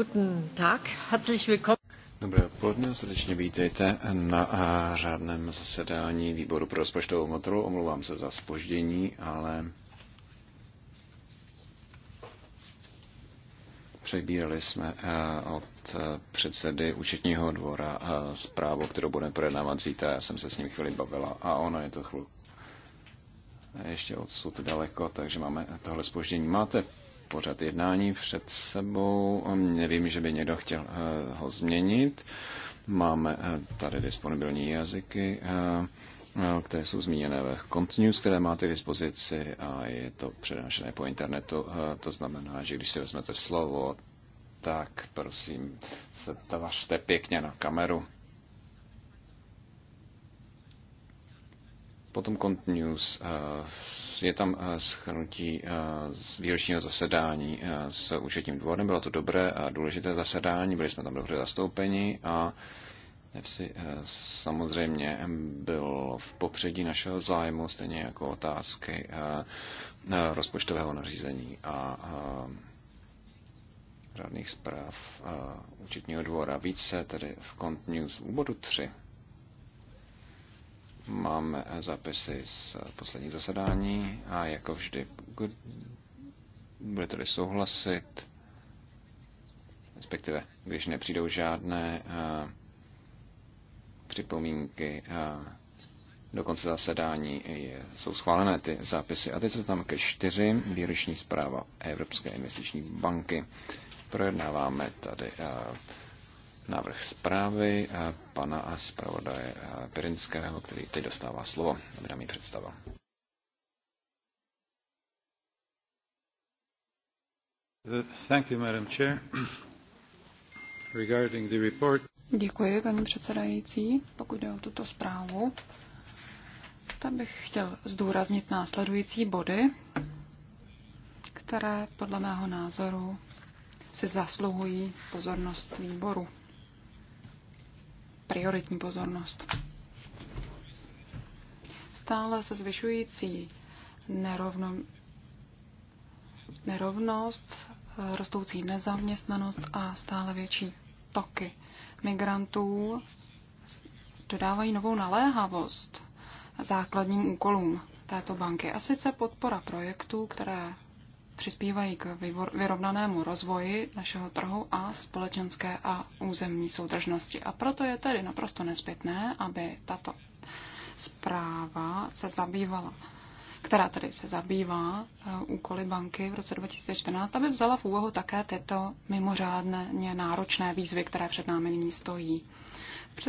Guten Tag, herzlich willkommen. Dobré odpoledne, srdečně vítejte na řádném zasedání výboru pro rozpočtovou kontrolu. Omlouvám se za spoždění, ale přebírali jsme od předsedy účetního dvora zprávu, kterou budeme projednávat zítra. Já jsem se s ním chvíli bavila a ono je to chvilku ještě odsud daleko, takže máme tohle spoždění. Máte pořad jednání před sebou. Nevím, že by někdo chtěl eh, ho změnit. Máme eh, tady disponibilní jazyky, eh, které jsou zmíněné ve Continuous, které máte k dispozici a je to přenášené po internetu. To znamená, že když si vezmete slovo, tak prosím se tvařte pěkně na kameru. Potom Continuous Vlastně je tam eh, schrnutí eh, z výročního zasedání eh, s účetním dvorem. Bylo to dobré a důležité zasedání, byli jsme tam dobře zastoupeni a samozřejmě byl v popředí našeho zájmu, stejně jako otázky rozpočtového nařízení a řádných zpráv účetního dvora. Více tedy v Cont News v úbodu 3. Máme zápisy z posledních zasedání a jako vždy, bude budete-li souhlasit, respektive když nepřijdou žádné eh, připomínky eh, do konce zasedání je, jsou schválené ty zápisy. A teď se tam ke čtyři výroční zpráva Evropské investiční banky. Projednáváme tady eh, návrh zprávy a pana a zpravodaje Pirinského, který teď dostává slovo, aby nám ji představil. Uh, thank you, Madam Chair. Regarding the report. Děkuji, paní předsedající. Pokud jde o tuto zprávu, tak bych chtěl zdůraznit následující body, které podle mého názoru si zasluhují pozornost výboru prioritní pozornost. Stále se zvyšující nerovno, nerovnost, rostoucí nezaměstnanost a stále větší toky migrantů dodávají novou naléhavost základním úkolům této banky. A sice podpora projektů, které přispívají k vyrovnanému rozvoji našeho trhu a společenské a územní soudržnosti. A proto je tedy naprosto nezbytné, aby tato zpráva se zabývala která tady se zabývá eh, úkoly banky v roce 2014, aby vzala v úvahu také tyto mimořádně náročné výzvy, které před námi nyní stojí.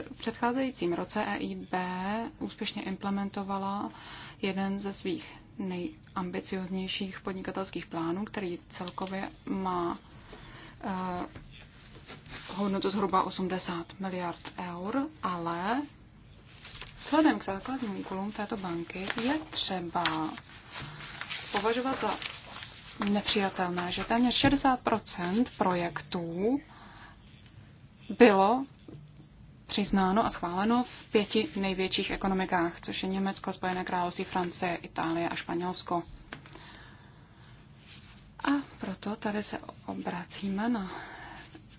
V předcházejícím roce EIB úspěšně implementovala jeden ze svých nejambicioznějších podnikatelských plánů, který celkově má eh, hodnotu zhruba 80 miliard eur, ale vzhledem k základním úkolům této banky je třeba považovat za nepřijatelné, že téměř 60 projektů bylo přiznáno a schváleno v pěti největších ekonomikách, což je Německo, Spojené království, Francie, Itálie a Španělsko. A proto tady se obracíme na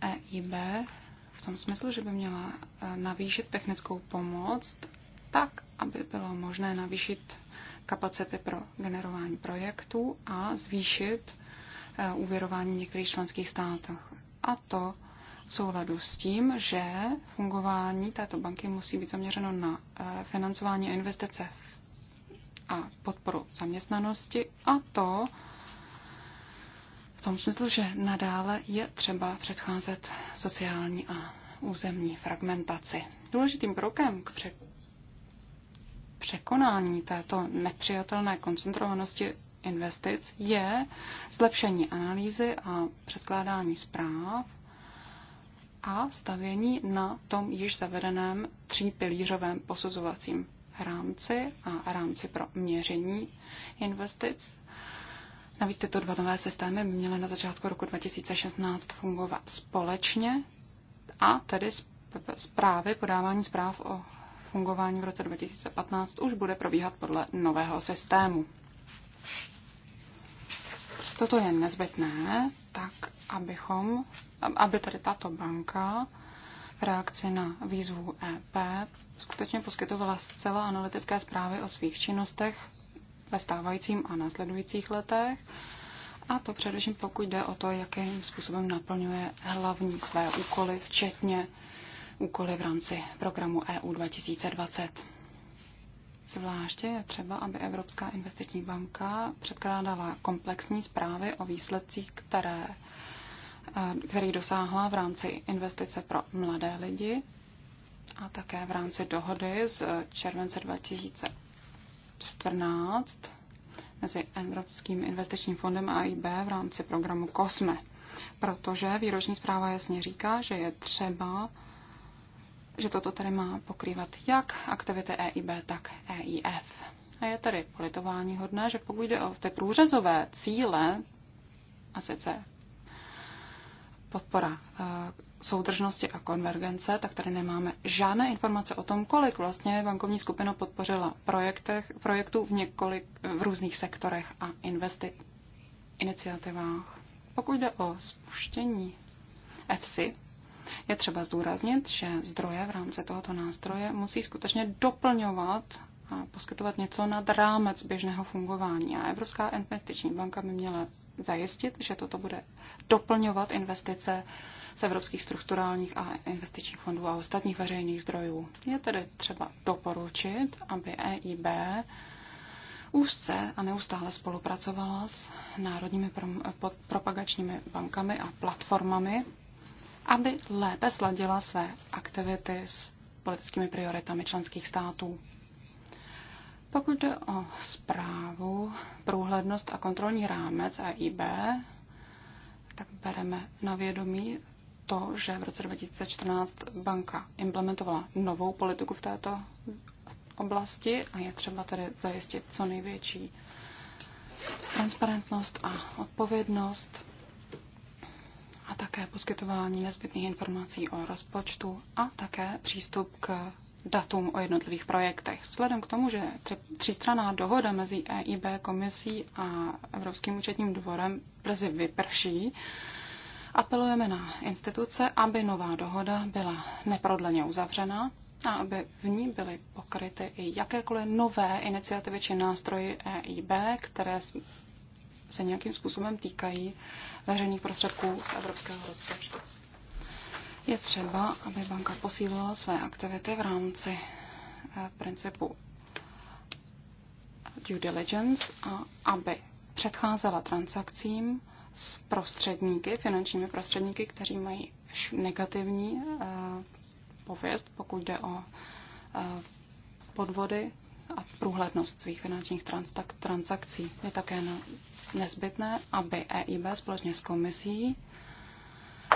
EIB v tom smyslu, že by měla eh, navýšit technickou pomoc tak, aby bylo možné navýšit kapacity pro generování projektů a zvýšit eh, úvěrování v některých členských států. A to souladu s tím, že fungování této banky musí být zaměřeno na eh, financování a investice a podporu zaměstnanosti a to v tom smyslu, že nadále je třeba předcházet sociální a územní fragmentaci. Důležitým krokem k překonání této nepřijatelné koncentrovanosti investic je zlepšení analýzy a předkládání zpráv a stavění na tom již zavedeném třípilířovém posuzovacím rámci a rámci pro měření investic. Navíc tyto dva nové systémy by měly na začátku roku 2016 fungovat společně a tedy zprávy, podávání zpráv o fungování v roce 2015 už bude probíhat podle nového systému. Toto je nezbytné, tak abychom, aby tedy tato banka v reakci na výzvu EP skutečně poskytovala zcela analytické zprávy o svých činnostech ve stávajícím a následujících letech, a to především pokud jde o to, jakým způsobem naplňuje hlavní své úkoly, včetně úkoly v rámci programu EU 2020. Zvláště je třeba, aby Evropská investiční banka předkládala komplexní zprávy o výsledcích, které, eh, který dosáhla v rámci investice pro mladé lidi a také v rámci dohody z července 2014 mezi Evropským investičním fondem a IB v rámci programu COSME. Protože výroční zpráva jasně říká, že je třeba že toto tady má pokrývat jak aktivity EIB, tak EIF. A je tady politování hodné, že pokud jde o ty průřezové cíle, a sice podpora eh, soudržnosti a konvergence, tak tady nemáme žádné informace o tom, kolik vlastně bankovní skupina podpořila projektech, projektů v, několik, v různých sektorech a investi, iniciativách. Pokud jde o spuštění EFSI, je třeba zdůraznit, že zdroje v rámci tohoto nástroje musí skutečně doplňovat a poskytovat něco nad rámec běžného fungování. A Evropská investiční banka by měla zajistit, že toto bude doplňovat investice z evropských strukturálních a investičních fondů a ostatních veřejných zdrojů. Je tedy třeba doporučit, aby EIB úzce a neustále spolupracovala s národními propagačními bankami a platformami aby lépe sladila své aktivity s politickými prioritami členských států. Pokud jde o zprávu, průhlednost a kontrolní rámec EIB, tak bereme na vědomí to, že v roce 2014 banka implementovala novou politiku v této oblasti a je třeba tedy zajistit co největší transparentnost a odpovědnost také poskytování nezbytných informací o rozpočtu a také přístup k datům o jednotlivých projektech. Vzhledem k tomu, že třístraná dohoda mezi EIB, komisí a Evropským účetním dvorem brzy vyprší, apelujeme na instituce, aby nová dohoda byla neprodleně uzavřena a aby v ní byly pokryty i jakékoliv nové iniciativy či nástroje EIB, které se nějakým způsobem týkají veřejných prostředků z evropského rozpočtu. Je třeba, aby banka posílila své aktivity v rámci eh, principu due diligence a aby předcházela transakcím s prostředníky, finančními prostředníky, kteří mají negativní eh, pověst, pokud jde o eh, podvody a průhlednost svých finančních transakcí. Je také nezbytné, aby EIB společně s komisí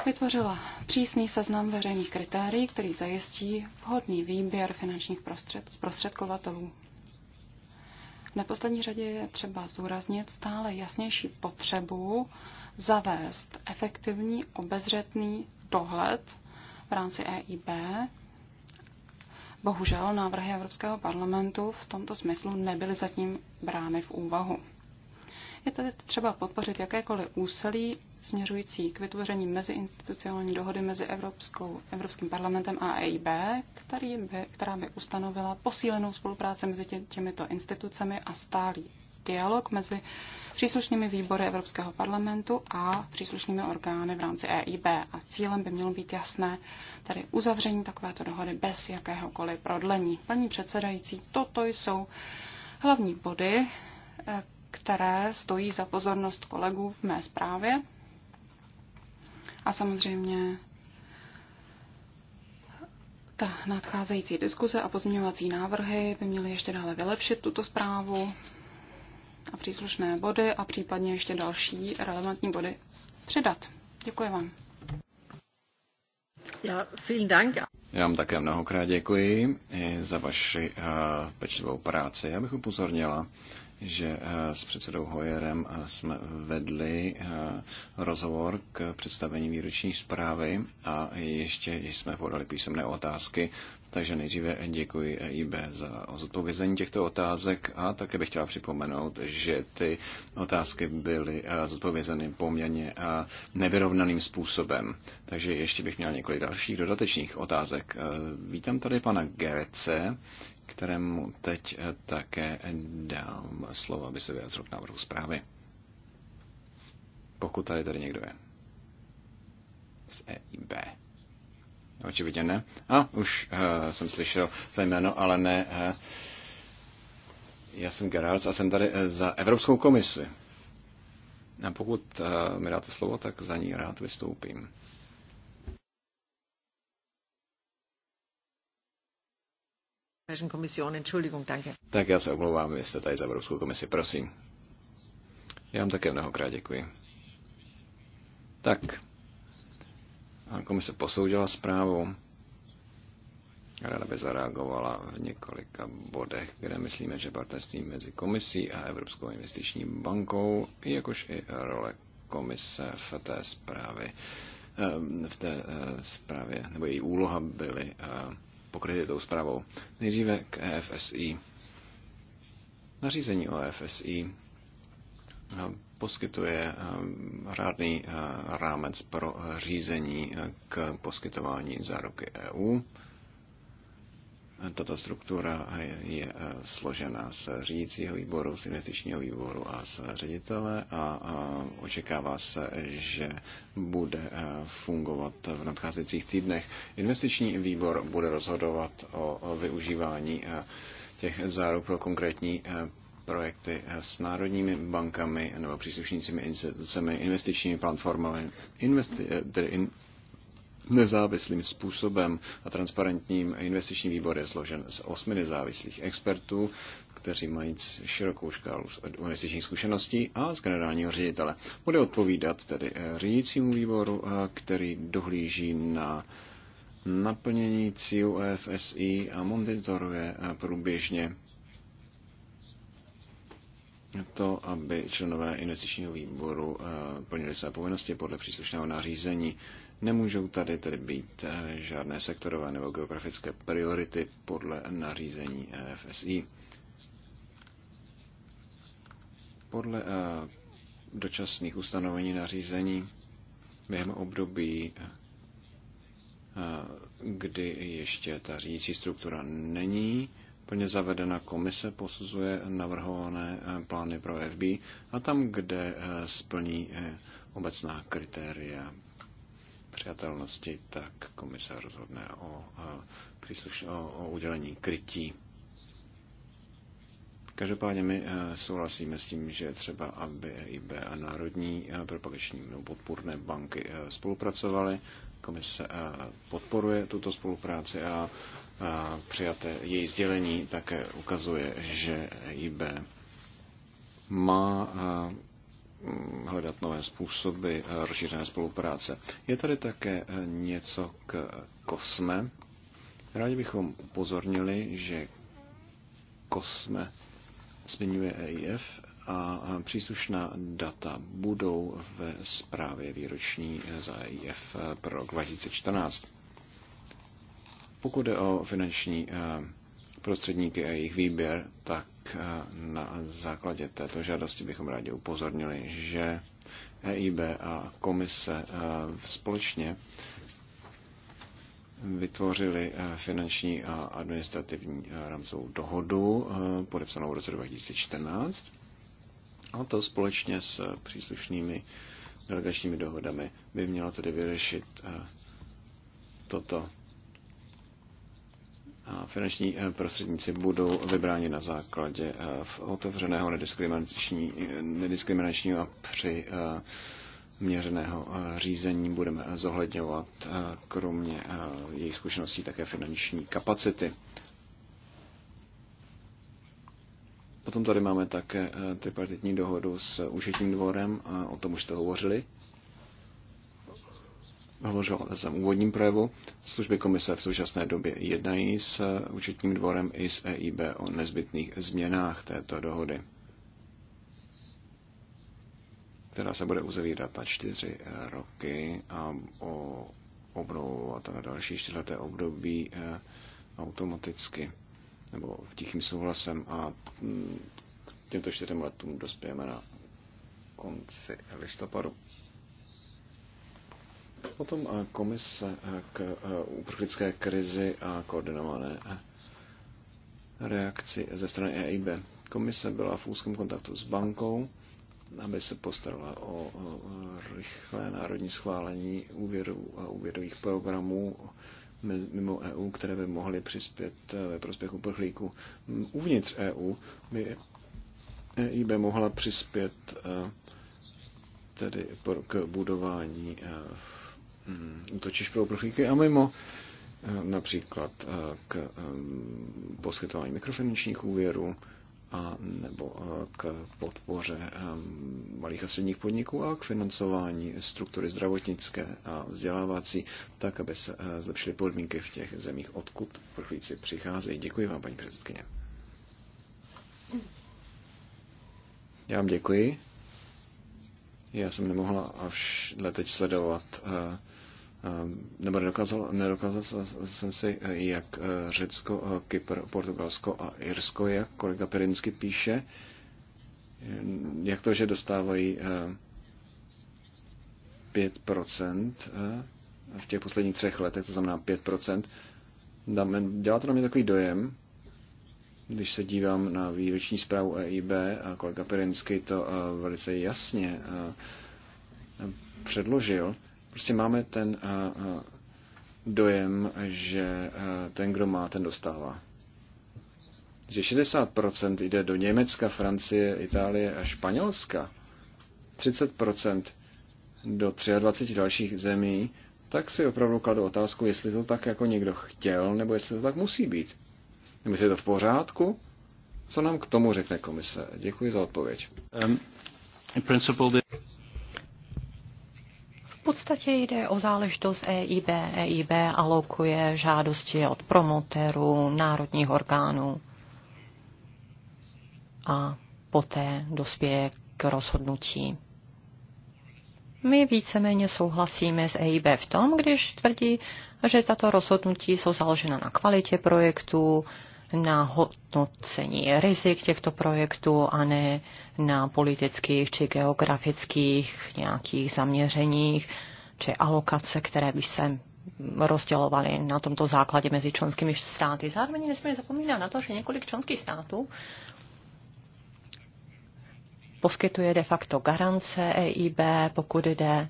vytvořila přísný seznam veřejných kritérií, který zajistí vhodný výběr finančních prostřed, zprostředkovatelů. V neposlední řadě je třeba zdůraznit stále jasnější potřebu zavést efektivní obezřetný dohled v rámci EIB Bohužel návrhy Evropského parlamentu v tomto smyslu nebyly zatím brány v úvahu. Je tedy třeba podpořit jakékoliv úsilí směřující k vytvoření meziinstitucionální dohody mezi Evropskou, Evropským parlamentem a EIB, který by, která by ustanovila posílenou spolupráci mezi tě, těmito institucemi a stálý dialog mezi uh, příslušnými výbory Evropského parlamentu a příslušnými orgány v rámci EIB. A cílem by mělo být jasné tady uzavření takovéto dohody bez jakéhokoliv prodlení. Paní předsedající, toto jsou hlavní body, eh, které stojí za pozornost kolegů v mé zprávě. A samozřejmě ta nadcházející diskuze a pozměňovací návrhy by měly ještě dále vylepšit tuto zprávu a příslušné body a případně ještě další relevantní body přidat. Děkuji vám. Ja, vielen Dank. Já vám také mnohokrát děkuji za vaši uh, pečlivou práci. Já bych upozornila, že eh, s předsedou Hojerem eh, jsme vedli eh, rozhovor k představení výroční zprávy a ještě jsme podali písemné otázky. Takže nejdříve děkuji e IB za zodpovězení těchto otázek a také bych chtěla připomenout, že ty otázky byly zodpovězeny poměrně nevyrovnaným způsobem. Takže ještě bych měl několik dalších dodatečných otázek. Vítám tady pana Gerece, kterému teď eh, také eh, dám slovo, aby se vyjádřil k návrhu zprávy. Pokud tady tady někdo je. Z EIB. Očividně ne. A už uh, jsem slyšel to jméno, ale ne. Uh, já jsem Gerards a jsem tady uh, za Evropskou komisi. A pokud uh, mi dáte slovo, tak za ní rád vystoupím. Tak já se omlouvám, vy jste tady za Evropskou komisi, prosím. Já vám také mnohokrát děkuji. Tak, a komise posoudila zprávu. Rada by zareagovala v několika bodech, kde myslíme, že partnerství mezi komisí a Evropskou investiční bankou, jakož i role komise v té zprávě, eh, v té eh, zprávě, nebo její úloha byly eh, pokryty tou zprávou. Nejdříve k EFSI. Nařízení o EFSI eh, poskytuje eh, řádný eh, rámec pro řízení k poskytování záruky EU tato struktura je eh, složena z řídícího výboru, z investičního výboru a z ředitele a očekává se, že bude eh, fungovat v nadcházejících týdnech. Investiční výbor bude rozhodovat o využívání eh, těch záruk pro konkrétní projekty s národními bankami nebo příslušnými institucemi, investičními platformami, investi- tedy in- nezávislým způsobem a transparentním. Investiční výbor je složen z osmi nezávislých expertů, kteří mají širokou škálu investičních zkušeností a z generálního ředitele. Bude odpovídat tedy eh, řídícímu výboru, eh, který dohlíží na naplnění cílů EFSI a monitoruje eh, průběžně to, aby členové investičního výboru plnili své povinnosti podle příslušného nařízení. Nemůžou tady tedy být eh, žádné sektorové nebo geografické priority podle nařízení eh, FSI. Podle eh, dočasných ustanovení nařízení během období, kdy ještě ta řídící struktura není plně zavedena, komise posuzuje navrhované plány pro FB a tam, kde splní obecná kritéria přijatelnosti, tak komise rozhodne o, přísluš, o, o udělení krytí. Každopádně my e, souhlasíme s tím, že třeba, aby EIB a národní e, propagační nebo podpůrné banky e, spolupracovaly. Komise podporuje tuto spolupráci a přijaté její sdělení také ukazuje, že IB má hledat nové způsoby eh, rozšířené spolupráce. Je tady také eh, něco k kosme. Rádi bychom upozornili, že kosme zmiňuje EIF a příslušná data budou ve zprávě výroční eh, za EIF pro rok 2014. Pokud jde o finanční prostředníky a jejich výběr, tak Eh, na základě této žádosti bychom rádi upozornili, že EIB a komise eh, společně vytvořili eh, finanční a administrativní rámcovou dohodu podepsanou v roce 2014 a to společně s příslušnými delegačními dohodami by mělo tedy vyřešit toto a finanční eh, prostředníci budou vybráni na základě eh, otevřeného nediskriminačního a při eh, měřeného řízení budeme zohledňovat kromě jejich zkušeností také finanční kapacity. Potom tady máme také tripartitní dohodu s užitním dvorem, o tom už jste hovořili hovořil ve svém úvodním projevu. Služby komise v současné době jednají s účetním dvorem i s EIB o nezbytných změnách této dohody, která se bude uzavírat na čtyři roky a o obnovovat na další čtyřleté období eh, automaticky nebo v tichým souhlasem a mm, k těmto čtyřem letům dospějeme na konci listopadu. Potom eh, komise eh, k eh, uprchlické krizi a koordinované reakci ze strany EIB. Komise byla v úzkém kontaktu s bankou, aby se postarala o rychlé národní schválení úvěru a úvěrových programů mimo EU, které by mohly přispět ve prospěch uprchlíků. Uvnitř EU by EIB mohla přispět tedy k budování v útočiš mm-hmm. pro uprchlíky a mimo eh, například eh, k eh, poskytování mikrofinančních úvěrů a nebo k podpoře malých a středních podniků a k financování struktury zdravotnické a vzdělávací, tak, aby se zlepšily podmínky v těch zemích, odkud uprchlíci přicházejí. Děkuji vám, paní předsedkyně. Já vám děkuji. Já jsem nemohla až teď sledovat uh, Eh, nebo nedokázal, nedokázal jsem si, eh, jak eh, Řecko, Kypr, Portugalsko a Irsko, jak kolega Perinsky píše, jak to, že dostávají 5% v těch posledních třech letech, to znamená 5%. Dělá to na mě takový dojem, když se dívám na výroční zprávu EIB a kolega Perinsky to velice jasně předložil, Prostě máme ten eh, eh, dojem, že eh, ten, kdo má, ten dostává. Že 60% jde do Německa, Francie, Itálie a Španělska, 30% do 23 dalších zemí, tak si opravdu kladu otázku, jestli to tak jako někdo chtěl, nebo jestli to tak musí být. Nebo je to v pořádku? Co nám k tomu řekne komise? Děkuji za odpověď. Um, podstatě jde o záležitost EIB. EIB alokuje žádosti od promotérů, národních orgánů a poté dospěje k rozhodnutí. My víceméně souhlasíme s EIB v tom, když tvrdí, že tato rozhodnutí jsou založena na kvalitě projektu, na hodnocení rizik těchto projektů a ne na politických či geografických nějakých zaměřeních či alokace, které by se rozdělovali na tomto základě mezi členskými státy. Zároveň nesmíme zapomínat na to, že několik členských států poskytuje de facto garance EIB, pokud jde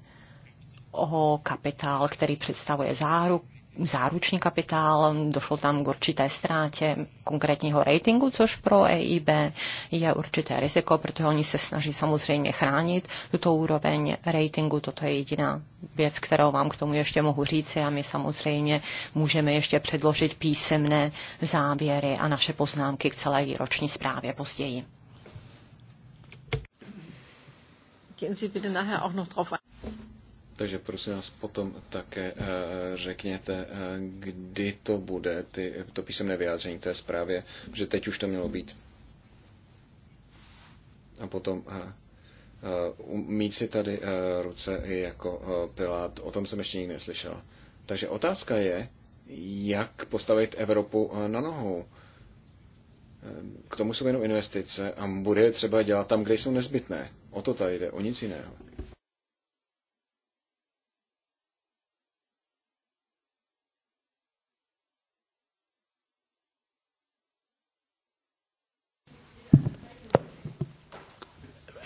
o kapitál, který představuje záruku záruční kapitál, došlo tam k určité ztrátě konkrétního ratingu, což pro EIB je určité riziko, protože oni se snaží samozřejmě chránit tuto úroveň ratingu. Toto je jediná věc, kterou vám k tomu ještě mohu říci a my samozřejmě můžeme ještě předložit písemné závěry a naše poznámky k celé výroční zprávě později. Gehen Sie bitte nachher auch noch drauf ein. Takže prosím vás potom také eh, řekněte, eh, kdy to bude, ty, to písemné vyjádření té zprávě, že teď už to mělo být. A potom eh, um, mít si tady ruce jako Pilát, o tom jsem ještě nikdy neslyšel. Takže otázka je, jak postavit Evropu na nohu. K tomu jsou jenom investice a bude třeba dělat tam, kde jsou nezbytné. O to tady jde, o nic jiného.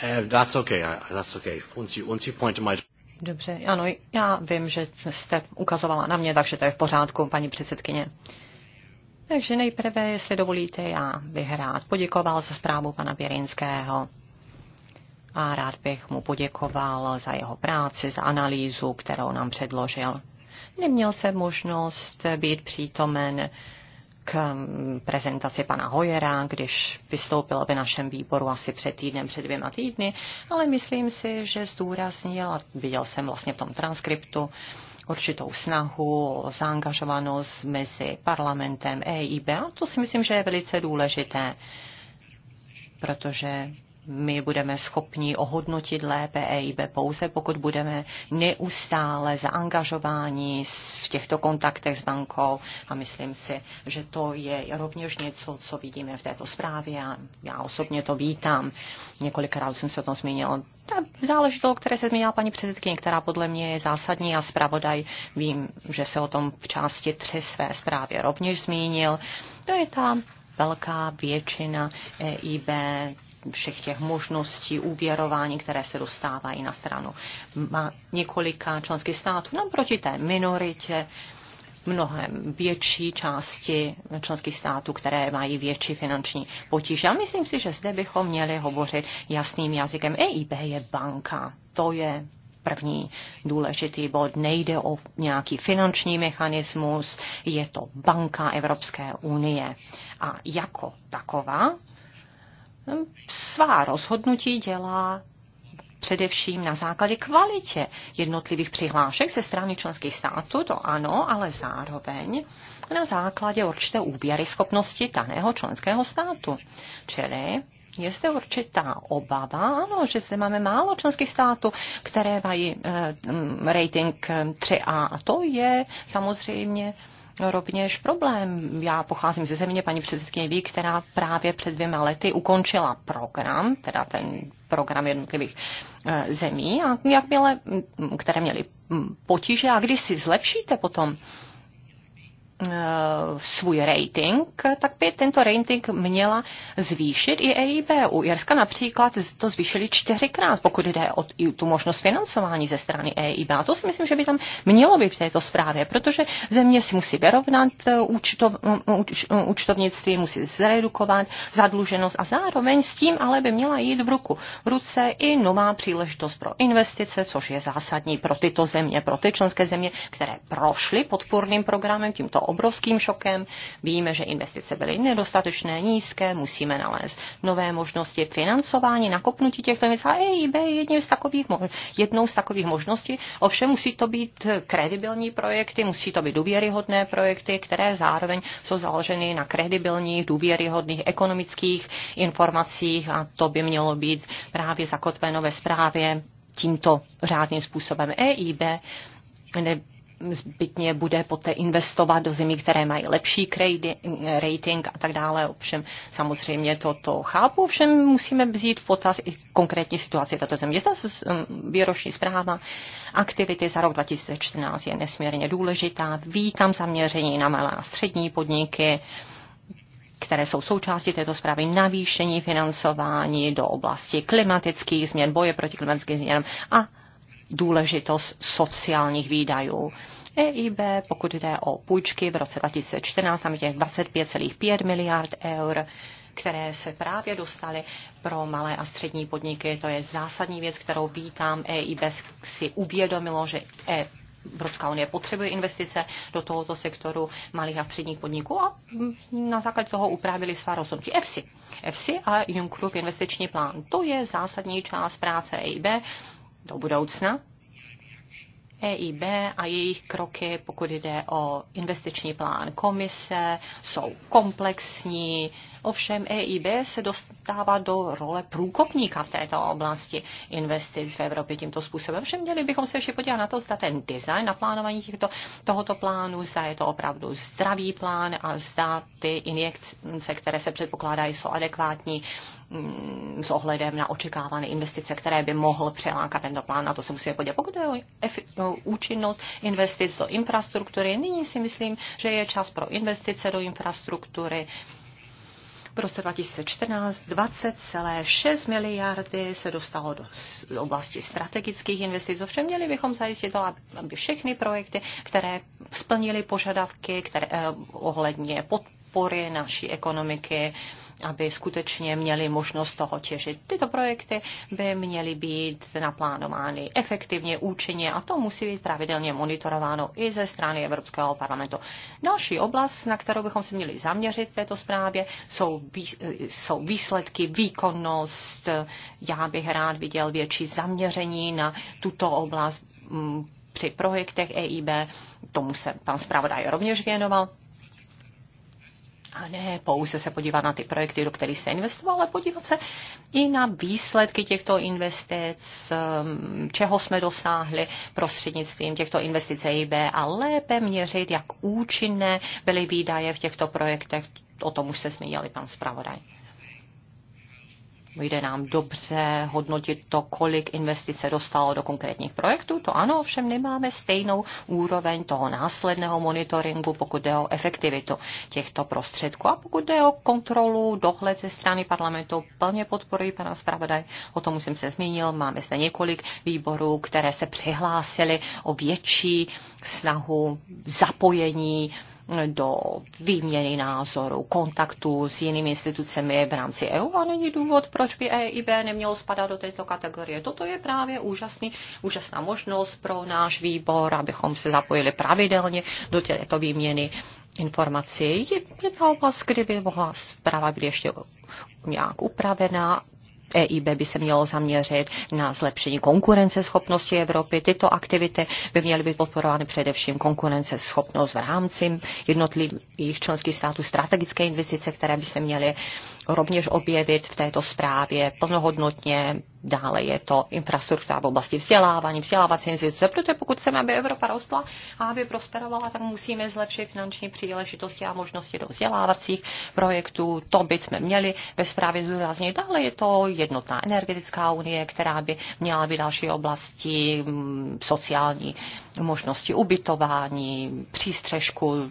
Eh, that's okay, that's okay. Once you, once you point to my... Dobře, ano, já vím, že jste ukazovala na mě, takže to je v pořádku, paní předsedkyně. Takže nejprve, jestli dovolíte, já bych rád poděkoval za zprávu pana Běrinského a rád bych mu poděkoval za jeho práci, za analýzu, kterou nám předložil. Neměl jsem možnost být přítomen Um, prezentaci pana Hojera, když vystoupil ve našem výboru asi před týdnem, před dvěma týdny, ale myslím si, že zdůraznil, a viděl jsem vlastně v tom transkriptu, určitou snahu, zaangažovanost mezi parlamentem EIB. A to si myslím, že je velice důležité, protože my budeme schopni ohodnotit lépe EIB pouze, pokud budeme neustále zaangažováni v těchto kontaktech s bankou a myslím si, že to je rovněž něco, co vidíme v této zprávě a já osobně to vítám. Několikrát jsem se o tom zmínil. Ta záležitost, které se zmínila paní předsedkyně, která podle mě je zásadní a zpravodaj, vím, že se o tom v části tři své zprávě rovněž zmínil, to je ta velká většina EIB, všech těch možností úvěrování, které se dostávají na stranu. Má několika členských států no, proti té minoritě, mnohem větší části členských států, které mají větší finanční potíže. A myslím si, že zde bychom měli hovořit jasným jazykem. EIB je banka. To je první důležitý bod. Nejde o nějaký finanční mechanismus, je to banka Evropské unie. A jako taková svá rozhodnutí dělá především na základě kvalitě jednotlivých přihlášek ze strany členských států, to ano, ale zároveň na základě určité úběry schopnosti daného členského státu. Čili je zde určitá obava, ano, že zde máme málo členských států, které mají e, rating 3A eh, a to je samozřejmě e, rovněž problém. Já pocházím ze země, paní předsedkyně ví, která právě před dvěma lety ukončila program, teda ten program jednotlivých eh, zemí, a měle, které měly potíže a když si zlepšíte potom Eh, svůj rating, tak by tento rating měla zvýšit i EIB. U Jirska například to zvýšili čtyřikrát, pokud jde o tu možnost financování ze strany EIB. A to si myslím, že by tam mělo být v této zprávě, protože země si musí vyrovnat eh, eh, účtovnictví, musí zredukovat zadluženost a zároveň s tím ale by měla jít v ruku v ruce i nová příležitost pro investice, což je zásadní pro tyto země, pro ty členské země, které prošly podpůrným programem, tímto obrovským šokem. Víme, že investice byly nedostatečné, nízké, musíme nalézt nové možnosti financování, nakopnutí těchto investic. A EIB je jedním z takových, jednou z takových možností. Ovšem musí to být kredibilní projekty, musí to být důvěryhodné projekty, které zároveň jsou založeny na kredibilních, důvěryhodných ekonomických informacích a to by mělo být právě zakotveno ve zprávě tímto řádným způsobem EIB ne, zbytně bude poté investovat do zemí, které mají lepší rating a tak dále. Ovšem samozřejmě to, to chápu, ovšem musíme vzít v potaz i konkrétní situaci tato země. Ta um, výroční zpráva aktivity za rok 2014 je nesmírně důležitá. Vítám zaměření na malé a střední podniky, které jsou součástí této zprávy, navýšení financování do oblasti klimatických změn, boje proti klimatickým změnám a důležitost sociálních výdajů. EIB, pokud jde o půjčky v roce 2014, tam je těch 25,5 miliard eur, které se právě dostaly pro malé a střední podniky. To je zásadní věc, kterou vítám. EIB si uvědomilo, že e Evropská unie potřebuje investice do tohoto sektoru malých a středních podniků a na základě toho upravili svá rozhodnutí EFSI. EFSI a Junckerův investiční plán. To je zásadní část práce EIB do budoucna. EIB a jejich kroky, pokud jde o investiční plán komise, jsou komplexní, Ovšem EIB se dostává do role průkopníka v této oblasti investic v Evropě tímto způsobem. Všem měli bychom se ještě podívat na to, zda ten design naplánování těchto, tohoto plánu, zda je to opravdu zdravý plán a zda ty injekce, které se předpokládají, jsou adekvátní mm, s ohledem na očekávané investice, které by mohl přelákat tento plán. A to se musíme podívat. Pokud je o účinnost investic do infrastruktury, nyní si myslím, že je čas pro investice do infrastruktury v roce 2014 20,6 miliardy se dostalo do oblasti strategických investic. Ovšem měli bychom zajistit to, aby všechny projekty, které splnily požadavky které, eh, ohledně podpory naší ekonomiky, eh, aby skutečně měli možnost toho těžit. Tyto projekty by měly být naplánovány efektivně, účinně a to musí být pravidelně monitorováno i ze strany Evropského parlamentu. Další oblast, na kterou bychom se měli zaměřit v této zprávě, jsou, vý, jsou výsledky, výkonnost. Já bych rád viděl větší zaměření na tuto oblast mm, při projektech EIB. Tomu se pan zpravodaj rovněž věnoval a ne pouze se podívat na ty projekty, do kterých jste investoval, ale podívat se i na výsledky těchto investic, um, čeho jsme dosáhli prostřednictvím těchto investic EIB a lépe měřit, jak účinné byly výdaje v těchto projektech. O tom už se zmínil pan zpravodaj. Jde nám dobře hodnotit to, kolik investice dostalo do konkrétních projektů. To ano, ovšem nemáme stejnou úroveň toho následného monitoringu, pokud jde o efektivitu těchto prostředků. A pokud jde o kontrolu, dohled ze strany parlamentu, plně podporuji pana zpravodaj. O tom už jsem se zmínil. Máme zde několik výborů, které se přihlásily o větší snahu zapojení do výměny názorů, kontaktu s jinými institucemi v rámci EU a není důvod, proč by EIB nemělo spadat do této kategorie. Toto je právě úžasný, úžasná možnost pro náš výbor, abychom se zapojili pravidelně do této výměny je Jedna oblast, kdyby mohla zpráva být ještě nějak upravená, EIB by se mělo zaměřit na zlepšení konkurenceschopnosti Evropy. Tyto aktivity by měly být podporovány především konkurenceschopnost v rámci jednotlivých členských států, strategické investice, které by se měly rovněž objevit v této zprávě plnohodnotně. Dále je to infrastruktura v oblasti vzdělávání, vzdělávací instituce, protože pokud chceme, aby Evropa rostla a aby prosperovala, tak musíme zlepšit finanční příležitosti a možnosti do vzdělávacích projektů. To by jsme měli ve zprávě zúraznit. Dále je to jednotná energetická unie, která by měla být další oblasti mm, sociální možnosti ubytování, přístřežku,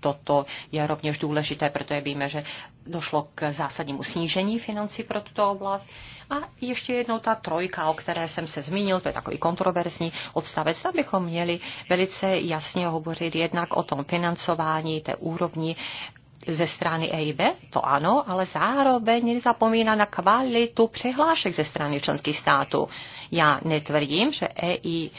toto je rovněž důležité, protože víme, že došlo k zásadnímu snížení financí pro tuto oblast. A ještě jednou ta trojka, o které jsem se zmínil, to je takový kontroverzní odstavec, tam bychom měli velice jasně hovořit jednak o tom financování té úrovni ze strany EIB, to ano, ale zároveň nezapomíná na kvalitu přihlášek ze strany členských států. Já netvrdím, že EIB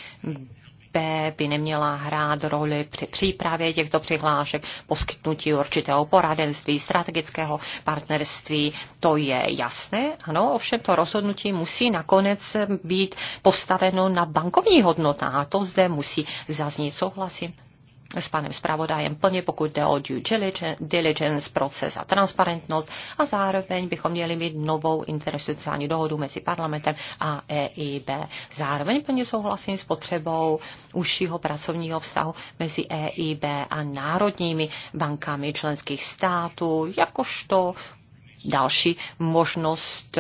B by neměla hrát roli při přípravě těchto přihlášek, poskytnutí určitého poradenství, strategického partnerství. To je jasné, ano, ovšem to rozhodnutí musí nakonec být postaveno na bankovní hodnotách. To zde musí zaznít, souhlasím s panem zpravodajem plně, pokud jde o due diligence, proces a transparentnost a zároveň bychom měli mít novou interinstitucionální dohodu mezi parlamentem a EIB. Zároveň plně souhlasím s potřebou užšího pracovního vztahu mezi EIB a národními bankami členských států, jakožto další možnost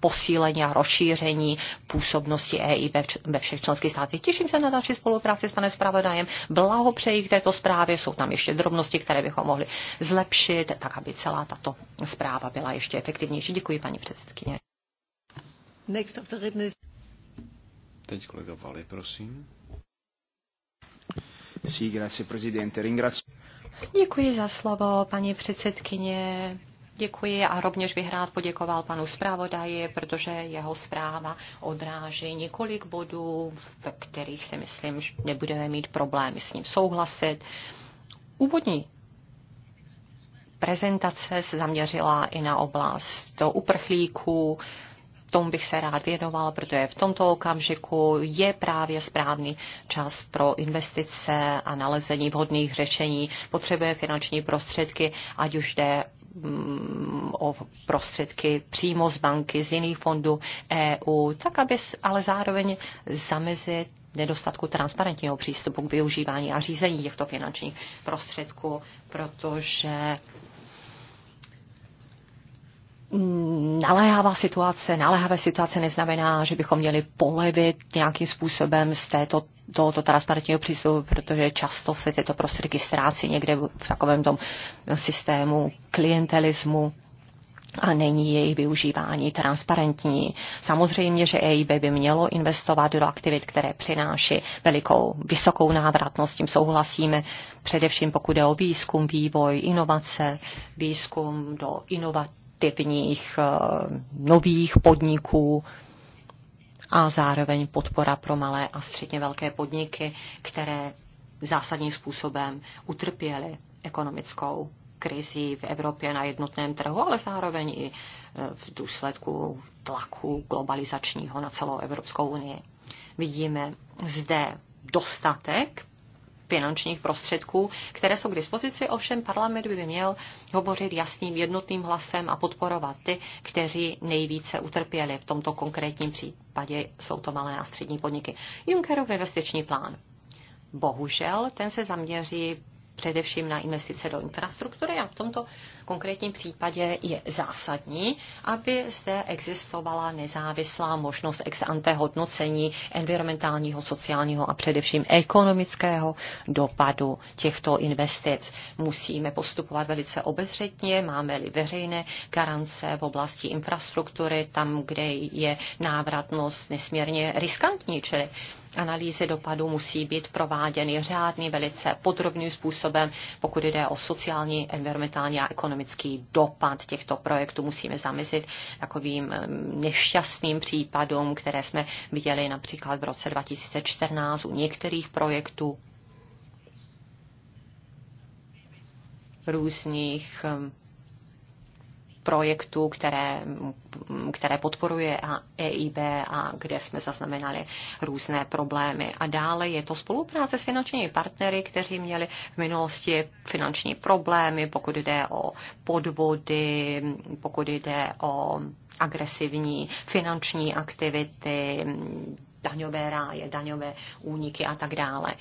posílení a rozšíření působnosti EIB ve všech členských státech. Těším se na další spolupráci s panem zpravodajem. Blahopřeji k této zprávě. Jsou tam ještě drobnosti, které bychom mohli zlepšit, tak aby celá tato zpráva byla ještě efektivnější. Děkuji, paní předsedkyně. Next of the witness. Teď kolega Vali, prosím. Sí, grazie, presidente. Ringrazio. Děkuji za slovo, paní předsedkyně. Děkuji a rovněž bych rád poděkoval panu zpravodaji, protože jeho zpráva odráží několik bodů, ve kterých si myslím, že nebudeme mít problémy s ním souhlasit. Úvodní prezentace se zaměřila i na oblast do uprchlíků, tomu bych se rád věnoval, protože v tomto okamžiku je právě správný čas pro investice a nalezení vhodných řešení. Potřebuje finanční prostředky, ať už jde Mm, o prostředky přímo z banky, z jiných fondů EU, tak aby ale zároveň zamezit nedostatku transparentního přístupu k využívání a řízení těchto finančních prostředků, protože mm, naléhavá situace, naléhavé situace neznamená, že bychom měli polevit nějakým způsobem z této tohoto transparentního přístupu, protože často se tyto prostředky ztrácí někde v takovém tom systému klientelismu a není jejich využívání transparentní. Samozřejmě, že EIB by mělo investovat do aktivit, které přináší velikou, vysokou návratnost, tím souhlasíme, především pokud jde o výzkum, vývoj, inovace, výzkum do inovativních eh, nových podniků, a zároveň podpora pro malé a středně velké podniky, které zásadním způsobem utrpěly ekonomickou krizi v Evropě na jednotném trhu, ale zároveň i e, v důsledku tlaku globalizačního na celou Evropskou unii. Vidíme zde dostatek finančních prostředků, které jsou k dispozici, ovšem parlament by měl hovořit jasným jednotným hlasem a podporovat ty, kteří nejvíce utrpěli. V tomto konkrétním případě jsou to malé a střední podniky. Junckerův investiční plán. Bohužel ten se zaměří především na investice do infrastruktury a v tomto konkrétním případě je zásadní, aby zde existovala nezávislá možnost ex ante hodnocení environmentálního, sociálního a především ekonomického dopadu těchto investic. Musíme postupovat velice obezřetně, máme-li veřejné garance v oblasti infrastruktury, tam, kde je návratnost nesmírně riskantní, čili analýzy dopadů musí být prováděny řádný, velice podrobným způsobem. Pokud jde o sociální, environmentální a ekonomický dopad těchto projektů, musíme zamezit takovým nešťastným případům, které jsme viděli například v roce 2014 u některých projektů různých projektů, které, které podporuje a EIB a kde jsme zaznamenali různé problémy. A dále je to spolupráce s finančními partnery, kteří měli v minulosti finanční problémy, pokud jde o podvody, pokud jde o agresivní finanční aktivity, daňové ráje, daňové úniky a tak dále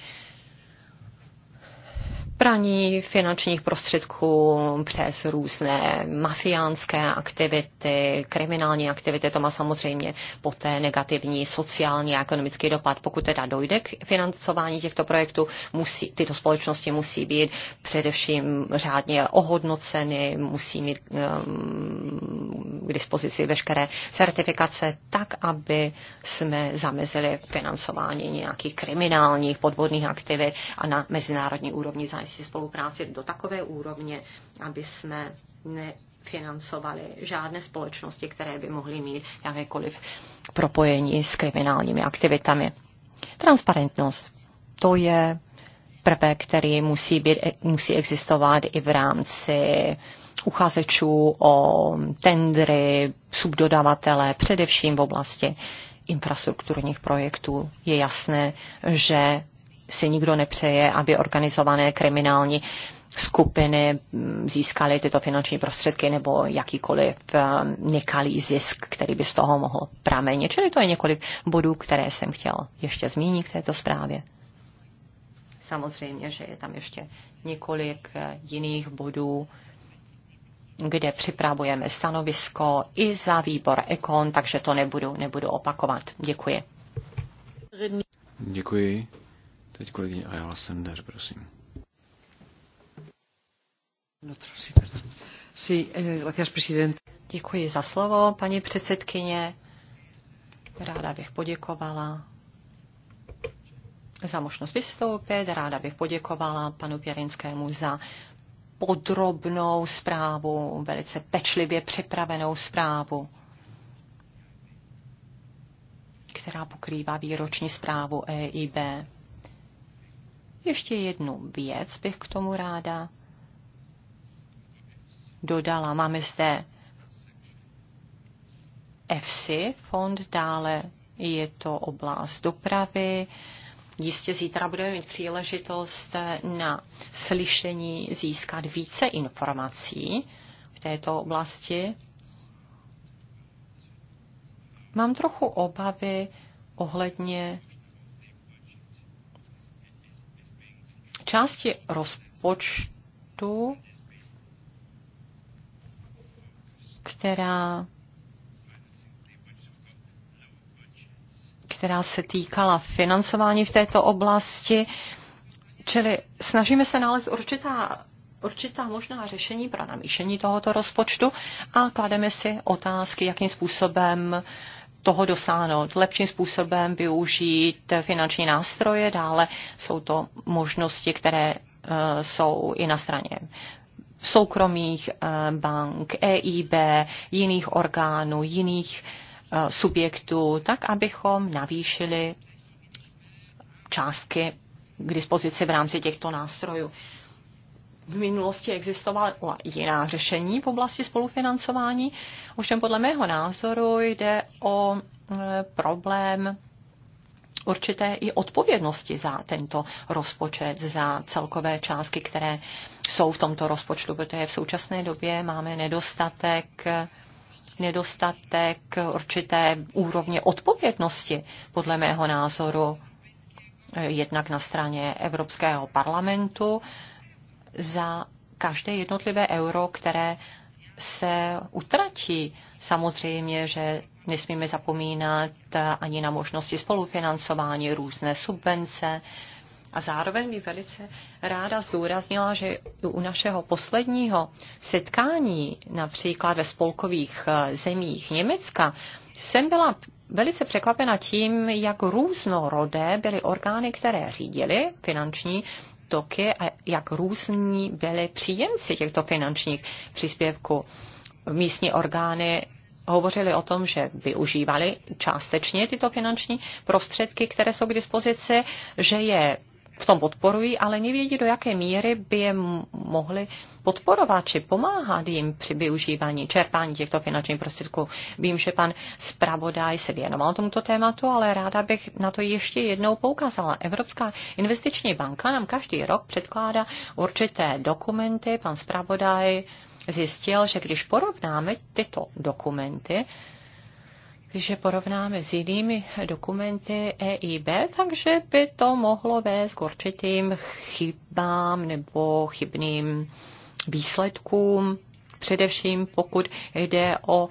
praní finančních prostředků přes různé mafiánské aktivity, kriminální aktivity. To má samozřejmě poté negativní sociální a ekonomický dopad. Pokud teda dojde k financování těchto projektů, musí, tyto společnosti musí být především řádně ohodnoceny, musí mít um, k dispozici veškeré certifikace, tak, aby jsme zamezili financování nějakých kriminálních podvodných aktivit a na mezinárodní úrovni zajistili si spolupráci do takové úrovně, aby jsme nefinancovali žádné společnosti, které by mohly mít jakékoliv propojení s kriminálními aktivitami. Transparentnost. To je prvek, který musí, být, musí existovat i v rámci uchazečů o tendry, subdodavatele, především v oblasti infrastrukturních projektů. Je jasné, že si nikdo nepřeje, aby organizované kriminální skupiny mm, získaly tyto finanční prostředky nebo jakýkoliv eh, nekalý zisk, který by z toho mohl pramenit. Čili to je několik bodů, které jsem chtěl ještě zmínit k této zprávě. Samozřejmě, že je tam ještě několik eh, jiných bodů, kde připravujeme stanovisko i za výbor Ekon, takže to nebudu, nebudu opakovat. Děkuji. Děkuji. Teď kolegyně Ayala Sender, prosím. No, eh, Děkuji za slovo, paní předsedkyně. Ráda bych poděkovala za možnost vystoupit. Ráda bych poděkovala panu Pěrinskému za podrobnou zprávu, velice pečlivě připravenou zprávu, která pokrývá výroční zprávu EIB. Ještě jednu věc bych k tomu ráda dodala. Máme zde EFSI fond, dále je to oblast dopravy. Jistě zítra budeme mít příležitost na slyšení získat více informací v této oblasti. Mám trochu obavy ohledně části rozpočtu, která která se týkala financování v této oblasti. Čili snažíme se nalézt určitá, určitá možná řešení pro navýšení tohoto rozpočtu a klademe si otázky, jakým způsobem uh, toho dosáhnout lepším způsobem, využít finanční nástroje, dále jsou to možnosti, které e, jsou i na straně soukromých e, bank, EIB, jiných orgánů, jiných e, subjektů, tak abychom navýšili částky k dispozici v rámci těchto nástrojů v minulosti existovala jiná řešení v oblasti spolufinancování. Ovšem podle mého názoru jde o e, problém určité i odpovědnosti za tento rozpočet, za celkové částky, které jsou v tomto rozpočtu, protože v současné době máme nedostatek nedostatek určité úrovně odpovědnosti, podle mého názoru, e, jednak na straně Evropského parlamentu, za každé jednotlivé euro, které se utratí. Samozřejmě, že nesmíme zapomínat ani na možnosti spolufinancování, různé subvence. A zároveň bych velice ráda zdůraznila, že u našeho posledního setkání, například ve spolkových eh, zemích Německa, jsem byla velice překvapena tím, jak různorodé byly orgány, které řídily finanční toky a jak různí byli příjemci těchto finančních příspěvků. Místní orgány hovořili o tom, že využívali částečně tyto finanční prostředky, které jsou k dispozici, že je v tom podporují, ale nevědí, do jaké míry by je mohli podporovat či pomáhat jim při využívání, čerpání těchto finančních prostředků. Vím, že pan zpravodaj se věnoval tomuto tématu, ale ráda bych na to ještě jednou poukázala. Evropská investiční banka nám každý rok předkládá určité dokumenty. Pan zpravodaj zjistil, že když porovnáme tyto dokumenty, je porovnáme s jinými dokumenty EIB, takže by to mohlo vést k určitým chybám nebo chybným výsledkům, především pokud jde o,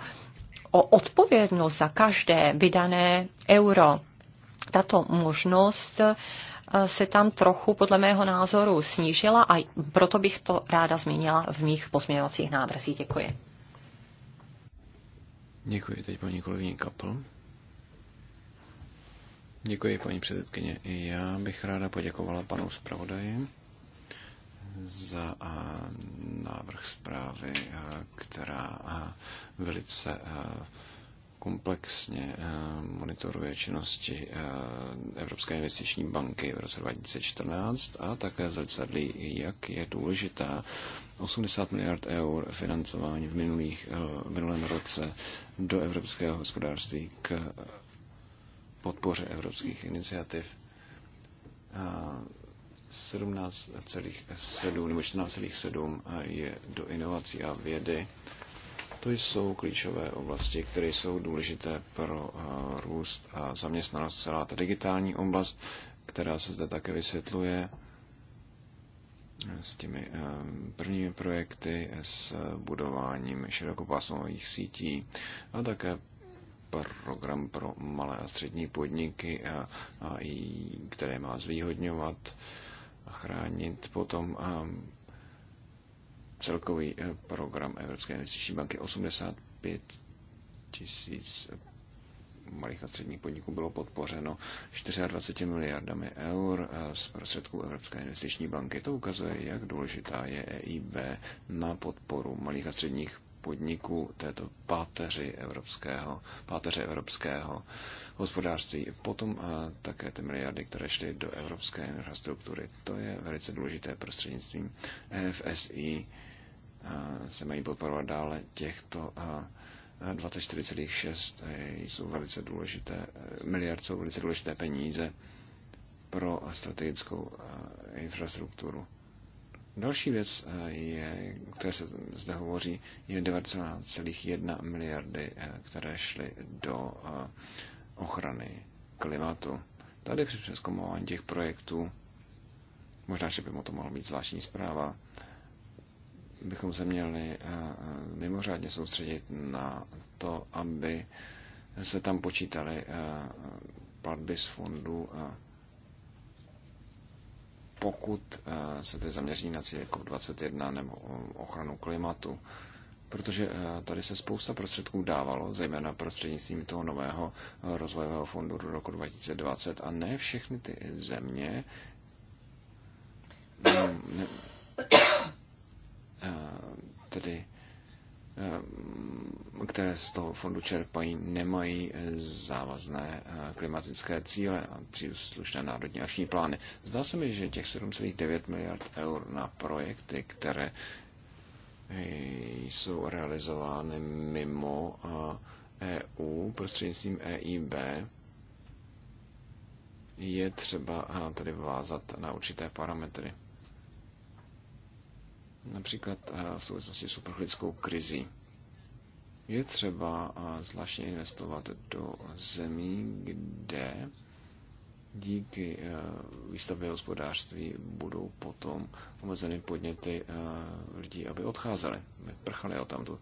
o odpovědnost za každé vydané euro. Tato možnost eh, se tam trochu podle mého názoru snížila a proto bych to ráda zmínila v mých pozměňovacích návrzích. Děkuji. Děkuji teď paní kolegyně Kapl. Děkuji, paní předsedkyně. Já bych ráda poděkovala panu zpravodaji za návrh zprávy, která velice komplexně eh, monitoruje činnosti eh, Evropské investiční banky v roce 2014 a také zrcadlí, jak je důležitá 80 miliard eur financování v, minulých, v eh, minulém roce do evropského hospodářství k podpoře evropských iniciativ. 17,7 nebo 14,7 je do inovací a vědy to jsou klíčové oblasti, které jsou důležité pro eh, růst a zaměstnanost. Celá ta digitální oblast, která se zde také vysvětluje eh, s těmi eh, prvními projekty, s budováním širokopásmových sítí a také program pro malé a střední podniky, a, a i, které má zvýhodňovat a chránit potom a celkový eh, program Evropské investiční banky 85 tisíc eh, malých a středních podniků bylo podpořeno 24 miliardami eur eh, z prostředků Evropské investiční banky. To ukazuje, jak důležitá je EIB na podporu malých a středních podniků této páteři evropského, páteře evropského hospodářství. Potom a také ty miliardy, které šly do evropské infrastruktury. To je velice důležité prostřednictvím FSI se mají podporovat dále. Těchto 24,6 jsou velice důležité, miliard jsou velice důležité peníze pro strategickou infrastrukturu. Další věc, je, které se zde hovoří, je 19,1 miliardy, které šly do ochrany klimatu. Tady při přeskomování těch projektů, možná, že by mu to mohlo být zvláštní zpráva, bychom se měli eh, eh, mimořádně soustředit na to, aby se tam počítaly eh, platby z fondu, pokud se ty zaměří na cíl jako COP21 nebo ochranu klimatu. Protože tady se spousta prostředků dávalo, zejména prostřednictvím toho nového rozvojového fondu do roku 2020 a ne všechny ty země mm, Eh, tedy eh, které z toho fondu čerpají, nemají eh, závazné klimatické cíle a příslušné národní ační plány. Zdá se mi, že těch 7,9 miliard eur na projekty, které jsou realizovány mimo EU e prostřednictvím EIB, je třeba tady vázat na určité parametry například eh, v souvislosti s uprchlickou krizí. Je třeba eh, zvláštně investovat do zemí, kde díky eh, výstavbě hospodářství budou potom omezeny podněty lidí, aby odcházeli, aby prchali o tamto.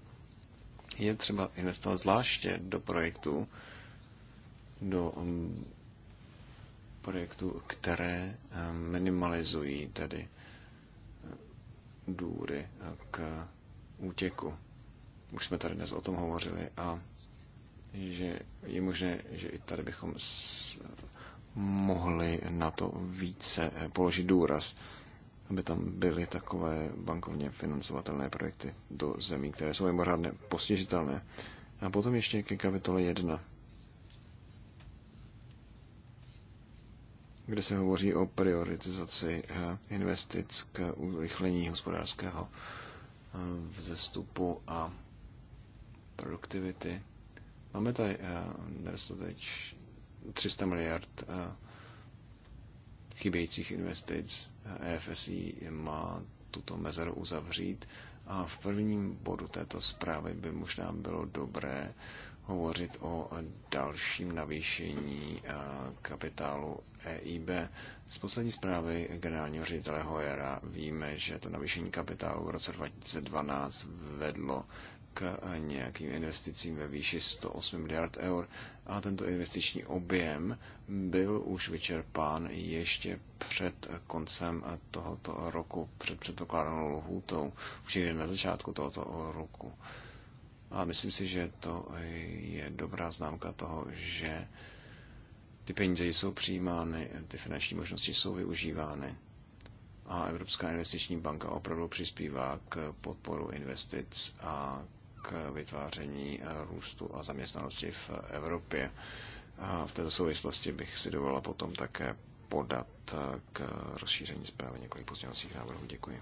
Je třeba investovat zvláště do projektů, do mm, projektů, které minimalizují tedy důry k útěku. Už jsme tady dnes o tom hovořili a že je možné, že i tady bychom mohli na to více položit důraz, aby tam byly takové bankovně financovatelné projekty do zemí, které jsou mimořádně postižitelné. A potom ještě ke kapitole 1. kde se hovoří o prioritizaci eh, investic k urychlení hospodářského eh, vzestupu a produktivity. Máme tady eh, nedostateč 300 miliard chybějících investic. EFSI má tuto mezeru uzavřít. A v prvním bodu této zprávy by možná bylo dobré hovořit o dalším navýšení eh, kapitálu EIB. Z poslední zprávy generálního ředitele Hojera víme, že to navýšení kapitálu v roce 2012 vedlo k eh, nějakým investicím ve výši 108 miliard eur a tento investiční objem byl už vyčerpán ještě před koncem eh, tohoto roku, před předpokládanou lhůtou, už na začátku tohoto roku. A myslím si, že to je dobrá známka toho, že ty peníze jsou přijímány, ty finanční možnosti jsou využívány a Evropská investiční banka opravdu přispívá k podporu investic a k vytváření růstu a zaměstnanosti v Evropě. A v této souvislosti bych si dovolila potom také podat k rozšíření zprávy několik pozdělacích návrhů. Děkuji.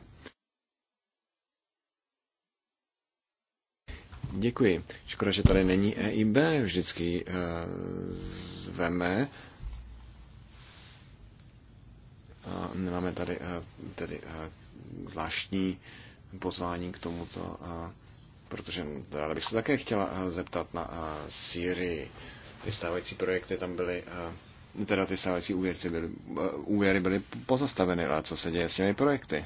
Děkuji. Škoda, že tady není EIB, vždycky eh, zveme. Uh, nemáme tady eh, tedy eh, zvláštní pozvání k tomuto, protože ráda bych se také chtěla zeptat na Syrii. Ty stávající projekty tam byly, teda ty stávající úvěrci byly, úvěry byly pozastaveny, ale co se děje s těmi projekty?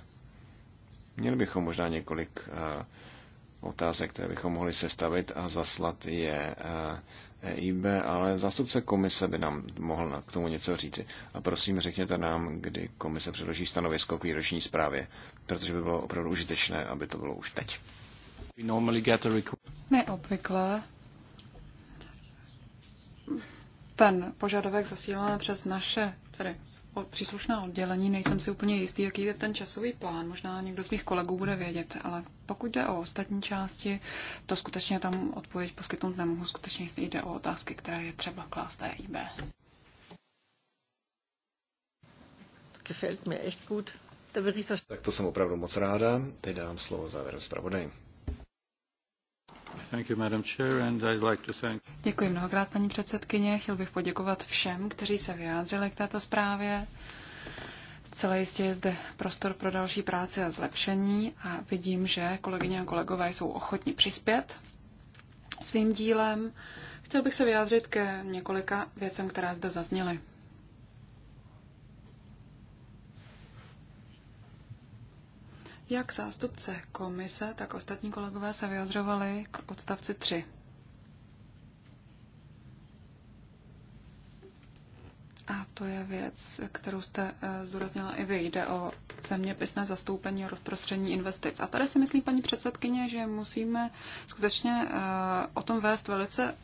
Měli bychom možná několik otázek, které bychom mohli sestavit a zaslat je EIB, eh, e ale zástupce komise by nám mohl k tomu něco říci. A prosím, řekněte nám, kdy komise předloží stanovisko k výroční zprávě, protože by bylo opravdu užitečné, aby to bylo už teď. Neobvykle ten požadavek zasíláme přes naše tedy příslušná oddělení, nejsem si úplně jistý, jaký je ten časový plán. Možná někdo z mých kolegů bude vědět, ale pokud jde o ostatní části, to skutečně tam odpověď poskytnout nemohu. Skutečně jde o otázky, které je třeba klást EIB. Gefällt mir echt gut. Tak to jsem opravdu moc ráda. Teď dám slovo závěrem zpravodaji. Děkuji mnohokrát, paní předsedkyně. Chtěl bych poděkovat všem, kteří se vyjádřili k této zprávě. Celé jistě je zde prostor pro další práci a zlepšení a vidím, že kolegyně a kolegové jsou ochotni přispět svým dílem. Chtěl bych se vyjádřit ke několika věcem, které zde zazněly. Jak zástupce komise, tak ostatní kolegové se vyjadřovali k odstavci 3. A to je věc, kterou jste eh, zdůraznila i vy. Jde o zeměpisné zastoupení a rozprostření investic. A tady si myslím, paní předsedkyně, že musíme skutečně eh, o tom vést velice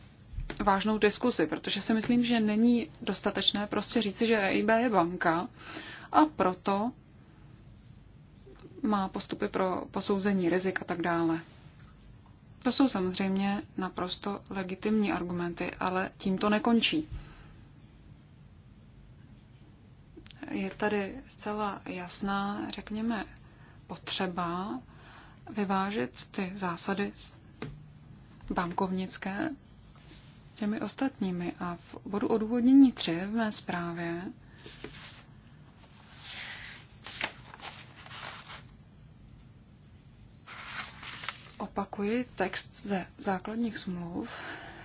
vážnou diskusi, protože si myslím, že není dostatečné prostě říci, že EIB je banka a proto má postupy pro posouzení rizik a tak dále. To jsou samozřejmě naprosto legitimní argumenty, ale tím to nekončí. Je tady zcela jasná, řekněme, potřeba vyvážit ty zásady bankovnické s těmi ostatními. A v bodu odůvodnění 3 v mé zprávě opakuji text ze základních smluv,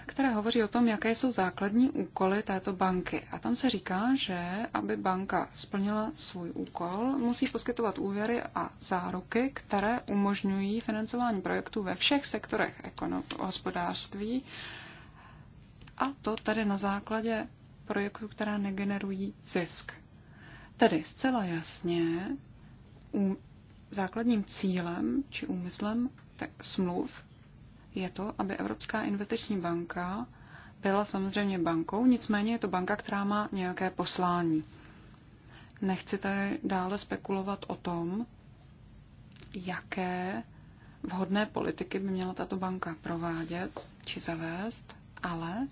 které hovoří o tom, jaké jsou základní úkoly této banky. A tam se říká, že aby banka splnila svůj úkol, musí poskytovat úvěry a záruky, které umožňují financování projektů ve všech sektorech hospodářství. A to tedy na základě projektů, které negenerují zisk. Tedy zcela jasně základním cílem či úmyslem tak smluv je to, aby Evropská investiční banka byla samozřejmě bankou, nicméně je to banka, která má nějaké poslání. Nechci tady dále spekulovat o tom, jaké vhodné politiky by měla tato banka provádět či zavést, ale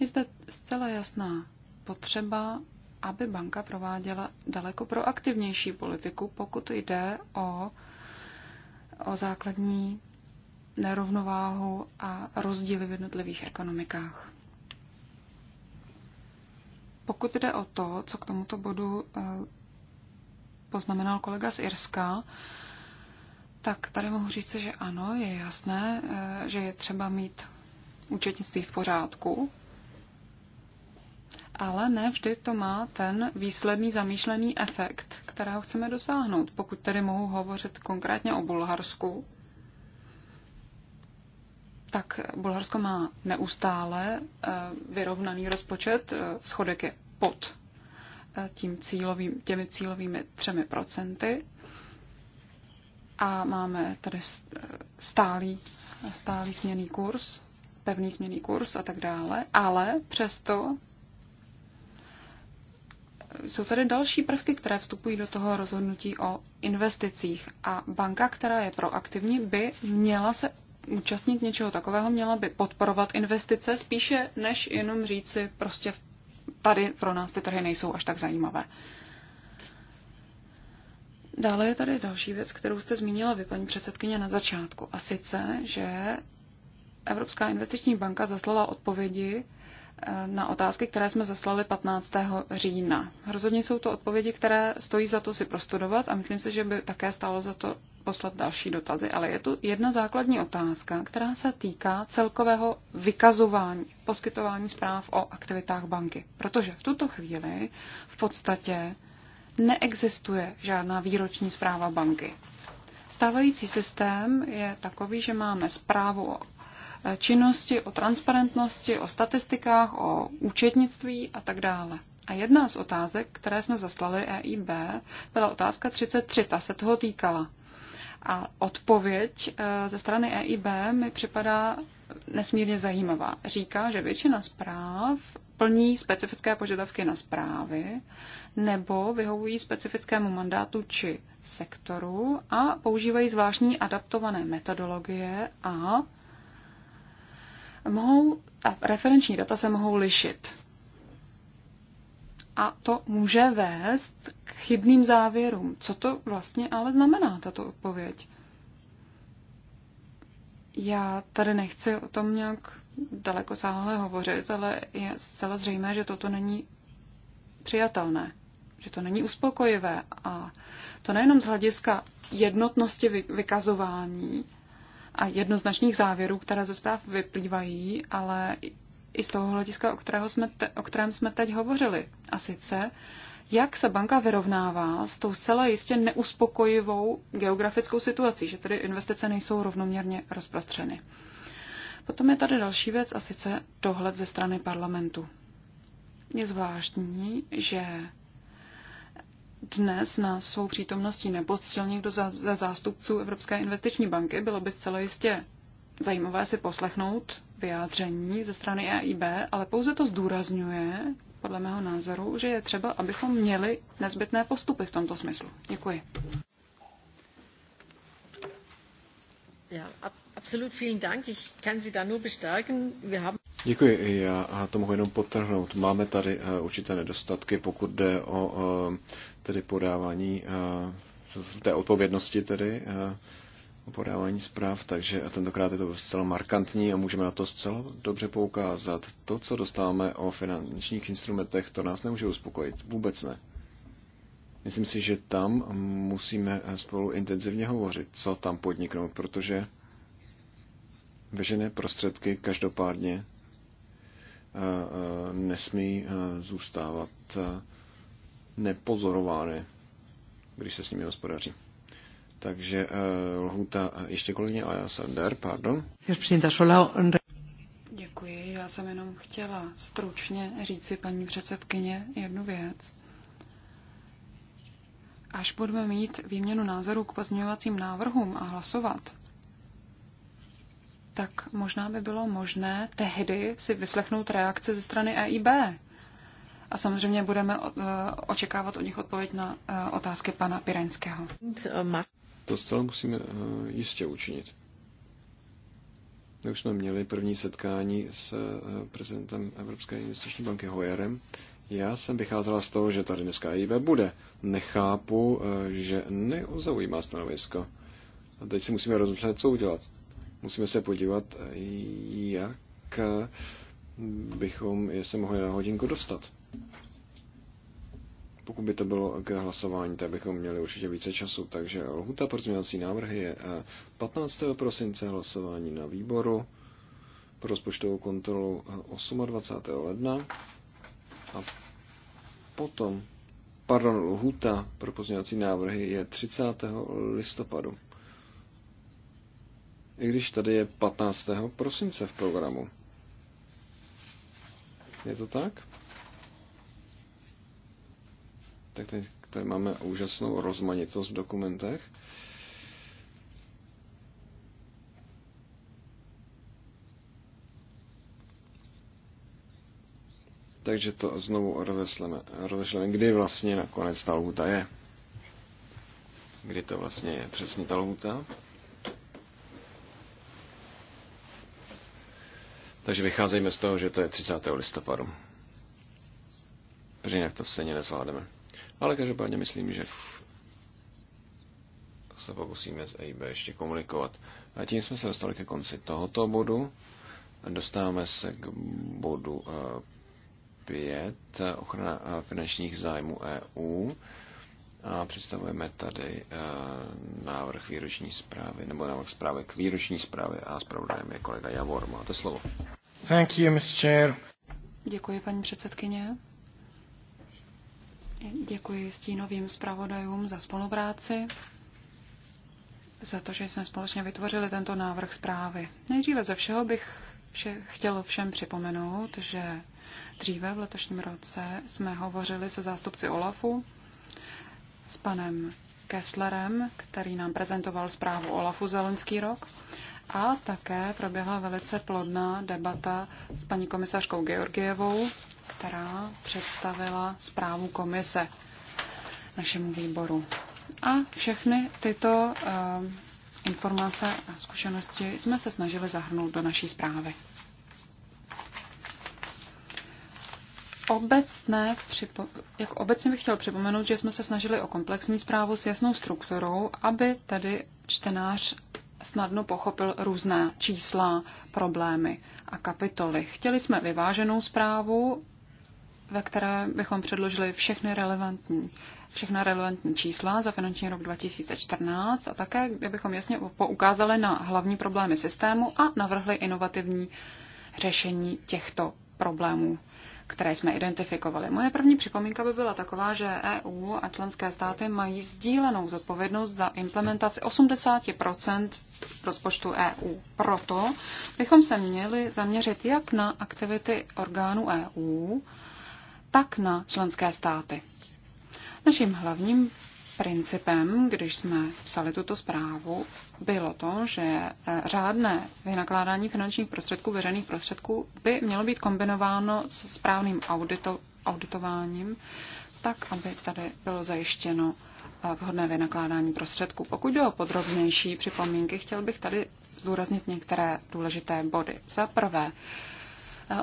je zde zcela jasná potřeba, aby banka prováděla daleko proaktivnější politiku, pokud jde o o základní nerovnováhu a rozdíly v jednotlivých ekonomikách. Pokud jde o to, co k tomuto bodu eh, poznamenal kolega z Irska, tak tady mohu říct, že ano, je jasné, eh, že je třeba mít účetnictví v pořádku, ale ne vždy to má ten výsledný zamýšlený efekt, kterého chceme dosáhnout. Pokud tedy mohu hovořit konkrétně o Bulharsku, tak Bulharsko má neustále eh, vyrovnaný rozpočet, eh, schodek je pod eh, tím cílovým, těmi cílovými třemi procenty a máme tady stálý, stálý směný kurz, pevný směný kurz a tak dále, ale přesto jsou tady další prvky, které vstupují do toho rozhodnutí o investicích. A banka, která je proaktivní, by měla se účastnit něčeho takového, měla by podporovat investice spíše, než jenom říci, prostě tady pro nás ty trhy nejsou až tak zajímavé. Dále je tady další věc, kterou jste zmínila vy, paní předsedkyně, na začátku. A sice, že Evropská investiční banka zaslala odpovědi Eh, na otázky, které jsme zaslali 15. října. Rozhodně jsou to odpovědi, které stojí za to si prostudovat a myslím si, že by také stálo za to poslat další dotazy, ale je tu jedna základní otázka, která se týká celkového vykazování, poskytování zpráv o aktivitách banky. Protože v tuto chvíli v podstatě neexistuje žádná výroční zpráva banky. Stávající systém je takový, že máme zprávu o činnosti, o transparentnosti, o statistikách, o účetnictví a tak dále. A jedna z otázek, které jsme zaslali EIB, byla otázka 33, ta se toho týkala. A odpověď eh, ze strany EIB mi připadá nesmírně zajímavá. Říká, že většina zpráv plní specifické požadavky na zprávy nebo vyhovují specifickému mandátu či sektoru a používají zvláštní adaptované metodologie a mohou, a referenční data se mohou lišit. A to může vést k chybným závěrům. Co to vlastně ale znamená, tato odpověď? Já tady nechci o tom nějak daleko sáhle hovořit, ale je zcela zřejmé, že toto není přijatelné, že to není uspokojivé. A to nejenom z hlediska jednotnosti vykazování, a jednoznačných závěrů, které ze zpráv vyplývají, ale i z toho hlediska, o, kterého jsme te, o kterém jsme teď hovořili. A sice, jak se banka vyrovnává s tou zcela jistě neuspokojivou geografickou situací, že tedy investice nejsou rovnoměrně rozprostřeny. Potom je tady další věc a sice dohled ze strany parlamentu. Je zvláštní, že dnes na svou přítomností nebo někdo za, za zástupců Evropské investiční banky, bylo by zcela jistě zajímavé si poslechnout vyjádření ze strany EIB, ale pouze to zdůrazňuje, podle mého názoru, že je třeba, abychom měli nezbytné postupy v tomto smyslu. Děkuji. Ja, absolut vielen Dank. Ich kann Sie da nur bestärken. Wir haben Děkuji. Já to mohu jenom potrhnout. Máme tady eh, určité nedostatky, pokud jde o eh, tedy podávání eh, té odpovědnosti tedy eh, o podávání zpráv, takže a tentokrát je to zcela markantní a můžeme na to zcela dobře poukázat. To, co dostáváme o finančních instrumentech, to nás nemůže uspokojit. Vůbec ne. Myslím si, že tam musíme spolu intenzivně hovořit, co tam podniknout, protože veřejné prostředky každopádně eh, nesmí zůstávat nepozorovány, když se s nimi hospodaří. Takže uh, lhůta eh, ještě kolegyně Aja Sander, pardon. Děkuji, já jsem jenom chtěla stručně říci paní předsedkyně jednu věc. Až budeme mít výměnu názorů k pozměňovacím návrhům a hlasovat, tak možná by bylo možné tehdy si vyslechnout reakce ze strany EIB, a samozřejmě budeme eh, očekávat od nich odpověď na eh, otázky pana Pirenského. To zcela musíme eh, jistě učinit. My už jsme měli první setkání s prezidentem Evropské investiční banky Hojerem. Já jsem vycházela z toho, že tady dneska IB bude. Nechápu, že neozaujímá stanovisko. A teď si musíme rozmyslet, co udělat. Musíme se podívat, jak bychom je se mohli na hodinku dostat. Pokud by to bylo k hlasování, tak bychom měli určitě více času. Takže lhuta pro změnací návrhy je 15. Eh, prosince hlasování na výboru pro rozpočtovou kontrolu 28. Eh, ledna a potom, pardon, lhuta pro pozměňovací návrhy je 30. listopadu. I když tady je 15. prosince v programu. Je to tak? Tak tady, tady máme úžasnou rozmanitost v dokumentech. Takže to znovu rozešleme. rozešleme, kdy vlastně nakonec ta lhuta je. Kdy to vlastně je přesně ta lhuta. Takže vycházejme z toho, že to je 30. listopadu. Protože jinak to stejně nezvládeme. Ale každopádně myslím, že se pokusíme s AIB ještě komunikovat. A tím jsme se dostali ke konci tohoto bodu. Dostáváme se k bodu 5, eh, ochrana eh, finančních zájmů EU. A představujeme tady eh, návrh výroční zprávy, nebo návrh zprávy k výroční zprávě a zpravodajem je kolega Javor. Máte slovo. Thank you, Mr. Chair. Děkuji, paní předsedkyně. Děkuji stínovým zpravodajům za spolupráci, za to, že jsme společně vytvořili tento návrh zprávy. Nejdříve ze všeho bych vše, chtěl všem připomenout, že dříve v letošním roce jsme hovořili se zástupci OLAFu s panem Kesslerem, který nám prezentoval zprávu OLAFu za loňský rok. A také proběhla velice plodná debata s paní komisařkou Georgievou která představila zprávu komise našemu výboru. A všechny tyto eh, informace a zkušenosti jsme se snažili zahrnout do naší zprávy. Obecné, jak obecně bych chtěl připomenout, že jsme se snažili o komplexní zprávu s jasnou strukturou, aby tedy čtenář snadno pochopil různá čísla, problémy a kapitoly. Chtěli jsme vyváženou zprávu, ve které bychom předložili všechny relevantní všechna relevantní čísla za finanční rok 2014 a také, kde bychom jasně poukázali na hlavní problémy systému a navrhli inovativní řešení těchto problémů které jsme identifikovali. Moje první připomínka by byla taková, že EU a členské státy mají sdílenou zodpovědnost za implementaci 80 rozpočtu EU. Proto bychom se měli zaměřit jak na aktivity orgánů EU, tak na členské státy. Naším hlavním principem, když jsme psali tuto zprávu, bylo to, že eh, řádné vynakládání finančních prostředků, veřejných prostředků by mělo být kombinováno s správným audito, auditováním, tak, aby tady bylo zajištěno eh, vhodné vynakládání prostředků. Pokud jde o podrobnější připomínky, chtěl bych tady zdůraznit některé důležité body. Za prvé,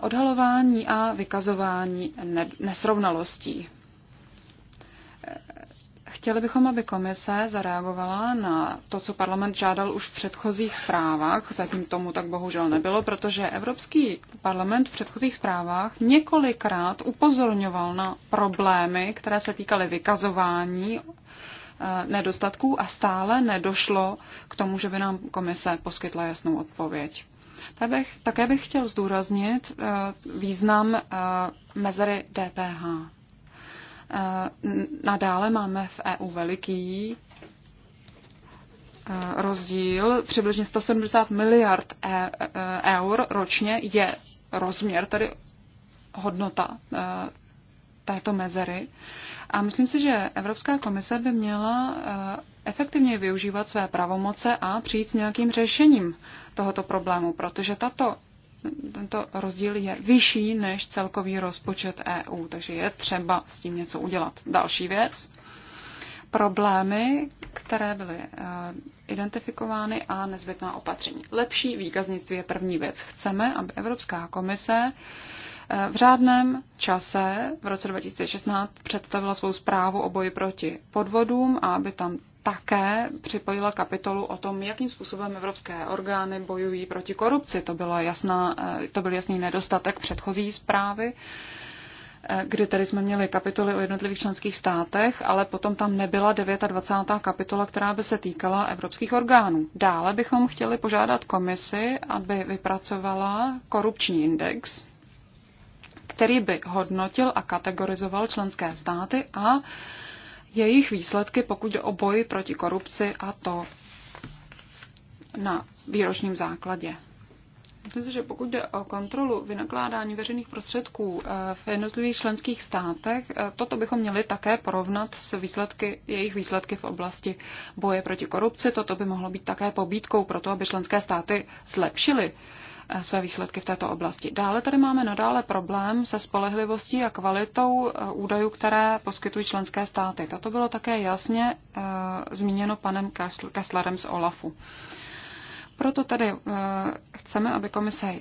odhalování a vykazování nesrovnalostí. Chtěli bychom, aby komise zareagovala na to, co parlament žádal už v předchozích zprávách. Zatím tomu tak bohužel nebylo, protože Evropský parlament v předchozích zprávách několikrát upozorňoval na problémy, které se týkaly vykazování eh, nedostatků a stále nedošlo k tomu, že by nám komise poskytla jasnou odpověď. Bych, také bych chtěl zdůraznit eh, význam eh, mezery DPH. Eh, nadále máme v EU veliký rozdíl. Přibližně 170 miliard e, eur ročně je rozměr, tedy hodnota této mezery. A myslím si, že Evropská komise by měla eh, efektivně využívat své pravomoce a přijít s nějakým řešením tohoto problému, protože tato tento rozdíl je vyšší než celkový rozpočet EU, takže je třeba s tím něco udělat. Další věc. Problémy, které byly eh, identifikovány a nezbytná opatření. Lepší výkaznictví je první věc. Chceme, aby Evropská komise uh, v řádném čase v roce 2016 představila svou zprávu o boji proti podvodům a aby tam také připojila kapitolu o tom, jakým způsobem evropské orgány bojují proti korupci. To, byla jasná, eh, to byl jasný nedostatek předchozí zprávy eh, kdy tady jsme měli kapitoly o jednotlivých členských státech, ale potom tam nebyla 29. kapitola, která by se týkala evropských orgánů. Dále bychom chtěli požádat komisi, aby vypracovala korupční index který by hodnotil a kategorizoval členské státy a jejich výsledky, pokud jde o boji proti korupci a to na výročním základě. Myslím si, že pokud jde o kontrolu vynakládání veřejných prostředků eh, v jednotlivých členských státech, eh, toto bychom měli také porovnat s výsledky, jejich výsledky v oblasti boje proti korupci. Toto by mohlo být také pobídkou pro to, aby členské státy zlepšily své výsledky v této oblasti. Dále tady máme nadále problém se spolehlivostí a kvalitou eh, údajů, které poskytují členské státy. Toto bylo také jasně eh, zmíněno panem Kesslerem z OLAFu. Proto tedy eh, chceme, aby komise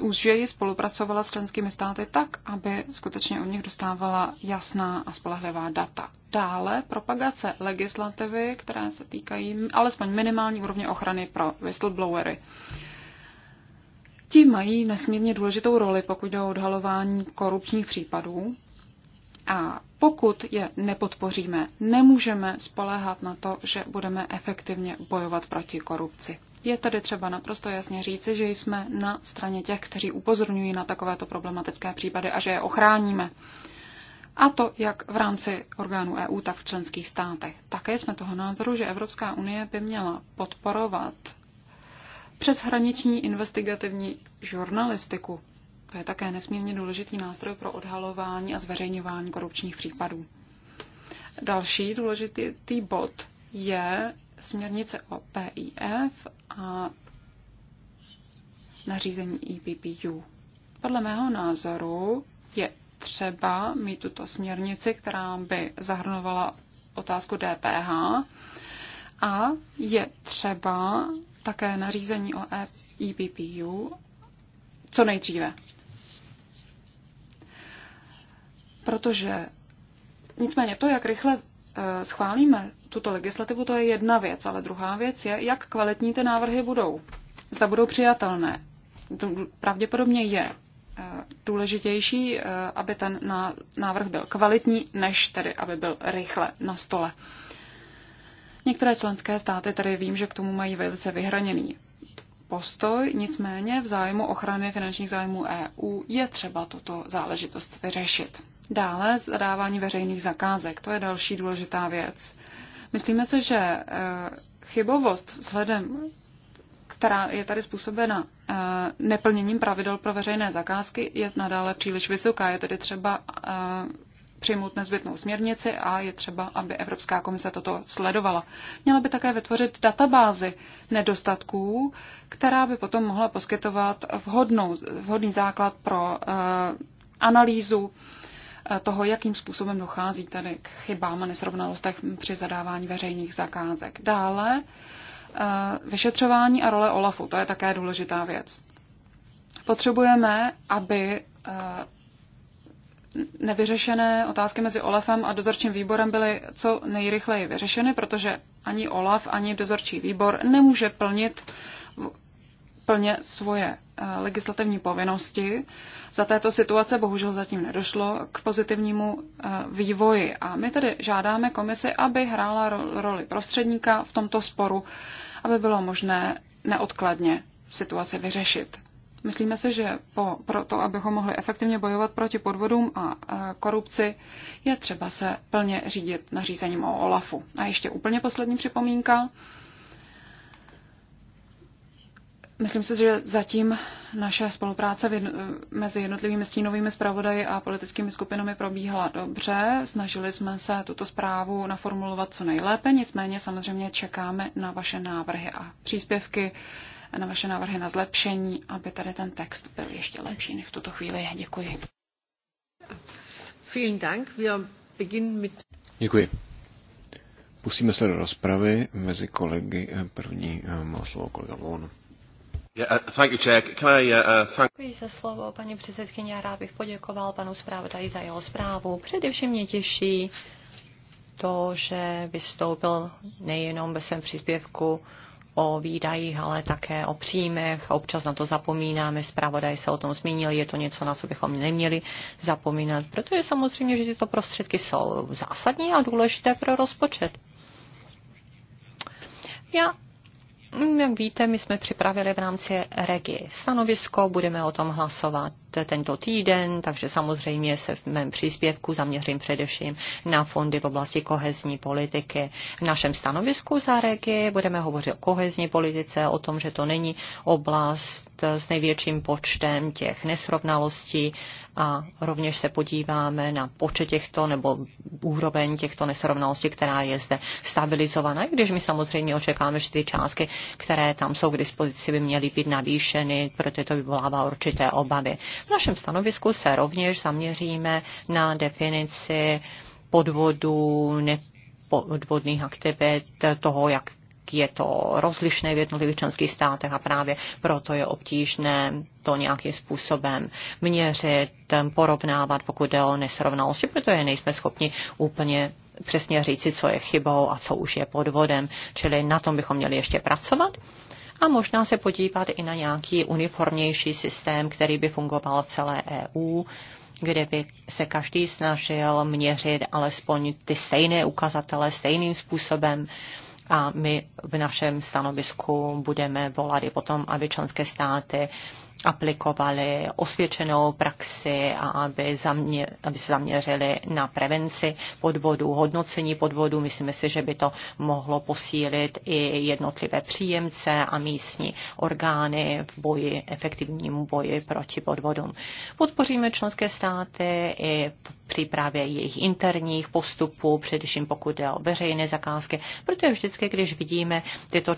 úžeji spolupracovala s členskými státy tak, aby skutečně od nich dostávala jasná a spolehlivá data. Dále propagace legislativy, které se týkají alespoň minimální úrovně ochrany pro whistleblowery. Uh, Ti mají nesmírně důležitou roli, pokud jde o odhalování korupčních případů. A pokud je nepodpoříme, nemůžeme spoléhat na to, že budeme efektivně bojovat proti korupci. Je tedy třeba naprosto jasně říci, že jsme na straně těch, kteří upozorňují na takovéto problematické případy a že je ochráníme. A to jak v rámci orgánů EU, tak v členských státech. Také jsme toho názoru, že Evropská unie by měla podporovat hraniční investigativní žurnalistiku. To je také nesmírně důležitý nástroj pro odhalování a zveřejňování korupčních případů. Další důležitý bod je směrnice o PIF a nařízení EPPU. Podle mého názoru je třeba mít tuto směrnici, která by zahrnovala otázku DPH a je třeba také nařízení o EPPU co nejdříve. Protože nicméně to, jak rychle eh, schválíme tuto legislativu, to je jedna věc, ale druhá věc je, jak kvalitní ty návrhy budou. Zda budou přijatelné. To pravděpodobně je eh, důležitější, eh, aby ten návrh byl kvalitní, než tedy, aby byl rychle na stole. Některé členské státy tady vím, že k tomu mají velice vyhraněný postoj, nicméně v zájmu ochrany finančních zájmů EU je třeba tuto záležitost vyřešit. Dále zadávání veřejných zakázek, to je další důležitá věc. Myslíme se, že eh, chybovost vzhledem která je tady způsobena eh, neplněním pravidel pro veřejné zakázky, je nadále příliš vysoká. Je tedy třeba eh, přijmout nezbytnou směrnici a je třeba, aby Evropská komise toto sledovala. Měla by také vytvořit databázy nedostatků, která by potom mohla poskytovat vhodnou, vhodný základ pro uh, analýzu eh, toho, jakým způsobem dochází tady k chybám a nesrovnalostech při zadávání veřejných zakázek. Dále eh, vyšetřování a role OLAFu, to je také důležitá věc. Potřebujeme, aby nevyřešené otázky mezi OLAFem a dozorčím výborem byly co nejrychleji vyřešeny, protože ani OLAF, ani dozorčí výbor nemůže plnit plně svoje eh, legislativní povinnosti. Za této situace bohužel zatím nedošlo k pozitivnímu eh, vývoji a my tedy žádáme komisi, aby hrála roli prostředníka v tomto sporu, aby bylo možné neodkladně situaci vyřešit. Myslíme se, že po, pro to, abychom mohli efektivně bojovat proti podvodům a e, korupci, je třeba se plně řídit nařízením o OLAFu. A ještě úplně poslední připomínka. Myslím si, že zatím naše spolupráce mezi jednotlivými stínovými zpravodaji a politickými skupinami probíhala dobře. Snažili jsme se tuto zprávu naformulovat co nejlépe, nicméně samozřejmě čekáme na vaše návrhy a příspěvky na vaše návrhy na zlepšení, aby tady ten text byl ještě lepší než v tuto chvíli je. Děkuji. Vielen Dank. Wir beginnen mit... Děkuji. Pustíme se do rozpravy mezi kolegy. První eh, má slovo kolega Von. Uh, uh, uh, Děkuji za slovo, paní předsedkyně. Já rád bych poděkoval panu zpravodaji za jeho zprávu. Především mě těší to, že vystoupil nejenom ve svém příspěvku o výdajích, ale také o příjmech. Občas na to zapomínáme, zpravodaj se o tom zmínil, je to něco, na co bychom neměli zapomínat, protože samozřejmě, že tyto prostředky jsou zásadní a důležité pro rozpočet. Já jak víte, my jsme připravili v rámci regi stanovisko, budeme o tom hlasovat tento týden, takže samozřejmě se v mém příspěvku zaměřím především na fondy v oblasti kohezní politiky. V našem stanovisku za regi budeme hovořit o kohezní politice, o tom, že to není oblast s největším počtem těch nesrovnalostí a rovněž se podíváme na počet těchto nebo úroveň těchto nesrovnalostí, která je zde stabilizovaná, i když my samozřejmě očekáváme, že ty částky, které tam jsou k dispozici, by měly být navýšeny, protože to vyvolává určité obavy. V našem stanovisku se rovněž zaměříme na definici podvodů, nepodvodných aktivit, toho, jak je to rozlišné v jednotlivých členských státech a právě proto je obtížné to nějakým způsobem měřit, porovnávat, pokud jde o nesrovnalosti, protože nejsme schopni úplně přesně říci, co je chybou a co už je podvodem. Čili na tom bychom měli ještě pracovat a možná se podívat i na nějaký uniformnější systém, který by fungoval v celé EU, kde by se každý snažil měřit alespoň ty stejné ukazatele stejným způsobem a my v našem stanovisku budeme volat i potom, aby členské státy aplikovali osvědčenou praxi a aby, zamě, aby se zaměřili na prevenci podvodů, hodnocení podvodů. Myslíme si, že by to mohlo posílit i jednotlivé příjemce a místní orgány v boji, efektivnímu boji proti podvodům. Podpoříme členské státy i v přípravě jejich interních postupů, především pokud jde o veřejné zakázky, protože vždycky, když vidíme tyto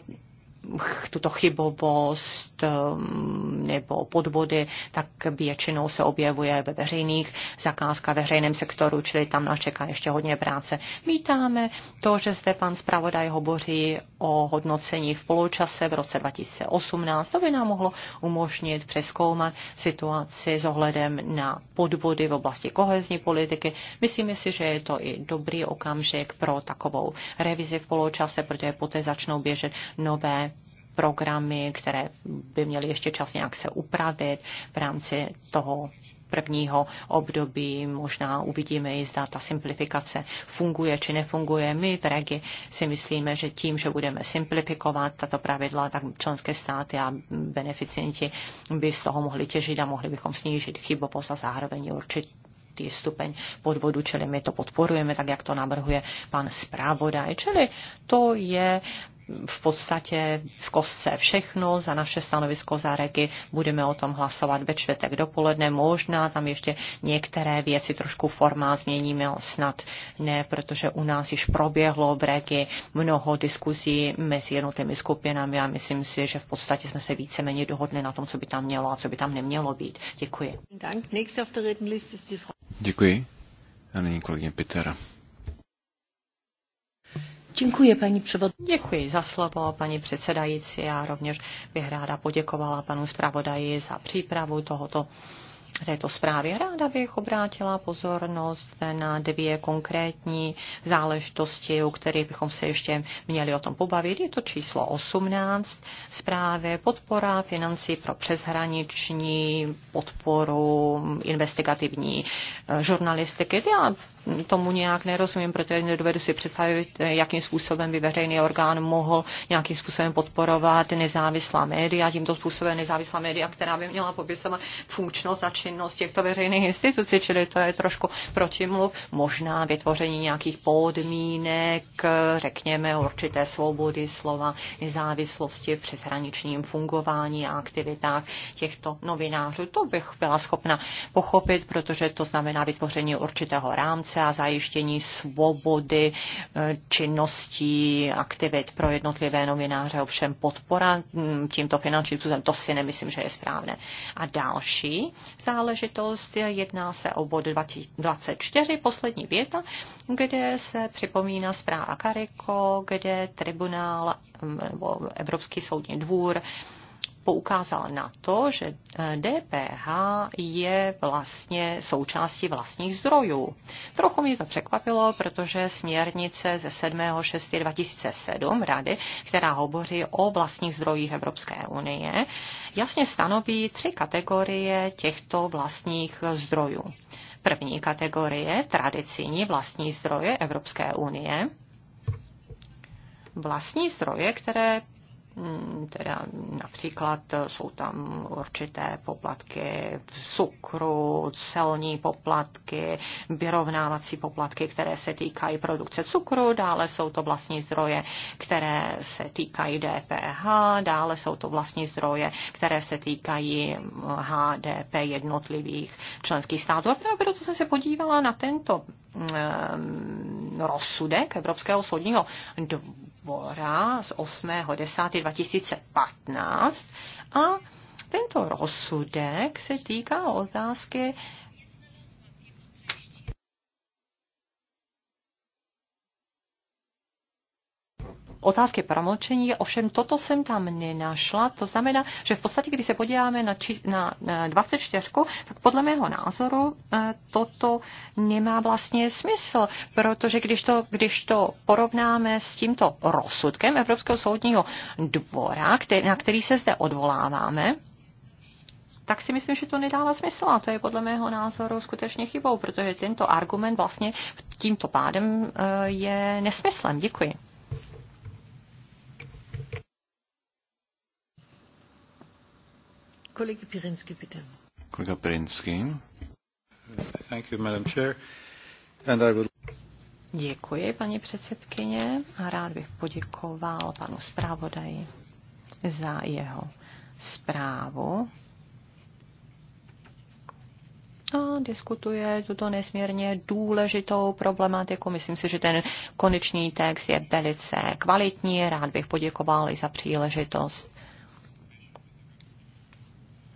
tuto chybovost um, nebo podvody, tak většinou se objevuje ve veřejných zakázkách, veřejném sektoru, čili tam nás čeká ještě hodně práce. Vítáme to, že zde pan zpravodaj hovoří o hodnocení v poločase v roce 2018. To by nám mohlo umožnit přeskoumat situaci s ohledem na podvody v oblasti kohezní politiky. Myslíme si, že je to i dobrý okamžik pro takovou revizi v poločase, protože poté začnou běžet nové programy, které by měly ještě čas nějak se upravit v rámci toho prvního období. Možná uvidíme zda ta simplifikace funguje či nefunguje. My v Regi si myslíme, že tím, že budeme simplifikovat tato pravidla, tak členské státy a beneficienti by z toho mohli těžit a mohli bychom snížit chybovost a zároveň určit stupeň podvodu, čili my to podporujeme, tak jak to navrhuje pan zpravodaj. Čili to je v podstatě v kostce všechno. Za naše stanovisko za regi budeme o tom hlasovat ve čtvrtek dopoledne. Možná tam ještě některé věci trošku formá změníme, snad ne, protože u nás již proběhlo v regi mnoho diskuzí mezi jednotlivými skupinami a myslím si, že v podstatě jsme se víceméně dohodli na tom, co by tam mělo a co by tam nemělo být. Děkuji. Děkuji. A nyní kolegyně Pitera. Děkuji, paní převod. Děkuji za slovo, paní předsedající. Já rovněž bych ráda poděkovala panu zpravodaji za přípravu tohoto této zprávě. Ráda bych obrátila pozornost na dvě konkrétní záležitosti, o kterých bychom se ještě měli o tom pobavit. Je to číslo 18 zprávy podpora financí pro přeshraniční podporu investigativní žurnalistiky. Já tomu nějak nerozumím, protože nedovedu si představit, jakým způsobem by veřejný orgán mohl nějakým způsobem podporovat nezávislá média, tímto způsobem nezávislá média, která by měla popisovat funkčnost a činnost těchto veřejných institucí, čili to je trošku protimluv, možná vytvoření nějakých podmínek, řekněme, určité svobody slova, nezávislosti v přeshraničním fungování a aktivitách těchto novinářů. To bych byla schopna pochopit, protože to znamená vytvoření určitého rámce práce a zajištění svobody e, činností, aktivit pro jednotlivé novináře, ovšem podpora mm, tímto finančním způsobem, to si nemyslím, že je správné. A další záležitost, jedná se o bod 24, poslední věta, kde se připomíná zpráva Kariko, kde tribunál mm, nebo Evropský soudní dvůr poukázal na to, že DPH eh, je vlastně součástí vlastních zdrojů. Trochu mě to překvapilo, protože směrnice ze 7.6.2007 Rady, která hovoří o vlastních zdrojích Evropské unie, jasně stanoví tři kategorie těchto vlastních zdrojů. První kategorie tradiční vlastní zdroje Evropské unie, vlastní zdroje, které Mm, teda například jsou tam určité poplatky v cukru, celní poplatky, vyrovnávací poplatky, které se týkají produkce cukru, dále jsou to vlastní zdroje, které se týkají DPH, dále jsou to vlastní zdroje, které se týkají mm, HDP jednotlivých členských států. A proto jsem se podívala na tento Mm, rozsudek Evropského soudního dvora z 8.10.2015 a tento rozsudek se týká otázky otázky promlčení, ovšem toto jsem tam nenašla. To znamená, že v podstatě, když se podíváme na, či, na, na 24, tak podle mého názoru eh, toto nemá vlastně smysl, protože když to, když to porovnáme s tímto rozsudkem Evropského soudního dvora, který, na který se zde odvoláváme, tak si myslím, že to nedává smysl a to je podle mého názoru skutečně chybou, protože tento argument vlastně tímto pádem eh, je nesmyslem. Děkuji. Kolega Pirinsky, bitte. Kolega Pirinsky. Thank you, Madam Chair. And I Děkuji, paní předsedkyně, a rád bych poděkoval panu zpravodaji za jeho zprávu. A diskutuje tuto nesmírně důležitou problematiku. Myslím si, že ten konečný text je velice kvalitní. Rád bych poděkoval i za příležitost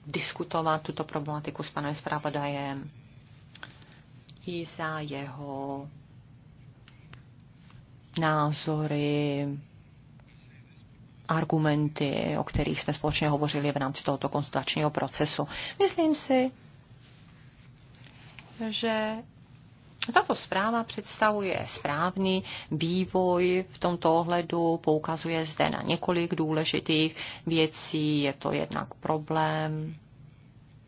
diskutovat tuto problematiku s panem zpravodajem i za jeho názory, argumenty, o kterých jsme společně hovořili v rámci tohoto konzultačního procesu. Myslím si, že tato zpráva představuje správný vývoj v tomto ohledu, poukazuje zde na několik důležitých věcí. Je to jednak problém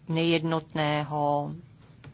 nejednotného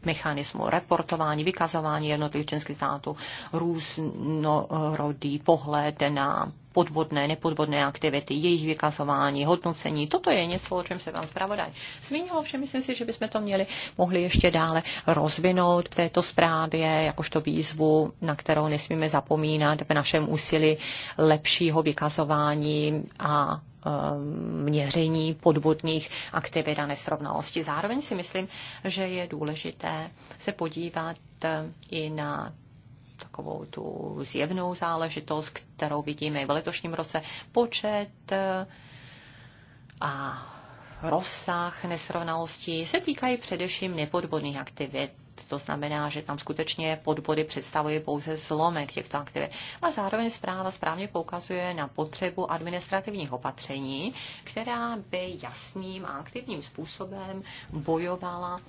mechanismu reportování, vykazování jednotlivých členských států, různorodý pohled na podvodné, nepodvodné aktivity, jejich vykazování, hodnocení. Toto je něco, o čem se vám zpravodaj zmínil, ovšem myslím si, že bychom to měli, mohli ještě dále rozvinout v této zprávě, jakožto výzvu, na kterou nesmíme zapomínat v našem úsilí lepšího vykazování a Um, měření podvodných aktivit a nesrovnalosti. Zároveň si myslím, že je důležité se podívat uh, i na takovou tu zjevnou záležitost, kterou vidíme v letošním roce. Počet uh, a rozsah nesrovnalostí se týkají především nepodvodných aktivit, to znamená, že tam skutečně podbody představují pouze zlomek těchto aktivit. A zároveň zpráva správně poukazuje na potřebu administrativních opatření, která by jasným a aktivním způsobem bojovala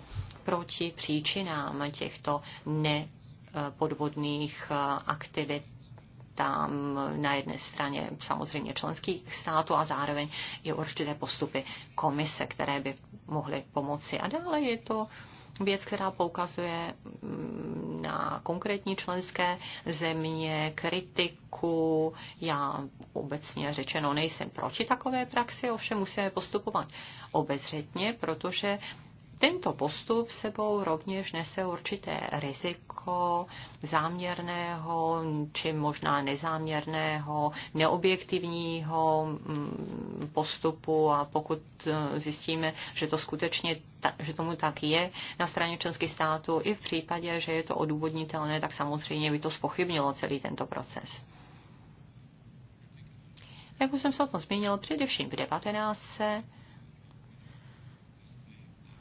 proti příčinám těchto nepodvodných eh, aktivit tam na jedné straně samozřejmě členských států a zároveň i určité postupy komise, které by mohly pomoci. A dále je to věc, která poukazuje mm, na konkrétní členské země, kritiku. Já obecně řečeno nejsem proti takové praxi, ovšem musíme postupovat obezřetně, protože tento postup sebou rovněž nese určité riziko záměrného či možná nezáměrného, neobjektivního mm, postupu a pokud e, zjistíme, že to skutečně že tomu tak je na straně členských států, i v případě, že je to odůvodnitelné, tak samozřejmě by to spochybnilo celý tento proces. Jak už jsem se o tom zmínil, především v 19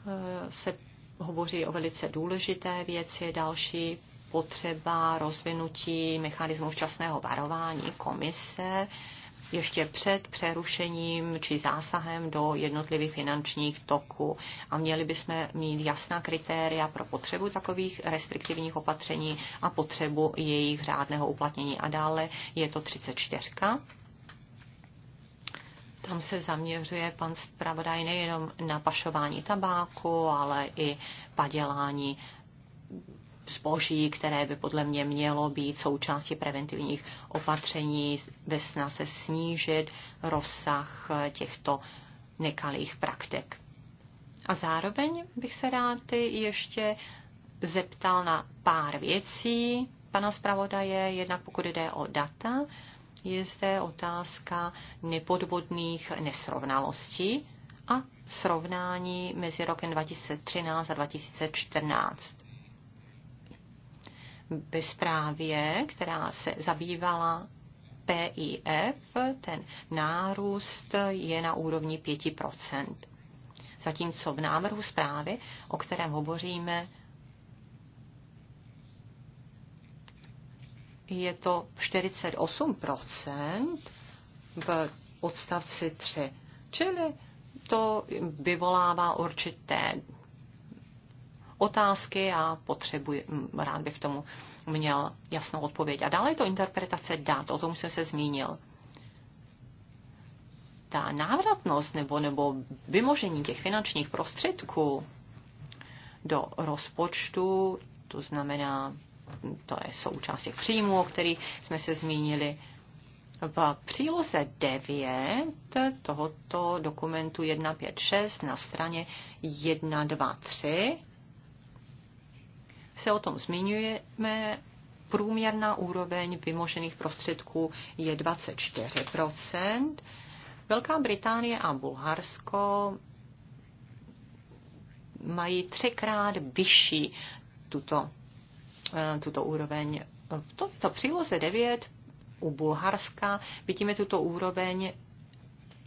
Eh, se hovoří o velice důležité věci. Další potřeba rozvinutí mechanismu včasného varování komise ještě před přerušením či zásahem do jednotlivých finančních toků. A měli bychom mít jasná kritéria pro potřebu takových restriktivních opatření a potřebu jejich řádného uplatnění. A dále je to 34 tam se zaměřuje pan zpravodaj nejenom na pašování tabáku, ale i padělání zboží, které by podle mě mělo být součástí preventivních opatření ve snaze snížit rozsah těchto nekalých praktik. A zároveň bych se rád ještě zeptal na pár věcí pana zpravodaje, jednak pokud jde o data, je zde otázka nepodvodných nesrovnalostí a srovnání mezi rokem 2013 a 2014. Bezprávě, která se zabývala PIF, ten nárůst je na úrovni 5 zatímco v návrhu zprávy, o kterém hovoříme, je to 48% v odstavci 3. Čili to vyvolává určité otázky a potřebuji, mm, rád bych tomu měl jasnou odpověď. A dále je to interpretace dat, o tom jsem se zmínil. Ta návratnost nebo, nebo vymožení těch finančních prostředků do rozpočtu, to znamená to je součást těch příjmů, o kterých jsme se zmínili. V příloze 9 tohoto dokumentu 156 na straně 123 se o tom zmiňujeme. Průměrná úroveň vymožených prostředků je 24 Velká Británie a Bulharsko mají třikrát vyšší tuto Eh, tuto úroveň. Eh, v tomto příloze 9 u Bulharska vidíme tuto úroveň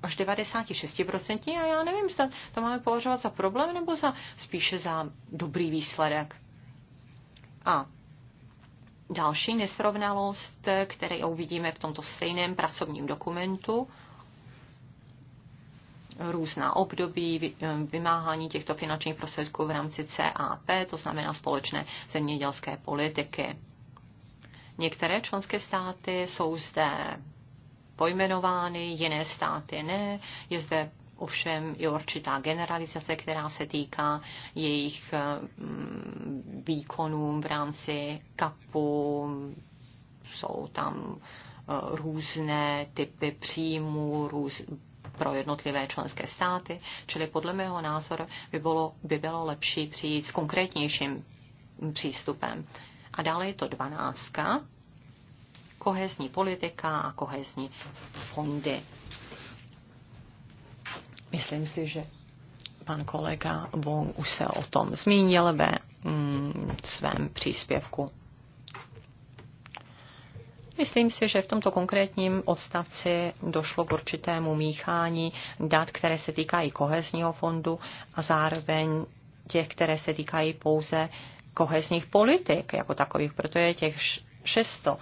až 96% a já nevím, zda to máme považovat za problém nebo za spíše za dobrý výsledek. A další nesrovnalost, eh, které uvidíme v tomto stejném pracovním dokumentu, různá období eh, vymáhání těchto finančních prostředků v rámci CAP, to znamená společné zemědělské politiky. Některé členské státy jsou zde pojmenovány, jiné státy ne. Je zde ovšem i určitá generalizace, která se týká jejich eh, mm, výkonů v rámci kapu. Jsou tam eh, různé typy příjmů, růz, pro jednotlivé členské státy, čili podle mého názoru by bylo, by bylo lepší přijít s konkrétnějším přístupem. A dále je to dvanáctka, kohezní politika a kohezní fondy. Myslím si, že pan kolega Wong už se o tom zmínil ve mm, svém příspěvku. Myslím si, že v tomto konkrétním odstavci došlo k určitému míchání dat, které se týkají kohezního fondu a zároveň těch, které se týkají pouze kohezních politik jako takových, proto je těch 600,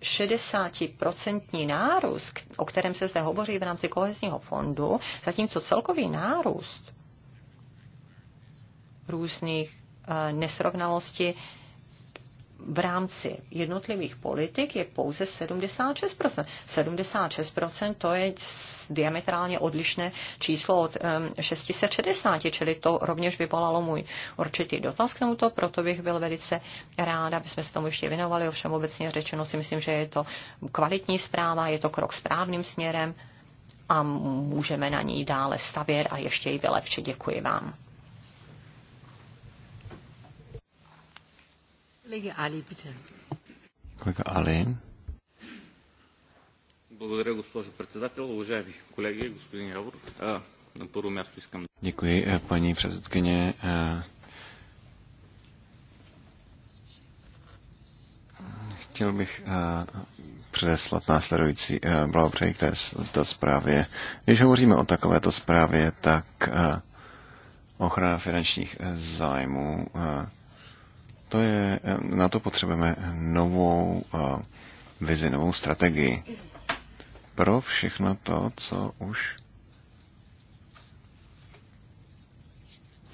60% nárůst, o kterém se zde hovoří v rámci kohezního fondu, zatímco celkový nárůst různých eh, nesrovnalostí v rámci jednotlivých politik je pouze 76%. 76% to je diametrálně odlišné číslo od 660, čili to rovněž vyvolalo můj určitý dotaz k tomuto, proto bych byl velice ráda, aby jsme se tomu ještě věnovali. Ovšem obecně řečeno si myslím, že je to kvalitní zpráva, je to krok správným směrem a můžeme na ní dále stavět a ještě ji vylepšit. Děkuji vám. Kolega Ali, bitte. Kolega Ali. Благодаря, госпожо председател. Уважаеми колеги, господин на първо място искам... Děkuji, paní předsedkyně. Chtěl bych předeslat následující blahopřeji k této zprávě. Když hovoříme o takovéto zprávě, tak ochrana finančních e, zájmů to je, na to potřebujeme novou eh, vizi, novou strategii pro všechno to, co už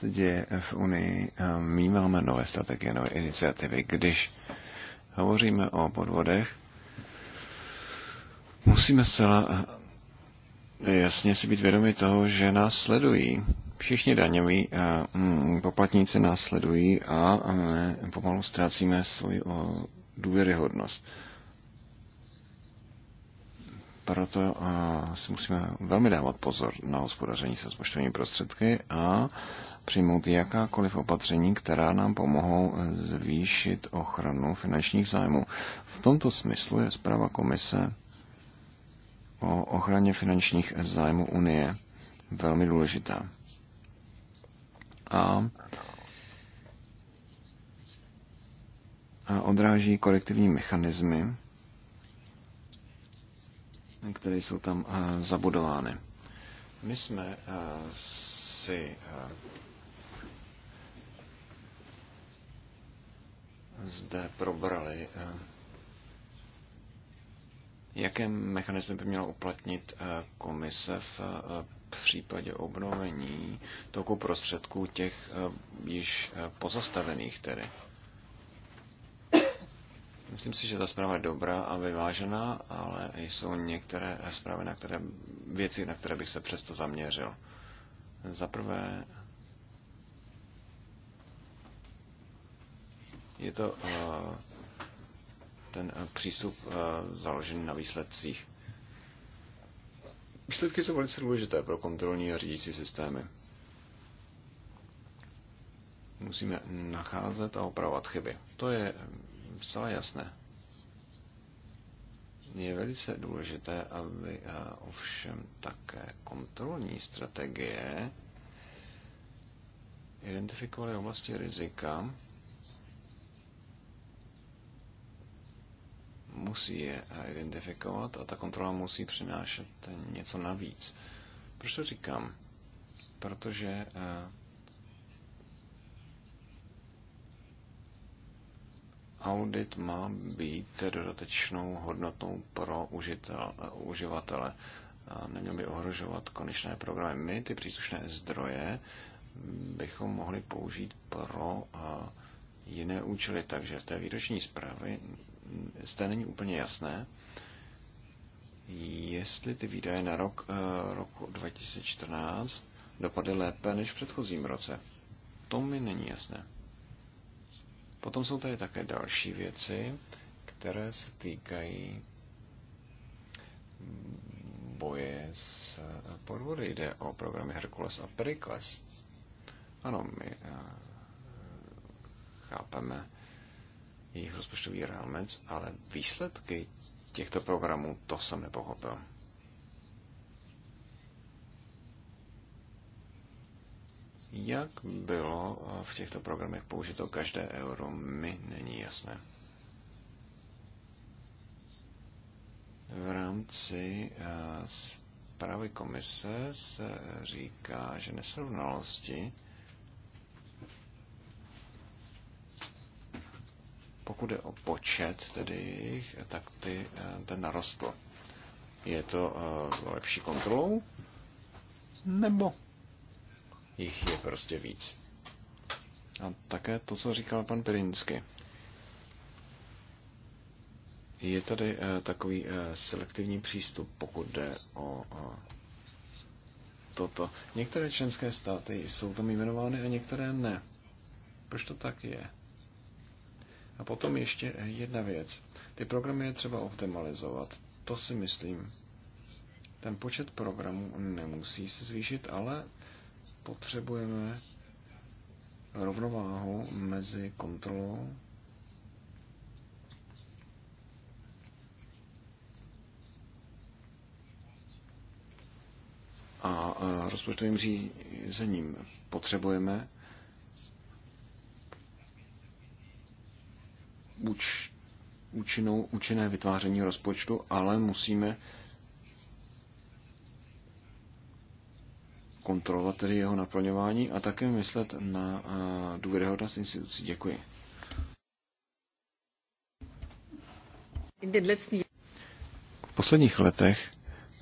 děje v Unii. Eh, my máme nové strategie, nové iniciativy. Když hovoříme o podvodech, musíme zcela jasně si být vědomi toho, že nás sledují. Všichni daňoví eh, mm, poplatníci nás sledují a eh, pomalu ztrácíme svoji eh, důvěryhodnost. Proto si musíme velmi dávat pozor na hospodaření se rozpočtovými prostředky a přijmout jakákoliv opatření, která nám pomohou zvýšit ochranu finančních zájmů. V tomto smyslu je zpráva komise o ochraně finančních zájmů Unie velmi důležitá. A a odráží korektivní mechanismy, které jsou tam zabudovány. My jsme si zde probrali Jaké mechanizmy by měla uplatnit eh, komise eh, v případě obnovení toku prostředků těch eh, již pozastavených tedy? Myslím si, že ta zpráva je dobrá a vyvážená, ale jsou některé zprávy, na které, věci, na které bych se přesto zaměřil. Za prvé, je to uh, ten eh, přístup eh, založený na výsledcích. Výsledky jsou velice důležité pro kontrolní a řídící systémy. Musíme nacházet a opravovat chyby. To je eh, zcela jasné. Je velice důležité, aby ovšem také kontrolní strategie identifikovaly oblasti rizika, musí je identifikovat a ta kontrola musí přinášet něco navíc. Proč to říkám? Protože eh, audit má být dodatečnou hodnotou pro užitel, eh, uživatele a neměl by ohrožovat konečné programy. My ty příslušné zdroje bychom mohli použít pro eh, jiné účely, takže v té výroční zprávy, zde není úplně jasné, jestli ty výdaje na rok eh, roku 2014 dopadly lépe než v předchozím roce. To mi není jasné. Potom jsou tady také další věci, které se týkají boje s eh, podvody. Jde o programy Herkules a Pericles. Ano, my eh, chápeme jejich rozpočtový rámec, ale výsledky těchto programů, to jsem nepochopil. Jak bylo v těchto programech použito každé euro, mi není jasné. V rámci eh, zprávy komise se říká, že nesrovnalosti Pokud je o počet tedy tak ty, eh, ten narostl. Je to eh, lepší kontrolou? Nebo jich je prostě víc? A také to, co říkal pan Perinsky. Je tady eh, takový selektivní přístup, pokud jde o toto. Některé členské státy jsou tam jmenovány a některé ne. Proč to tak je? A potom ještě jedna věc. Ty programy je třeba optimalizovat. To si myslím. Ten počet programů nemusí se zvýšit, ale potřebujeme rovnováhu mezi kontrolou a rozpočtovým řízením potřebujeme úč, účinnou, účinné vytváření rozpočtu, ale musíme kontrolovat tedy jeho naplňování a také myslet na eh, důvěryhodnost institucí. Děkuji. V posledních letech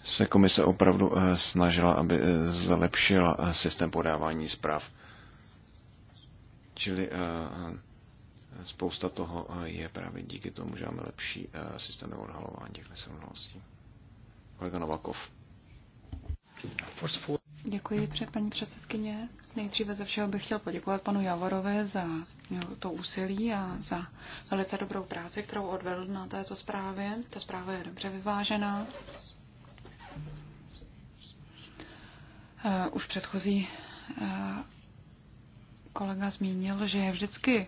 se komise opravdu eh, snažila, aby eh, zlepšila systém podávání zpráv. Čili spousta toho eh, je právě díky tomu, že máme lepší eh, systémy odhalování těch nesrovnalostí. Kolega Novakov. Děkuji, paní předsedkyně. Nejdříve ze všeho bych chtěl poděkovat panu Javorovi za eh, to úsilí a za velice dobrou práci, kterou odvedl na této zprávě. Ta zpráva je dobře vyvážená. Už předchozí kolega zmínil, že je vždycky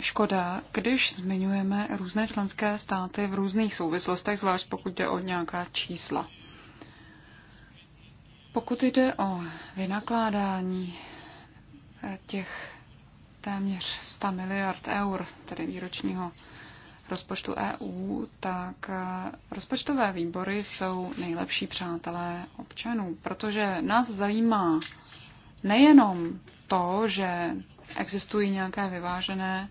škoda, když zmiňujeme různé členské státy v různých souvislostech, zvlášť pokud jde o nějaká čísla. Pokud jde o vynakládání těch téměř 100 miliard eur, tedy výročního rozpočtu EU, tak eh, rozpočtové výbory jsou nejlepší přátelé občanů, protože nás zajímá nejenom to, že existují nějaké vyvážené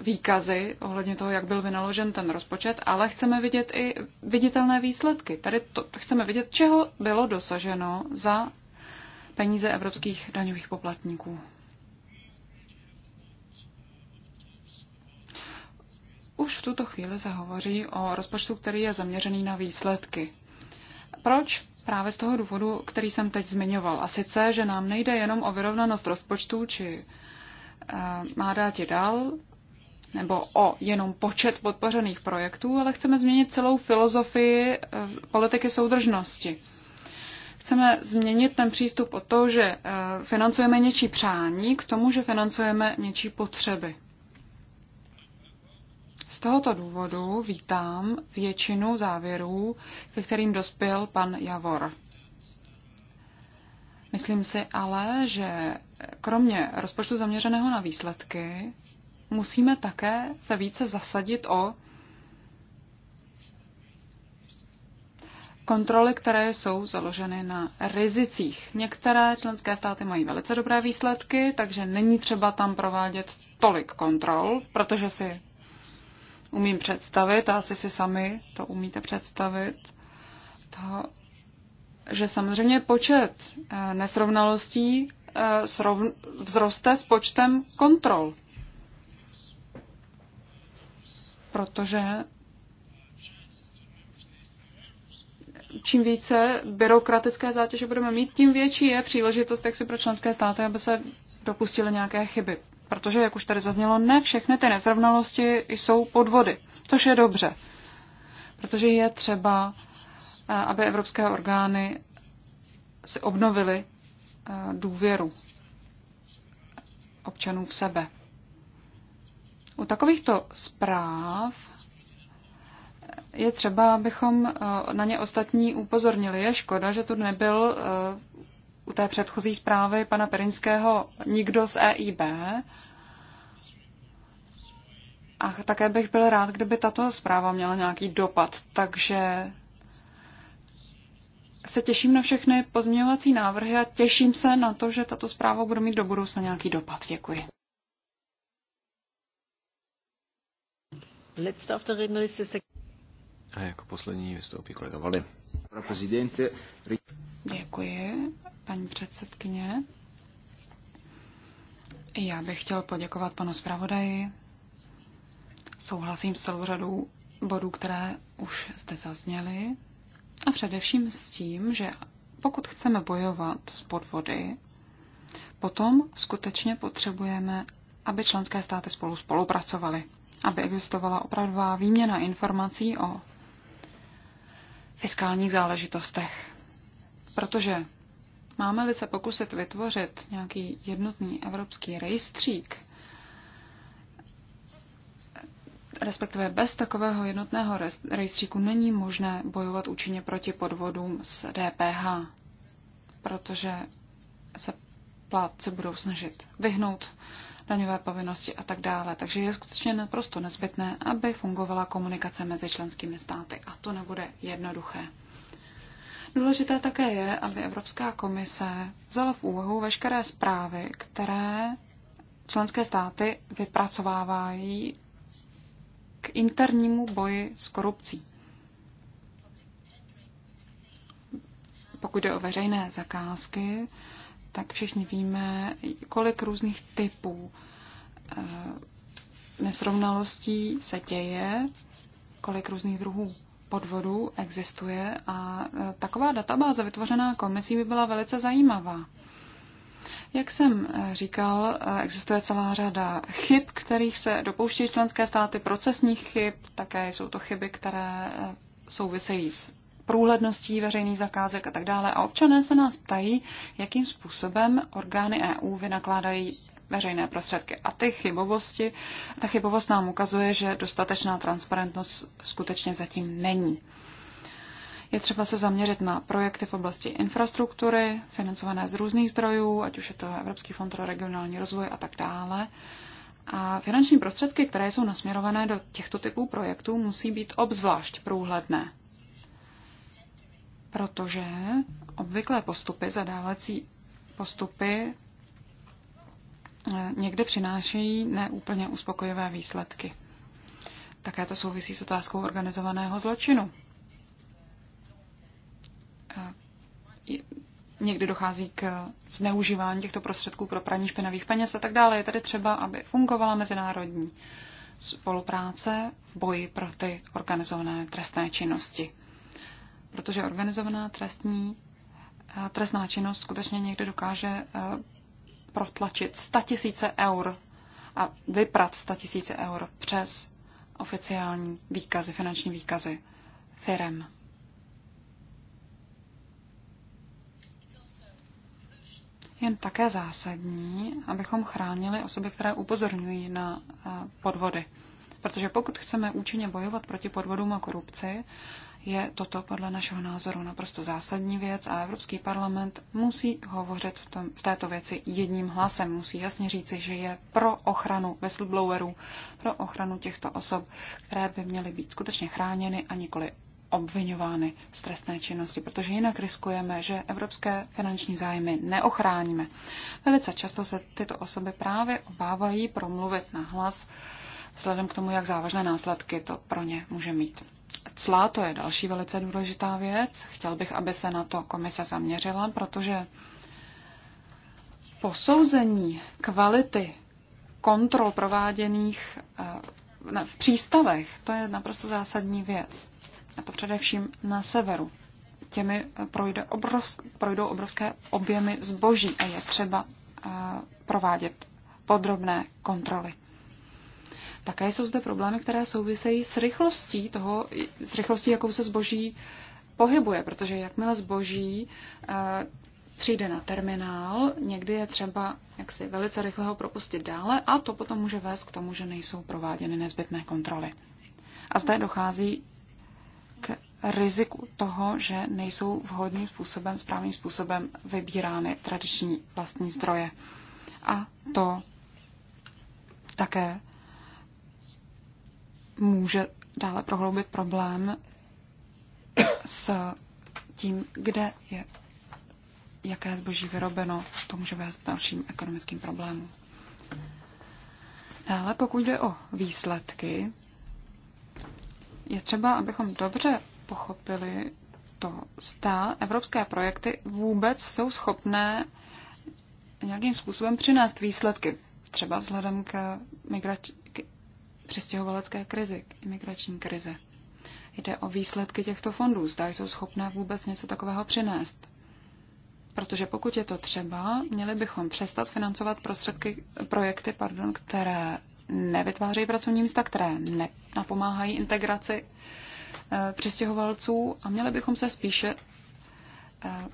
výkazy ohledně toho, jak byl vynaložen ten rozpočet, ale chceme vidět i viditelné výsledky. Tady to, chceme vidět, čeho bylo dosaženo za peníze evropských daňových poplatníků. Už v tuto chvíli se hovoří o rozpočtu, který je zaměřený na výsledky. Proč? právě z toho důvodu, který jsem teď zmiňoval. A sice, že nám nejde jenom o vyrovnanost rozpočtů, či eh, má dát je dal, nebo o jenom počet podpořených projektů, ale chceme změnit celou filozofii eh, politiky soudržnosti. Chceme změnit ten přístup od toho, že eh, financujeme něčí přání, k tomu, že financujeme něčí potřeby. Z tohoto důvodu vítám většinu závěrů, ke kterým dospěl pan Javor. Myslím si ale, že kromě rozpočtu zaměřeného na výsledky, musíme také se více zasadit o kontroly, které jsou založeny na rizicích. Některé členské státy mají velice dobré výsledky, takže není třeba tam provádět tolik kontrol, protože si umím představit, a asi si sami to umíte představit, to, že samozřejmě počet eh, nesrovnalostí eh, vzroste s počtem kontrol. Protože čím více byrokratické zátěže budeme mít, tím větší je příležitost jak si pro členské státy, aby se dopustili nějaké chyby protože, jak už tady zaznělo, ne všechny ty nezrovnalosti jsou podvody, což je dobře, protože je třeba, eh, aby evropské orgány si obnovily eh, důvěru občanů v sebe. U takovýchto zpráv eh, je třeba, abychom na ně ostatní upozornili. Je škoda, že tu nebyl u té předchozí zprávy pana Perinského nikdo z EIB. A také bych byl rád, kdyby tato zpráva měla nějaký dopad. Takže se těším na všechny pozměňovací návrhy a těším se na to, že tato zpráva bude mít do budoucna nějaký dopad. Děkuji. A jako poslední vystoupí kolega Vali. Děkuji, paní předsedkyně. Já bych chtěl poděkovat panu zpravodaji. Souhlasím s celou řadou bodů, které už zde zazněly. A především s tím, že pokud chceme bojovat s podvody, potom skutečně potřebujeme, aby členské státy spolu spolupracovaly, aby existovala opravdová výměna informací o fiskálních záležitostech. Protože máme-li se pokusit vytvořit nějaký jednotný evropský rejstřík, respektive bez takového jednotného rejstříku není možné bojovat účinně proti podvodům s DPH, protože se plátce budou snažit vyhnout daňové povinnosti a tak dále. Takže je skutečně naprosto nezbytné, aby fungovala komunikace mezi členskými státy a to nebude jednoduché. Důležité také je, aby Evropská komise vzala v úvahu veškeré zprávy, které členské státy vypracovávají k internímu boji s korupcí. Pokud jde o veřejné zakázky, tak všichni víme, kolik různých typů eh, nesrovnalostí se děje, kolik různých druhů podvodů existuje a e, taková databáze vytvořená komisí by byla velice zajímavá. Jak jsem e, říkal, e, existuje celá řada chyb, kterých se dopouští členské státy, procesních chyb, také jsou to chyby, které souvisejí s průhledností veřejných zakázek a tak dále. A občané se nás ptají, jakým způsobem orgány EU vynakládají veřejné prostředky. A ty chybovosti, ta chybovost nám ukazuje, že dostatečná transparentnost skutečně zatím není. Je třeba se zaměřit na projekty v oblasti infrastruktury, financované z různých zdrojů, ať už je to Evropský fond pro regionální rozvoj a tak dále. A finanční prostředky, které jsou nasměrované do těchto typů projektů, musí být obzvlášť průhledné. Protože obvyklé postupy, zadávací postupy Eh, někde přinášejí neúplně uspokojivé výsledky. Také to souvisí s otázkou organizovaného zločinu. Eh, někdy dochází k zneužívání těchto prostředků pro praní špinavých peněz a tak dále. Je tady třeba, aby fungovala mezinárodní spolupráce v boji proti organizované trestné činnosti. Protože organizovaná trestní eh, trestná činnost skutečně někdy dokáže protlačit 100 tisíce eur a vyprat 100 tisíce eur přes oficiální výkazy, finanční výkazy firem. Jen také zásadní, abychom chránili osoby, které upozorňují na eh, podvody. Protože pokud chceme účinně bojovat proti podvodům a korupci, je toto podle našeho názoru naprosto zásadní věc a Evropský parlament musí hovořit v, tom, v této věci jedním hlasem. Musí jasně říci, že je pro ochranu whistleblowerů, pro ochranu těchto osob, které by měly být skutečně chráněny a nikoli obvinovány z trestné činnosti, protože jinak riskujeme, že evropské finanční zájmy neochráníme. Velice často se tyto osoby právě obávají promluvit na hlas vzhledem k tomu, jak závažné následky to pro ně může mít. Cla, to je další velice důležitá věc. Chtěl bych, aby se na to komise zaměřila, protože posouzení kvality kontrol prováděných eh, v přístavech, to je naprosto zásadní věc. A to především na severu. Těmi eh, projde obrovsk, projdou obrovské objemy zboží a je třeba eh, provádět podrobné kontroly. Také jsou zde problémy, které souvisejí s rychlostí toho, s rychlostí, jakou se zboží pohybuje, protože jakmile zboží eh, přijde na terminál, někdy je třeba jaksi velice rychle ho propustit dále a to potom může vést k tomu, že nejsou prováděny nezbytné kontroly. A zde dochází k riziku toho, že nejsou vhodným způsobem, správným způsobem vybírány tradiční vlastní zdroje. A to také může dále prohloubit problém s tím, kde je jaké zboží vyrobeno, to může vést k dalším ekonomickým problémům. Dále, pokud jde o výsledky, je třeba, abychom dobře pochopili to, zda evropské projekty vůbec jsou schopné nějakým způsobem přinést výsledky, třeba vzhledem k přistěhovalecké krizi, imigrační krize. Jde o výsledky těchto fondů. Zda jsou schopné vůbec něco takového přinést. Protože pokud je to třeba, měli bychom přestat financovat prostředky, projekty, pardon, které nevytvářejí pracovní místa, které napomáhají integraci e, eh, přistěhovalců a měli bychom se spíše e,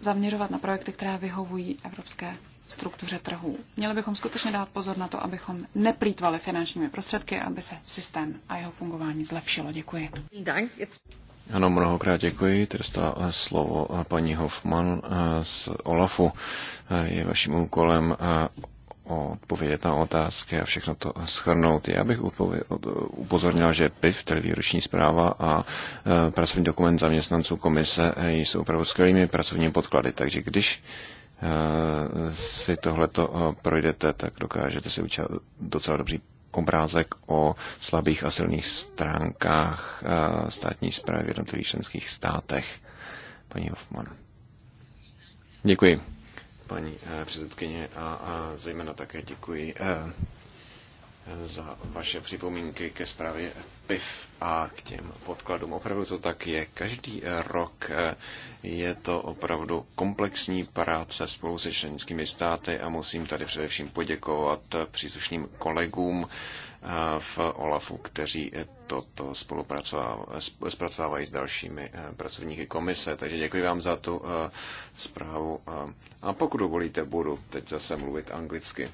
zaměřovat na projekty, které vyhovují evropské struktuře trhů. Měli bychom skutečně dát pozor na to, abychom neplýtvali finančními prostředky, aby se systém a jeho fungování zlepšilo. Děkuji. Ano, mnohokrát děkuji. Teď eh, slovo eh, paní Hoffman eh, z OLAFu. Je vaším úkolem odpovědět na otázky a všechno to schrnout. Já bych upozornil, že PIV, tedy výroční zpráva a pracovní dokument zaměstnanců komise jsou opravdu skvělými pracovními podklady. Takže když Eh, si tohleto eh, projdete, tak dokážete si učit docela dobrý obrázek o slabých a silných stránkách eh, státní zprávy v jednotlivých členských státech. Paní Hoffman. Děkuji, paní předsedkyně, a, a zejména také děkuji za vaše připomínky ke zprávě PIV a k těm podkladům. Opravdu to tak je. Každý rok eh, je to opravdu komplexní práce spolu se členskými státy a musím tady především poděkovat příslušným kolegům eh, v OLAFu, kteří toto spolupracovávají s dalšími eh, pracovníky komise. Takže děkuji vám za tu zprávu. A pokud dovolíte, budu teď zase mluvit anglicky.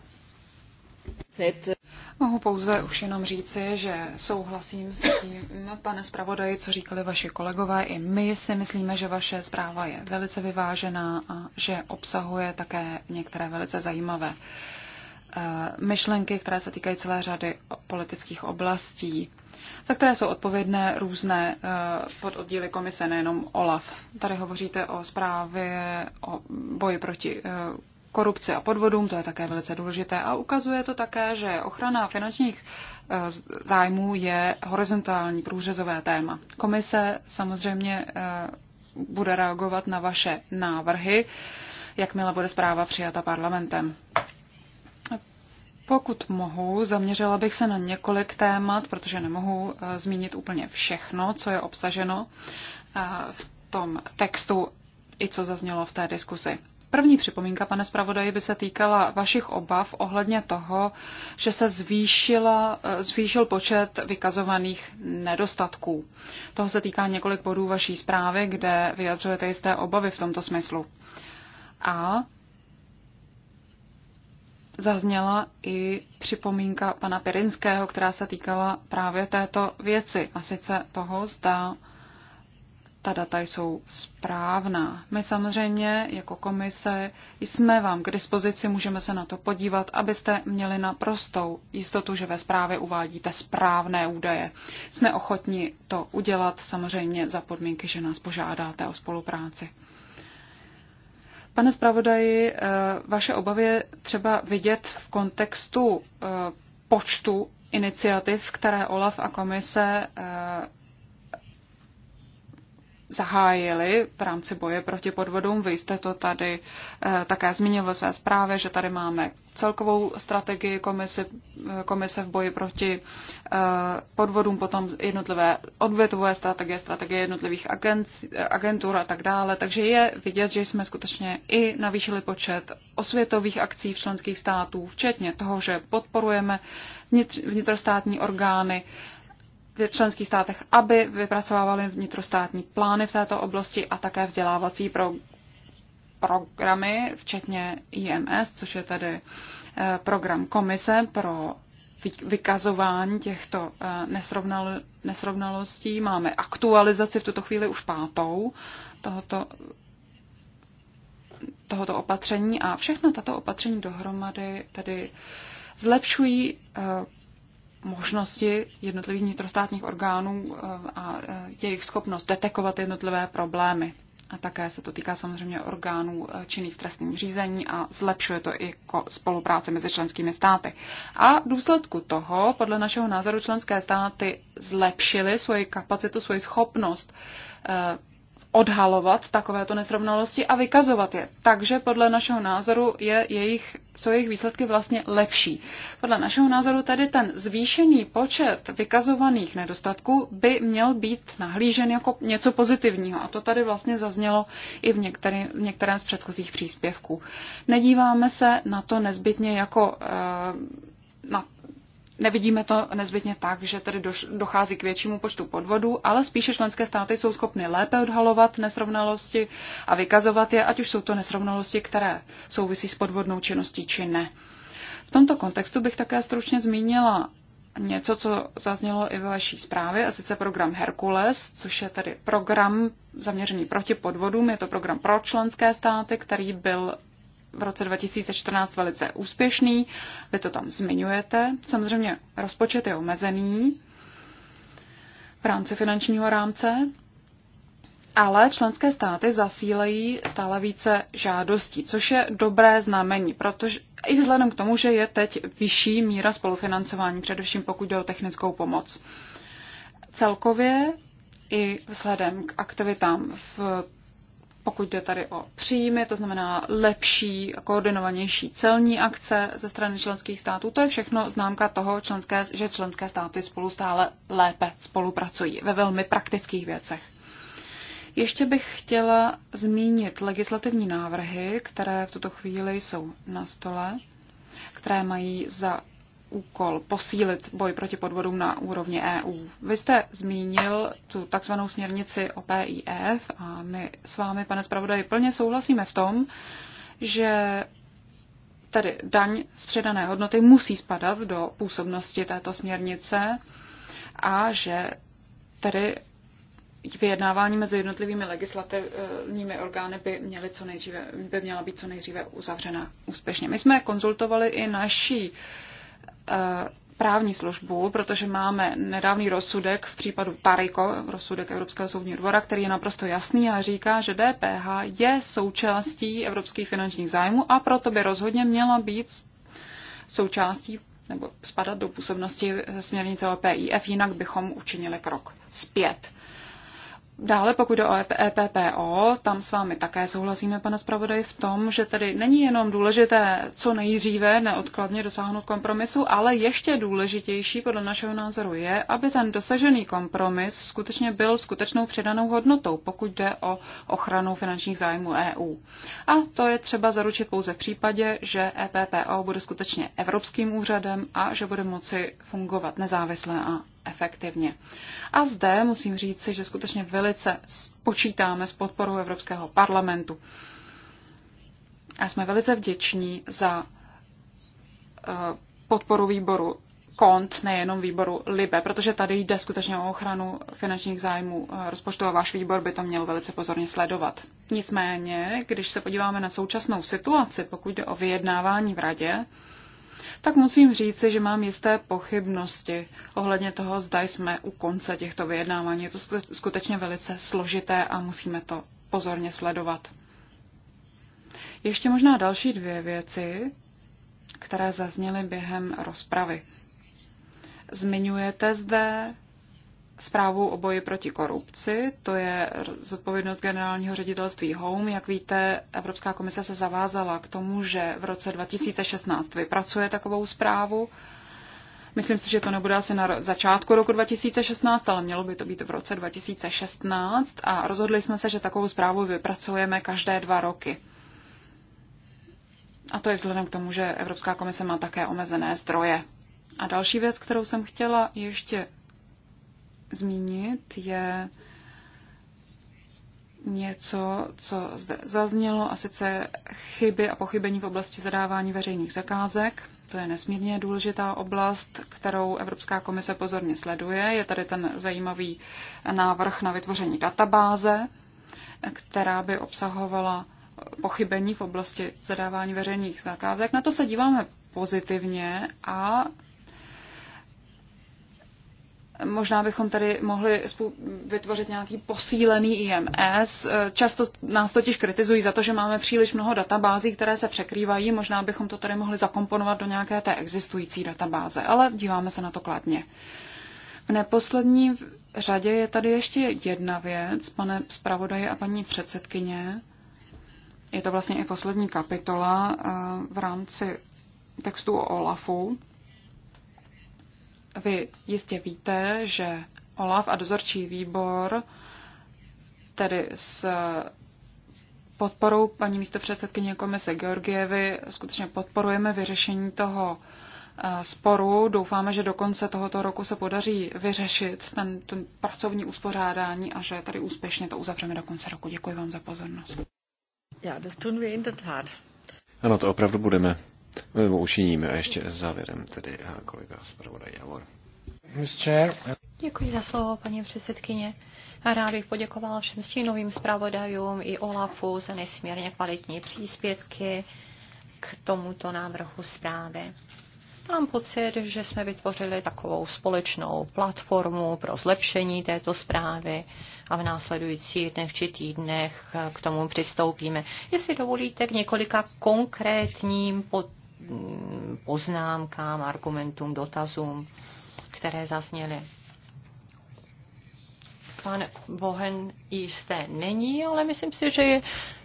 Set Mohu pouze už jenom říci, že souhlasím s tím, no, pane zpravodaji, co říkali vaši kolegové. I my si myslíme, že vaše zpráva je velice vyvážená a že obsahuje také některé velice zajímavé eh, myšlenky, které se týkají celé řady politických oblastí, za které jsou odpovědné různé eh, pododdíly komise, nejenom OLAF. Tady hovoříte o zprávě o boji proti eh, korupci a podvodům, to je také velice důležité. A ukazuje to také, že ochrana finančních eh, zájmů je horizontální průřezové téma. Komise samozřejmě eh, bude reagovat na vaše návrhy, jakmile bude zpráva přijata parlamentem. Pokud mohu, zaměřila bych se na několik témat, protože nemohu eh, zmínit úplně všechno, co je obsaženo v tom textu i co zaznělo v té diskuzi. První připomínka, pane zpravodaji, by se týkala vašich obav ohledně toho, že se zvýšila, eh, zvýšil počet vykazovaných nedostatků. Toho se týká několik bodů vaší zprávy, kde vyjadřujete jisté obavy v tomto smyslu. A zazněla i připomínka pana Pirinského, která se týkala právě této věci, a sice toho, zda ta data jsou správná. My samozřejmě jako komise jsme vám k dispozici, můžeme se na to podívat, abyste měli naprostou jistotu, že ve zprávě uvádíte správné údaje. Jsme ochotni to udělat samozřejmě za podmínky, že nás požádáte o spolupráci. Pane zpravodaji, eh, vaše obavy je třeba vidět v kontextu eh, počtu iniciativ, které OLAF a komise eh, zahájili v rámci boje proti podvodům. Vy jste to tady eh, také zmínil ve své zprávě, že tady máme celkovou strategii komise, eh, komise v boji proti eh, podvodům, potom jednotlivé odvětové strategie, strategie jednotlivých agent, agentur a tak dále. Takže je vidět, že jsme skutečně i navýšili počet osvětových akcí v členských států, včetně toho, že podporujeme vnitrostátní orgány v členských státech, aby vypracovávali vnitrostátní plány v této oblasti a také vzdělávací pro programy, včetně IMS, což je tedy eh, program komise pro vykazování těchto eh, nesrovnal, nesrovnalostí. Máme aktualizaci v tuto chvíli už pátou tohoto, tohoto opatření a všechna tato opatření dohromady tedy zlepšují eh, možnosti jednotlivých vnitrostátních orgánů eh, a eh, jejich schopnost detekovat jednotlivé problémy. A také se to týká samozřejmě orgánů eh, činných v trestním řízení a zlepšuje to i spolupráci mezi členskými státy. A v důsledku toho, podle našeho názoru, členské státy zlepšily svoji kapacitu, svoji schopnost odhalovat takovéto nesrovnalosti a vykazovat je. Takže podle našeho názoru je jejich, jsou jejich výsledky vlastně lepší. Podle našeho názoru tedy ten zvýšený počet vykazovaných nedostatků by měl být nahlížen jako něco pozitivního. A to tady vlastně zaznělo i v, některý, v některém z předchozích příspěvků. Nedíváme se na to nezbytně jako eh, na Nevidíme to nezbytně tak, že tedy dochází k většímu počtu podvodů, ale spíše členské státy jsou schopny lépe odhalovat nesrovnalosti a vykazovat je, ať už jsou to nesrovnalosti, které souvisí s podvodnou činností či ne. V tomto kontextu bych také stručně zmínila něco, co zaznělo i ve vaší zprávě, a sice program Herkules, což je tedy program zaměřený proti podvodům. Je to program pro členské státy, který byl v roce 2014 velice úspěšný, vy to tam zmiňujete. Samozřejmě rozpočet je omezený v rámci finančního rámce, ale členské státy zasílejí stále více žádostí, což je dobré znamení, protože i vzhledem k tomu, že je teď vyšší míra spolufinancování, především pokud jde o technickou pomoc. Celkově i vzhledem k aktivitám v pokud jde tady o příjmy, to znamená lepší a koordinovanější celní akce ze strany členských států, to je všechno známka toho, členské, že členské státy spolu stále lépe spolupracují ve velmi praktických věcech. Ještě bych chtěla zmínit legislativní návrhy, které v tuto chvíli jsou na stole, které mají za úkol posílit boj proti podvodům na úrovni EU. Vy jste zmínil tu takzvanou směrnici o PIF a my s vámi, pane zpravodaji, plně souhlasíme v tom, že tedy daň z předané hodnoty musí spadat do působnosti této směrnice a že tedy vyjednávání mezi jednotlivými legislativními orgány by, měly co nejdříve, by měla být co nejdříve uzavřena úspěšně. My jsme konzultovali i naší uh, Eh, právní službu, protože máme nedávný rozsudek v případu Tariko, rozsudek Evropského soudního dvora, který je naprosto jasný a říká, že DPH je součástí evropských finančních zájmů a proto by rozhodně měla být součástí nebo spadat do působnosti směrnice o PIF, jinak bychom učinili krok zpět. Dále, pokud jde o EPPO, e tam s vámi také souhlasíme, pane zpravodaj, v tom, že tedy není jenom důležité co nejdříve neodkladně dosáhnout kompromisu, ale ještě důležitější podle našeho názoru je, aby ten dosažený kompromis skutečně byl skutečnou přidanou hodnotou, pokud jde o ochranu finančních zájmů EU. A to je třeba zaručit pouze v případě, že EPPO bude skutečně evropským úřadem a že bude moci fungovat nezávisle a efektivně. A zde musím říci, že skutečně velice počítáme s podporou Evropského parlamentu. A jsme velice vděční za eh, podporu výboru kont, nejenom výboru LIBE, protože tady jde skutečně o ochranu finančních zájmů eh, rozpočtu a váš výbor by to měl velice pozorně sledovat. Nicméně, když se podíváme na současnou situaci, pokud jde o vyjednávání v radě, tak musím říci, že mám jisté pochybnosti ohledně toho, zda jsme u konce těchto vyjednávání. Je to skutečně velice složité a musíme to pozorně sledovat. Ještě možná další dvě věci, které zazněly během rozpravy. Zmiňujete zde zprávu o boji proti korupci. To je zodpovědnost generálního ředitelství HOME. Jak víte, Evropská komise se zavázala k tomu, že v roce 2016 vypracuje takovou zprávu. Myslím si, že to nebude asi na začátku roku 2016, ale mělo by to být v roce 2016 a rozhodli jsme se, že takovou zprávu vypracujeme každé dva roky. A to je vzhledem k tomu, že Evropská komise má také omezené zdroje. A další věc, kterou jsem chtěla ještě zmínit, je něco, co zde zaznělo, a sice chyby a pochybení v oblasti zadávání veřejných zakázek. To je nesmírně důležitá oblast, kterou Evropská komise pozorně sleduje. Je tady ten zajímavý návrh na vytvoření databáze, která by obsahovala pochybení v oblasti zadávání veřejných zakázek. Na to se díváme pozitivně a Možná bychom tady mohli vytvořit nějaký posílený IMS. Často nás totiž kritizují za to, že máme příliš mnoho databází, které se překrývají. Možná bychom to tady mohli zakomponovat do nějaké té existující databáze, ale díváme se na to kladně. V neposlední řadě je tady ještě jedna věc, pane zpravodaji a paní předsedkyně. Je to vlastně i poslední kapitola eh, v rámci textu o OLAFu. Vy jistě víte, že OLAF a dozorčí výbor tedy s podporou paní místopředsedkyně komise Georgievy skutečně podporujeme vyřešení toho eh, sporu. Doufáme, že do konce tohoto roku se podaří vyřešit ten, ten pracovní uspořádání a že tady úspěšně to uzavřeme do konce roku. Děkuji vám za pozornost. Ja, das tun wir in der Tat. Ano, to opravdu budeme nebo učiníme ještě závěrem tedy eh, kolega zpravodaj Javor. Děkuji za slovo, paní předsedkyně. A rád bych poděkovala všem stínovým zpravodajům i Olafu za nesmírně kvalitní příspěvky k tomuto návrhu zprávy. Mám pocit, že jsme vytvořili takovou společnou platformu pro zlepšení této zprávy a v následujících dnech či týdnech k tomu přistoupíme. Jestli dovolíte k několika konkrétním pod Mm, poznámkám, argumentům, dotazům, které zasněly. Pan Bohen jisté není, ale myslím si, že je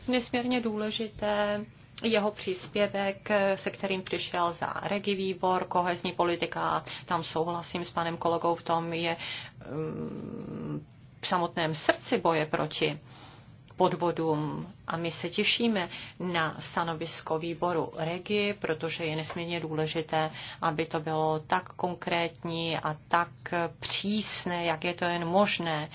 nesmírně důležité jeho příspěvek, se kterým přišel za regi výbor, kohezní politika, tam souhlasím s panem kolegou v tom, je mm, v samotném srdci boje proti podvodům. A my se těšíme na stanovisko výboru Regi, protože je nesmírně důležité, aby to bylo tak konkrétní a tak přísné, jak je to jen možné,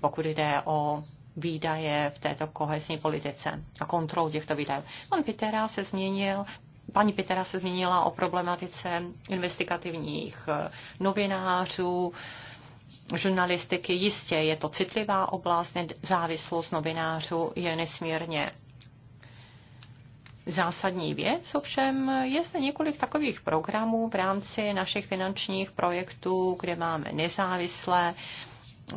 pokud jde o výdaje v této kohezní politice a kontrol těchto výdajů. Pan Pitera se změnil, paní Pitera se změnila o problematice investigativních novinářů, žurnalistiky. Jistě je to citlivá oblast, nezávislost novinářů je nesmírně Zásadní věc ovšem je zde několik takových programů v rámci našich finančních projektů, kde máme nezávislé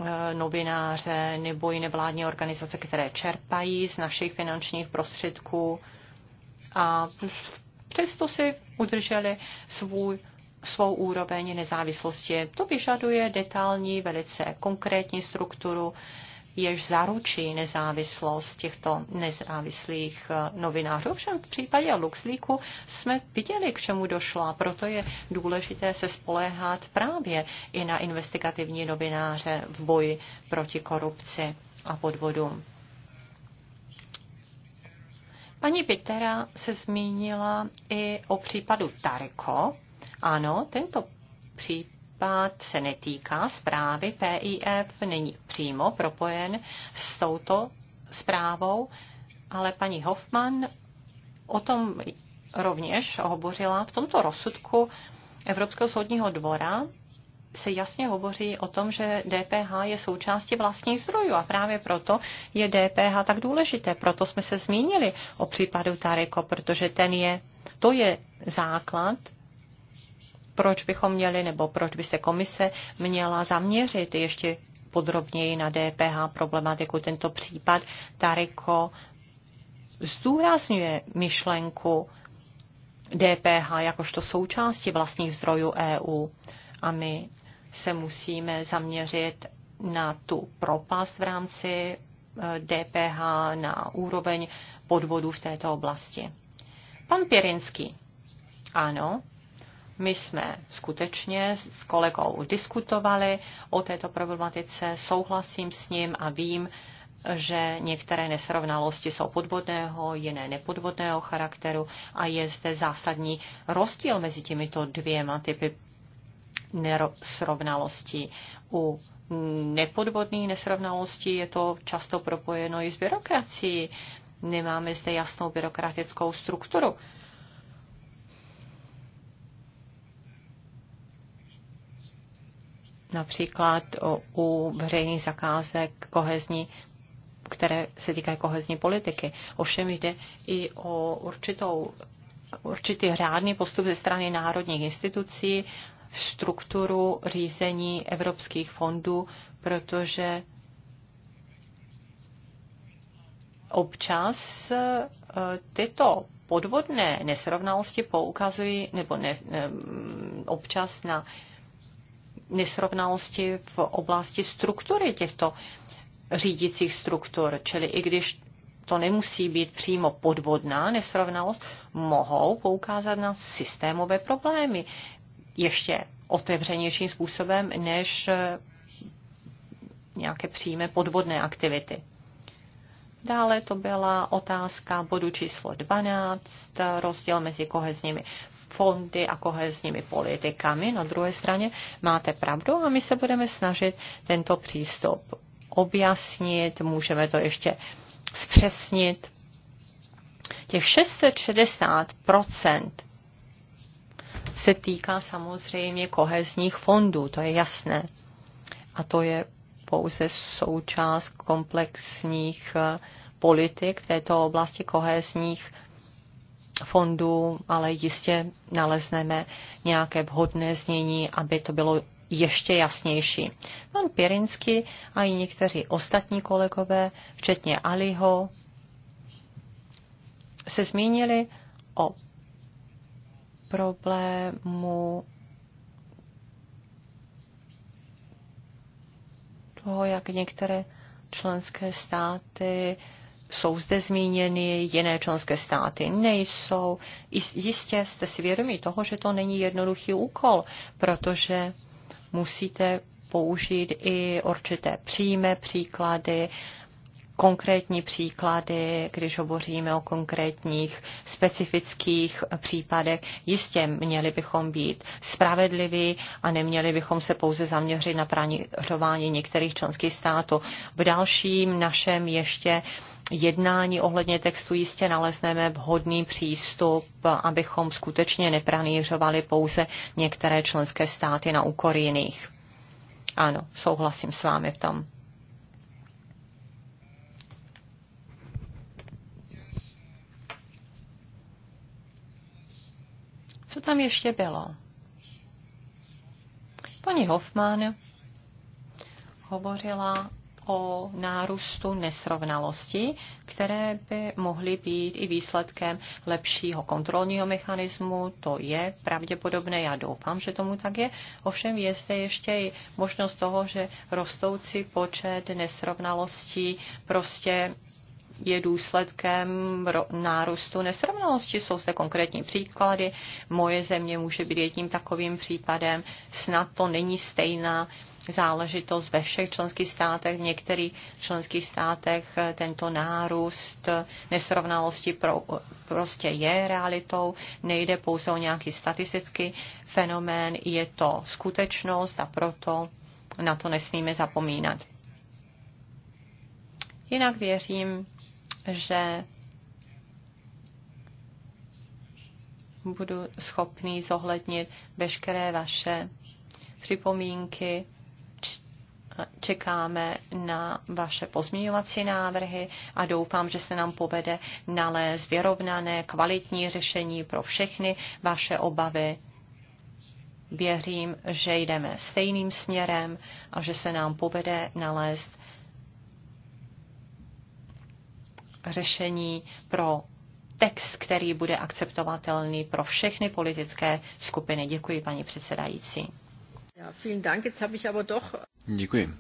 eh, novináře nebo i nevládní organizace, které čerpají z našich finančních prostředků a přesto si udrželi svůj svou úroveň nezávislosti. To vyžaduje detailní, velice konkrétní strukturu, jež zaručí nezávislost těchto nezávislých eh, novinářů. Ovšem v případě LuxLeaku jsme viděli, k čemu došlo a proto je důležité se spoléhat právě i na investigativní novináře v boji proti korupci a podvodům. Paní Pitera se zmínila i o případu Tareko, ano, tento případ se netýká zprávy PIF, není přímo propojen s touto zprávou, ale paní Hoffman o tom rovněž hovořila v tomto rozsudku Evropského soudního dvora, se jasně hovoří o tom, že DPH je součástí vlastních zdrojů a právě proto je DPH tak důležité. Proto jsme se zmínili o případu Tareko, protože ten je, to je základ proč bychom měli nebo proč by se komise měla zaměřit ještě podrobněji na DPH problematiku. Tento případ Tariko zdůrazňuje myšlenku DPH jakožto součásti vlastních zdrojů EU a my se musíme zaměřit na tu propast v rámci DPH, eh, na úroveň podvodů v této oblasti. Pan Pěrinský. Ano, my jsme skutečně s kolegou diskutovali o této problematice, souhlasím s ním a vím, že některé nesrovnalosti jsou podvodného, jiné nepodvodného charakteru a je zde zásadní rozdíl mezi těmito dvěma typy nesrovnalostí. U nepodvodných nesrovnalostí je to často propojeno i s byrokracií. Nemáme zde jasnou byrokratickou strukturu například u veřejných zakázek kohezní které se týkají kohezní politiky. Ovšem jde i o určitou, určitý řádný postup ze strany národních institucí, strukturu řízení evropských fondů, protože občas e, tyto podvodné nesrovnalosti poukazují nebo ne, e, občas na nesrovnalosti v oblasti struktury těchto řídících struktur. Čili i když to nemusí být přímo podvodná nesrovnalost, mohou poukázat na systémové problémy ještě otevřenějším způsobem než eh, nějaké přímé podvodné aktivity. Dále to byla otázka bodu číslo 12, rozdíl mezi kohezními fondy a kohezními politikami. Na druhé straně máte pravdu a my se budeme snažit tento přístup objasnit, můžeme to ještě zpřesnit. Těch 660 se týká samozřejmě kohezních fondů, to je jasné. A to je pouze součást komplexních eh, politik v této oblasti kohezních fondů, ale jistě nalezneme nějaké vhodné znění, aby to bylo ještě jasnější. Pan Pirinsky a i někteří ostatní kolegové, včetně Aliho, se zmínili o problému toho, jak některé členské státy jsou zde zmíněny jiné členské státy? Nejsou. Jistě jste si vědomi toho, že to není jednoduchý úkol, protože musíte použít i určité přímé příklady, konkrétní příklady, když hovoříme o konkrétních specifických případech. Jistě měli bychom být spravedliví a neměli bychom se pouze zaměřit na pranířování některých členských států. V dalším našem ještě uh, jednání ohledně textu jistě nalezneme vhodný přístup, abychom skutečně nepranířovali pouze některé členské státy na úkor jiných. Ano, souhlasím s vámi v tom. Co tam ještě bylo? Paní Hoffman hovořila o nárůstu nesrovnalosti, které by mohly být i výsledkem lepšího kontrolního mechanismu. To je pravděpodobné, já doufám, že tomu tak je. Ovšem je zde ještě i možnost toho, že rostoucí počet nesrovnalostí prostě je důsledkem nárůstu nesrovnalosti. Jsou zde konkrétní příklady. Moje země může být jedním takovým případem. Snad to není stejná záležitost ve všech členských státech. V některých členských státech eh, tento nárůst eh, nesrovnalosti pro, eh, prostě je realitou. Nejde pouze o nějaký statistický fenomén, je to skutečnost a proto na to nesmíme zapomínat. Jinak věřím, že budu schopný zohlednit veškeré vaše připomínky čekáme na vaše pozměňovací návrhy a doufám, že se nám povede nalézt vyrovnané, kvalitní řešení pro všechny vaše obavy. Věřím, že jdeme stejným směrem a že se nám povede nalézt řešení pro text, který bude akceptovatelný pro všechny politické skupiny. Děkuji, paní předsedající. Ja, vielen Dank. Jetzt habe ich aber doch Děkuji.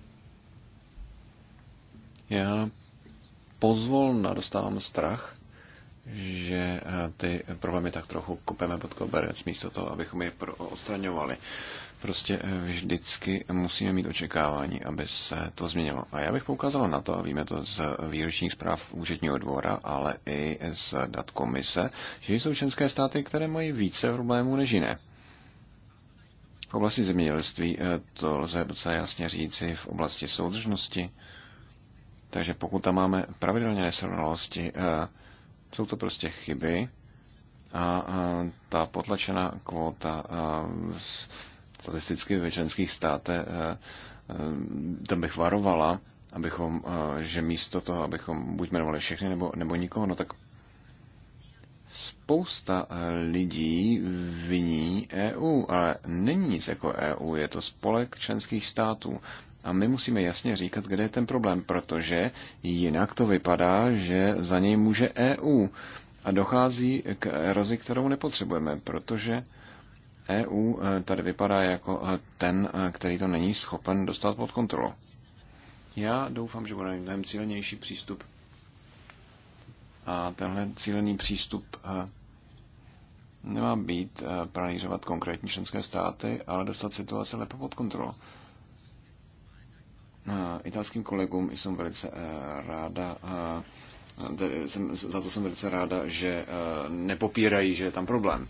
Já pozvolna dostávám strach, že eh, ty problémy tak trochu kupeme pod koberec místo toho, abychom je odstraňovali. Prostě eh, vždycky musíme mít očekávání, aby se to změnilo. A já bych poukázal na to, a víme to z výročních zpráv účetního dvora, ale i z dat komise, že jsou členské státy, které mají více problémů než jiné. V oblasti zemědělství eh, to lze docela jasně říci v oblasti soudržnosti. Takže pokud tam máme pravidelně srovnalosti, eh, jsou to prostě chyby a ta potlačená kvóta eh, statisticky ve členských státech, tam bych varovala, abychom, že místo toho, abychom buď jmenovali všechny nebo, nebo nikoho, no tak spousta eh, lidí viní EU, ale není nic jako EU, je to spolek členských států. A my musíme jasně říkat, kde je ten problém, protože jinak to vypadá, že za něj může EU. A dochází k erozi, kterou nepotřebujeme, protože EU eh, tady vypadá jako eh, ten, který to není schopen dostat pod kontrolu. Já doufám, že budeme mnohem cílenější přístup a tenhle cílený přístup eh, nemá být eh, pranířovat konkrétní členské státy, ale dostat situaci lépe pod kontrolu. Italským kolegům jsem velice eh, ráda jsem, za to jsem velice ráda, že nepopírají, že je tam problém.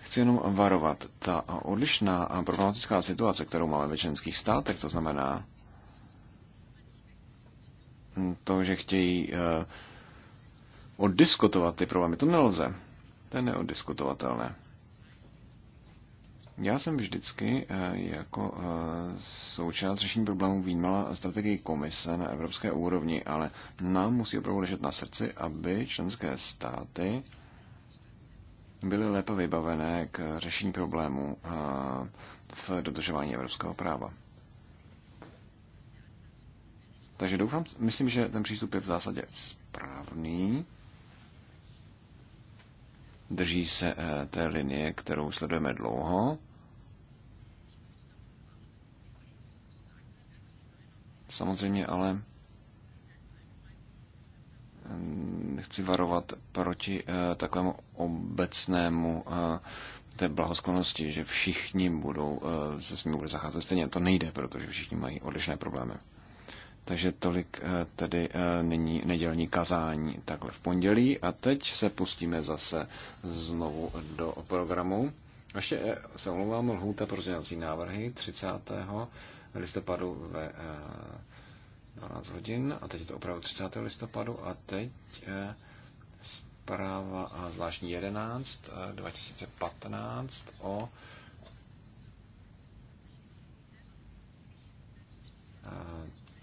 Chci jenom varovat. Ta odlišná problematická situace, kterou máme ve členských státech, to znamená to, že chtějí eh, oddiskutovat ty problémy. To nelze. To je neoddiskutovatelné. Já jsem vždycky eh, jako eh, součást řešení problémů výjímala strategii komise na evropské úrovni, ale nám musí opravdu ležet na srdci, aby členské státy byly lépe vybavené k řešení problémů v dodržování evropského práva. Takže doufám, myslím, že ten přístup je v zásadě správný. Drží se eh, té linie, kterou sledujeme dlouho. Samozřejmě ale eh, chci varovat proti eh, takovému obecnému té blahosklonosti, že všichni budou se s ním bude zacházet stejně. To nejde, protože všichni mají odlišné problémy. Takže tolik eh, tedy eh, nyní nedělní kazání takhle v pondělí. A teď se pustíme zase znovu do programu. Ještě eh, se omlouvám, lhůta pro návrhy 30. listopadu ve 12 hodin a teď je to opravdu 30. listopadu a teď zpráva zvláštní 11 2015 o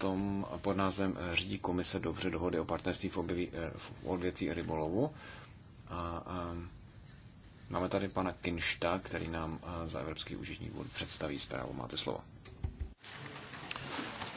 tom pod názvem eh, Řídí komise dobře dohody o partnerství v, objeví, eh, v odvětví rybolovu. A, a máme tady pana Kinšta, který nám eh, za Evropský úžitní dvůr představí zprávu. Máte slovo.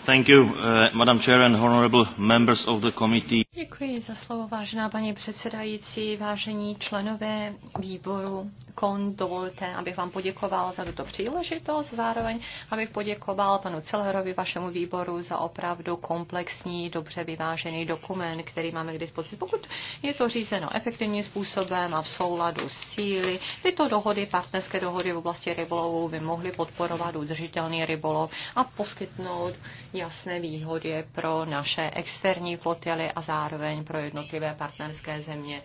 Thank you, uh, Madam Chair and honorable members of the committee. Děkuji za slovo, vážená paní předsedající, vážení členové výboru KON. Dovolte, abych vám poděkoval za tuto příležitost, zároveň abych poděkoval panu Celerovi, vašemu výboru, za opravdu komplexní, dobře vyvážený dokument, který máme k dispozici. Pokud je to řízeno efektivním způsobem a v souladu s síly, tyto dohody, partnerské dohody v oblasti rybolovu by mohly podporovat udržitelný rybolov a poskytnout jasné výhody pro naše externí flotily a zároveň zároveň pro jednotlivé partnerské země.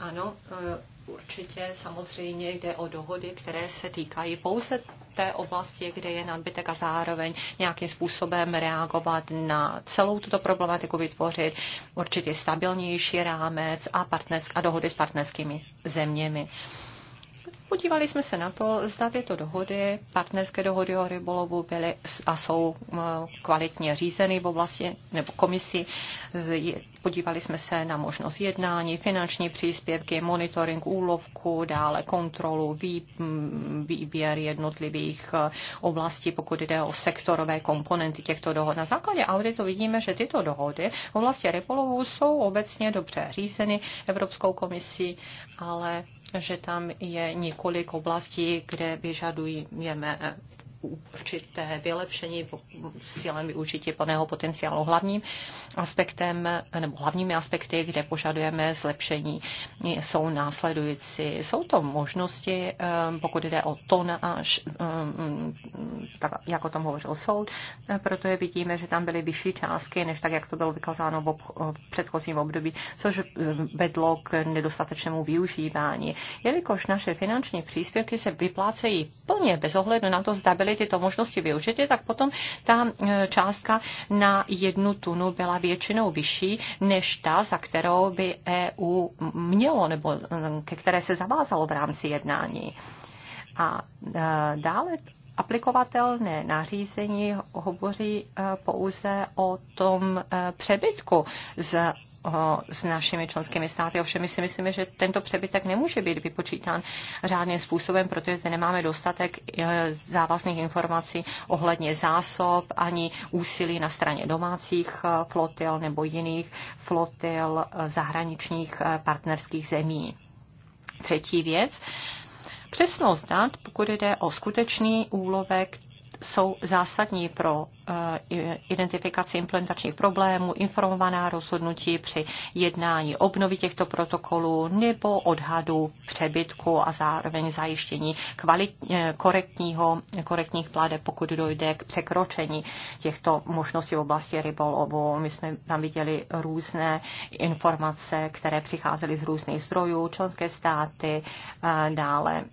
Ano, e, určitě samozřejmě jde o dohody, které se týkají pouze té oblasti, kde je nadbytek a zároveň nějakým způsobem reagovat na celou tuto problematiku, vytvořit určitě stabilnější rámec a, partnersk- a dohody s partnerskými zeměmi. Podívali jsme se na to, zda tyto dohody, partnerské dohody o rybolovu byly a jsou e, kvalitně řízeny v oblasti nebo komisi. Podívali jsme se na možnost jednání, finanční příspěvky, monitoring úlovku, dále kontrolu, mm, výběr jednotlivých eh, oblastí, pokud jde o sektorové komponenty těchto dohod. Na základě auditu vidíme, že tyto dohody v oblasti repolovů jsou obecně dobře řízeny Evropskou komisí, ale že tam je několik oblastí, kde vyžadujeme eh, určité vylepšení sílem využití plného potenciálu. Hlavním aspektem, nebo hlavními aspekty, kde požadujeme zlepšení, jsou následující. Jsou to možnosti, eh, pokud jde o to, až, eh, mm, tak, jak o tom hovořil soud, eh, protože vidíme, že tam byly vyšší částky, než tak, jak to bylo vykazáno v, v předchozím období, což vedlo k nedostatečnému využívání. Jelikož naše finanční příspěvky se vyplácejí plně bez ohledu na to, zda byly byly tyto možnosti využity, tak potom ta e, částka na jednu tunu byla většinou vyšší než ta, za kterou by EU mělo nebo mm, ke které se zavázalo v rámci jednání. A e, dále aplikovatelné nařízení hovoří e, pouze o tom přebytku z s našimi členskými státy. Ovšem my si myslíme, že tento přebytek nemůže být vypočítán řádným způsobem, protože zde nemáme dostatek e, závazných informací ohledně zásob ani úsilí na straně domácích e, flotil nebo jiných flotil e, zahraničních partnerských zemí. Třetí věc. Přesnost dat, pokud jde o skutečný úlovek, jsou zásadní pro eh, identifikaci implementačních problémů, informovaná rozhodnutí při jednání obnovy těchto protokolů nebo odhadu přebytku a zároveň zajištění kvalit, eh, korektního, korektních plade, pokud dojde k překročení těchto možností v oblasti rybolovu. My jsme tam viděli různé informace, které přicházely z různých zdrojů, členské státy, eh, dále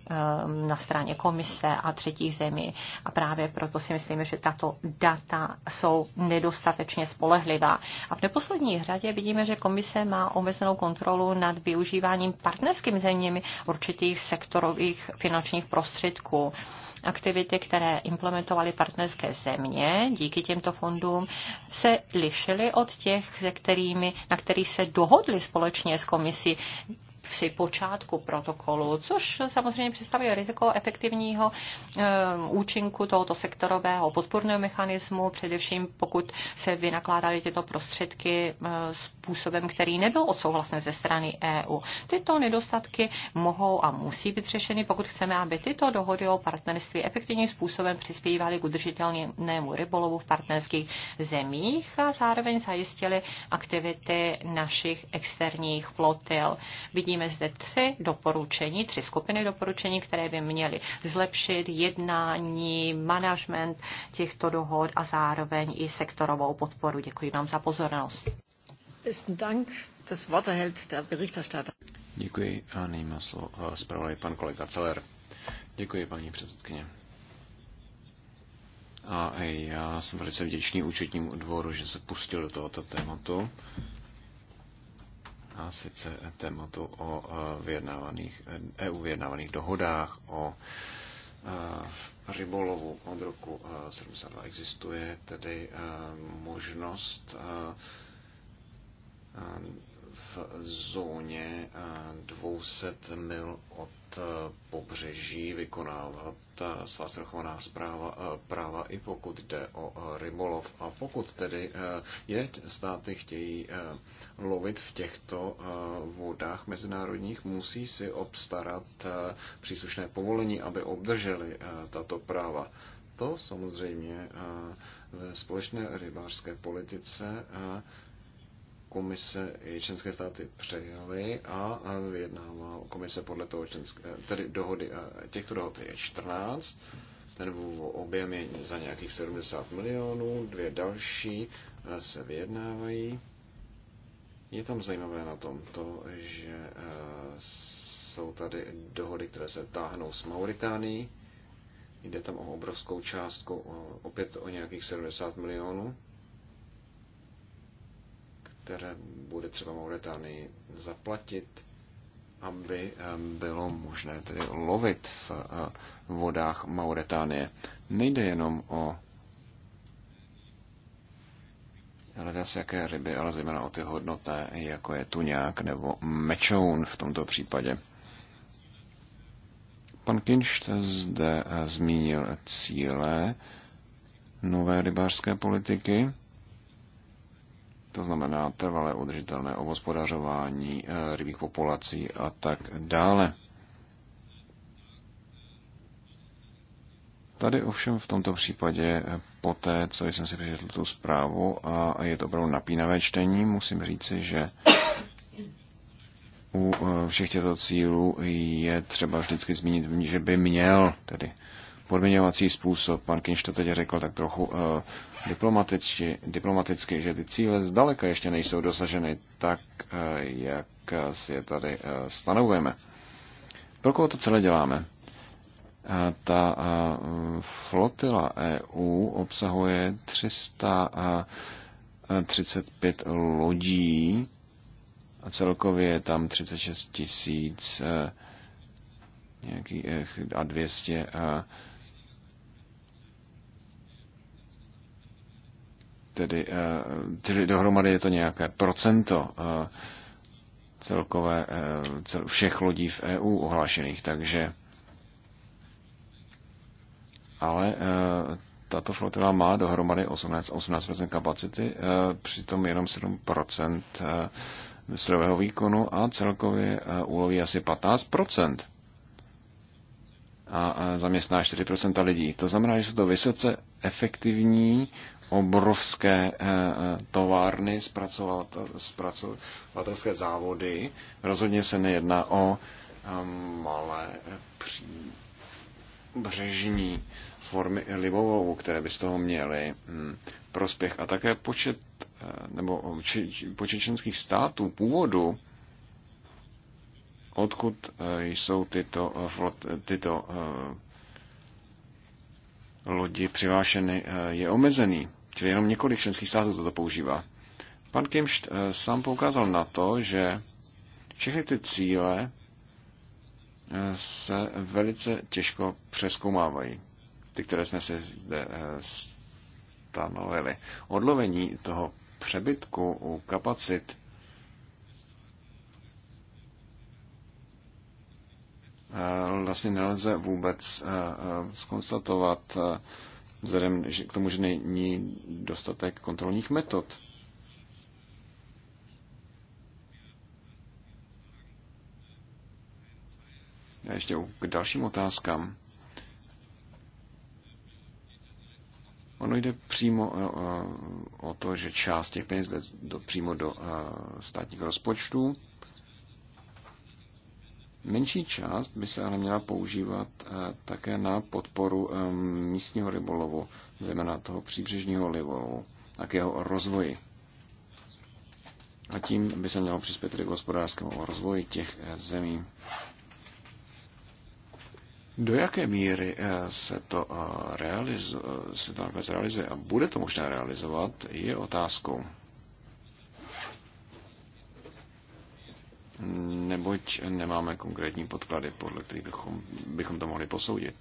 na straně komise a třetích zemí. A právě proto si myslíme, že tato data jsou nedostatečně spolehlivá. A v neposlední řadě vidíme, že komise má omezenou kontrolu nad využíváním partnerskými zeměmi určitých sektorových finančních prostředků aktivity, které implementovaly partnerské země díky těmto fondům, se lišily od těch, se kterými, na kterých se dohodly společně s komisí při počátku protokolu, což samozřejmě představuje riziko efektivního eh, účinku tohoto sektorového podporného mechanismu, především pokud se vynakládaly tyto prostředky eh, způsobem, který nebyl odsouhlasen ze strany EU. Tyto nedostatky mohou a musí být řešeny, pokud chceme, aby tyto dohody o partnerství efektivním způsobem přispívaly k udržitelnému rybolovu v partnerských zemích a zároveň zajistily aktivity našich externích flotil. Vidíme vidíme zde tři doporučení, tři skupiny doporučení, které by měly zlepšit jednání, management těchto dohod a zároveň i sektorovou podporu. Děkuji vám za pozornost. Děkuji a nyní má slovo eh, pan kolega Celer. Děkuji, paní předsedkyně. A já jsem velice vděčný účetnímu dvoru, že se pustil do tohoto tématu a sice tématu o e, vyjednávaných, EU e vyjednávaných dohodách o e, rybolovu od roku 72 existuje tedy možnost v zóně 200 mil od Eh, pobřeží vykonávat eh, svá svrchovaná zpráva, eh, práva i pokud jde o rybolov. A pokud tedy je státy chtějí lovit v těchto vodách mezinárodních, musí si obstarat příslušné povolení, aby obdrželi tato práva. To samozřejmě ve společné rybářské politice komise i členské státy přejaly a vyjednává komise podle toho členské, tedy dohody, těchto dohod je 14, ten objem je za nějakých 70 milionů, dvě další eh, se vyjednávají. Je tam zajímavé na tom to, že eh, jsou tady dohody, které se táhnou s Mauritánií. Jde tam o obrovskou částku, opět o nějakých 70 milionů které bude třeba Mauretánii zaplatit, aby bylo možné tedy lovit v eh, vodách Mauretánie. Nejde jenom o hledat jaké ryby, ale zejména o ty hodnoté, jako je tuňák nebo mečoun v tomto případě. Pan Kinšt zde eh, zmínil cíle nové rybářské politiky to znamená trvalé udržitelné obospodařování eh, rybích populací a tak dále. Tady ovšem v tomto případě, eh, po té, co jsem si přečetl tu zprávu, a je to opravdu napínavé čtení, musím říci, že u eh, všech těchto cílů je třeba vždycky zmínit, že by měl tedy podmiňovací způsob. Pan Kinš to teď řekl tak trochu uh, diplomaticky, že ty cíle zdaleka ještě nejsou dosaženy tak, uh, jak si je tady uh, stanovujeme. Pro koho to celé děláme? Ta flotila EU obsahuje 335 lodí a celkově je tam 36 tisíc nějakých a 200 a tedy, eh, tedy dohromady je to nějaké procento eh, celkové, eh, cel, všech lodí v EU ohlášených, takže ale tato flotila má dohromady 18, 18% kapacity, přitom jenom 7% strojového výkonu a celkově úloví asi 15% a zaměstná 4% lidí. To znamená, že jsou to vysoce efektivní, obrovské eh, eh, továrny, zpracovatelské závody. Rozhodně se nejedná o eh, malé břežní formy libovou, které by z toho měly hm, prospěch. A také počet, nebo počet členských států původu, odkud jsou tyto, tyto lodi přivášeny eh, je omezený, čili jenom několik členských států toto používá. Pan Kimšt eh, sám poukázal na to, že všechny ty cíle eh, se velice těžko přeskoumávají, ty, které jsme si zde stanovili. Odlovení toho přebytku u kapacit Eh, vlastně nelze vůbec eh, eh, skonstatovat vzhledem k tomu, že není dostatek kontrolních metod. A ještě k dalším otázkám. Ono jde přímo o to, že část těch peněz jde přímo do státních rozpočtů Menší část by se ale měla používat eh, také na podporu eh, místního rybolovu, zejména toho příbřežního rybolovu a k jeho rozvoji. A tím by se mělo přispět k hospodářskému rozvoji těch eh, zemí. Do jaké míry se to, realizu, se to nakonec realizuje a bude to možná realizovat, je otázkou. neboť nemáme konkrétní podklady, podle kterých bychom, bychom to mohli posoudit.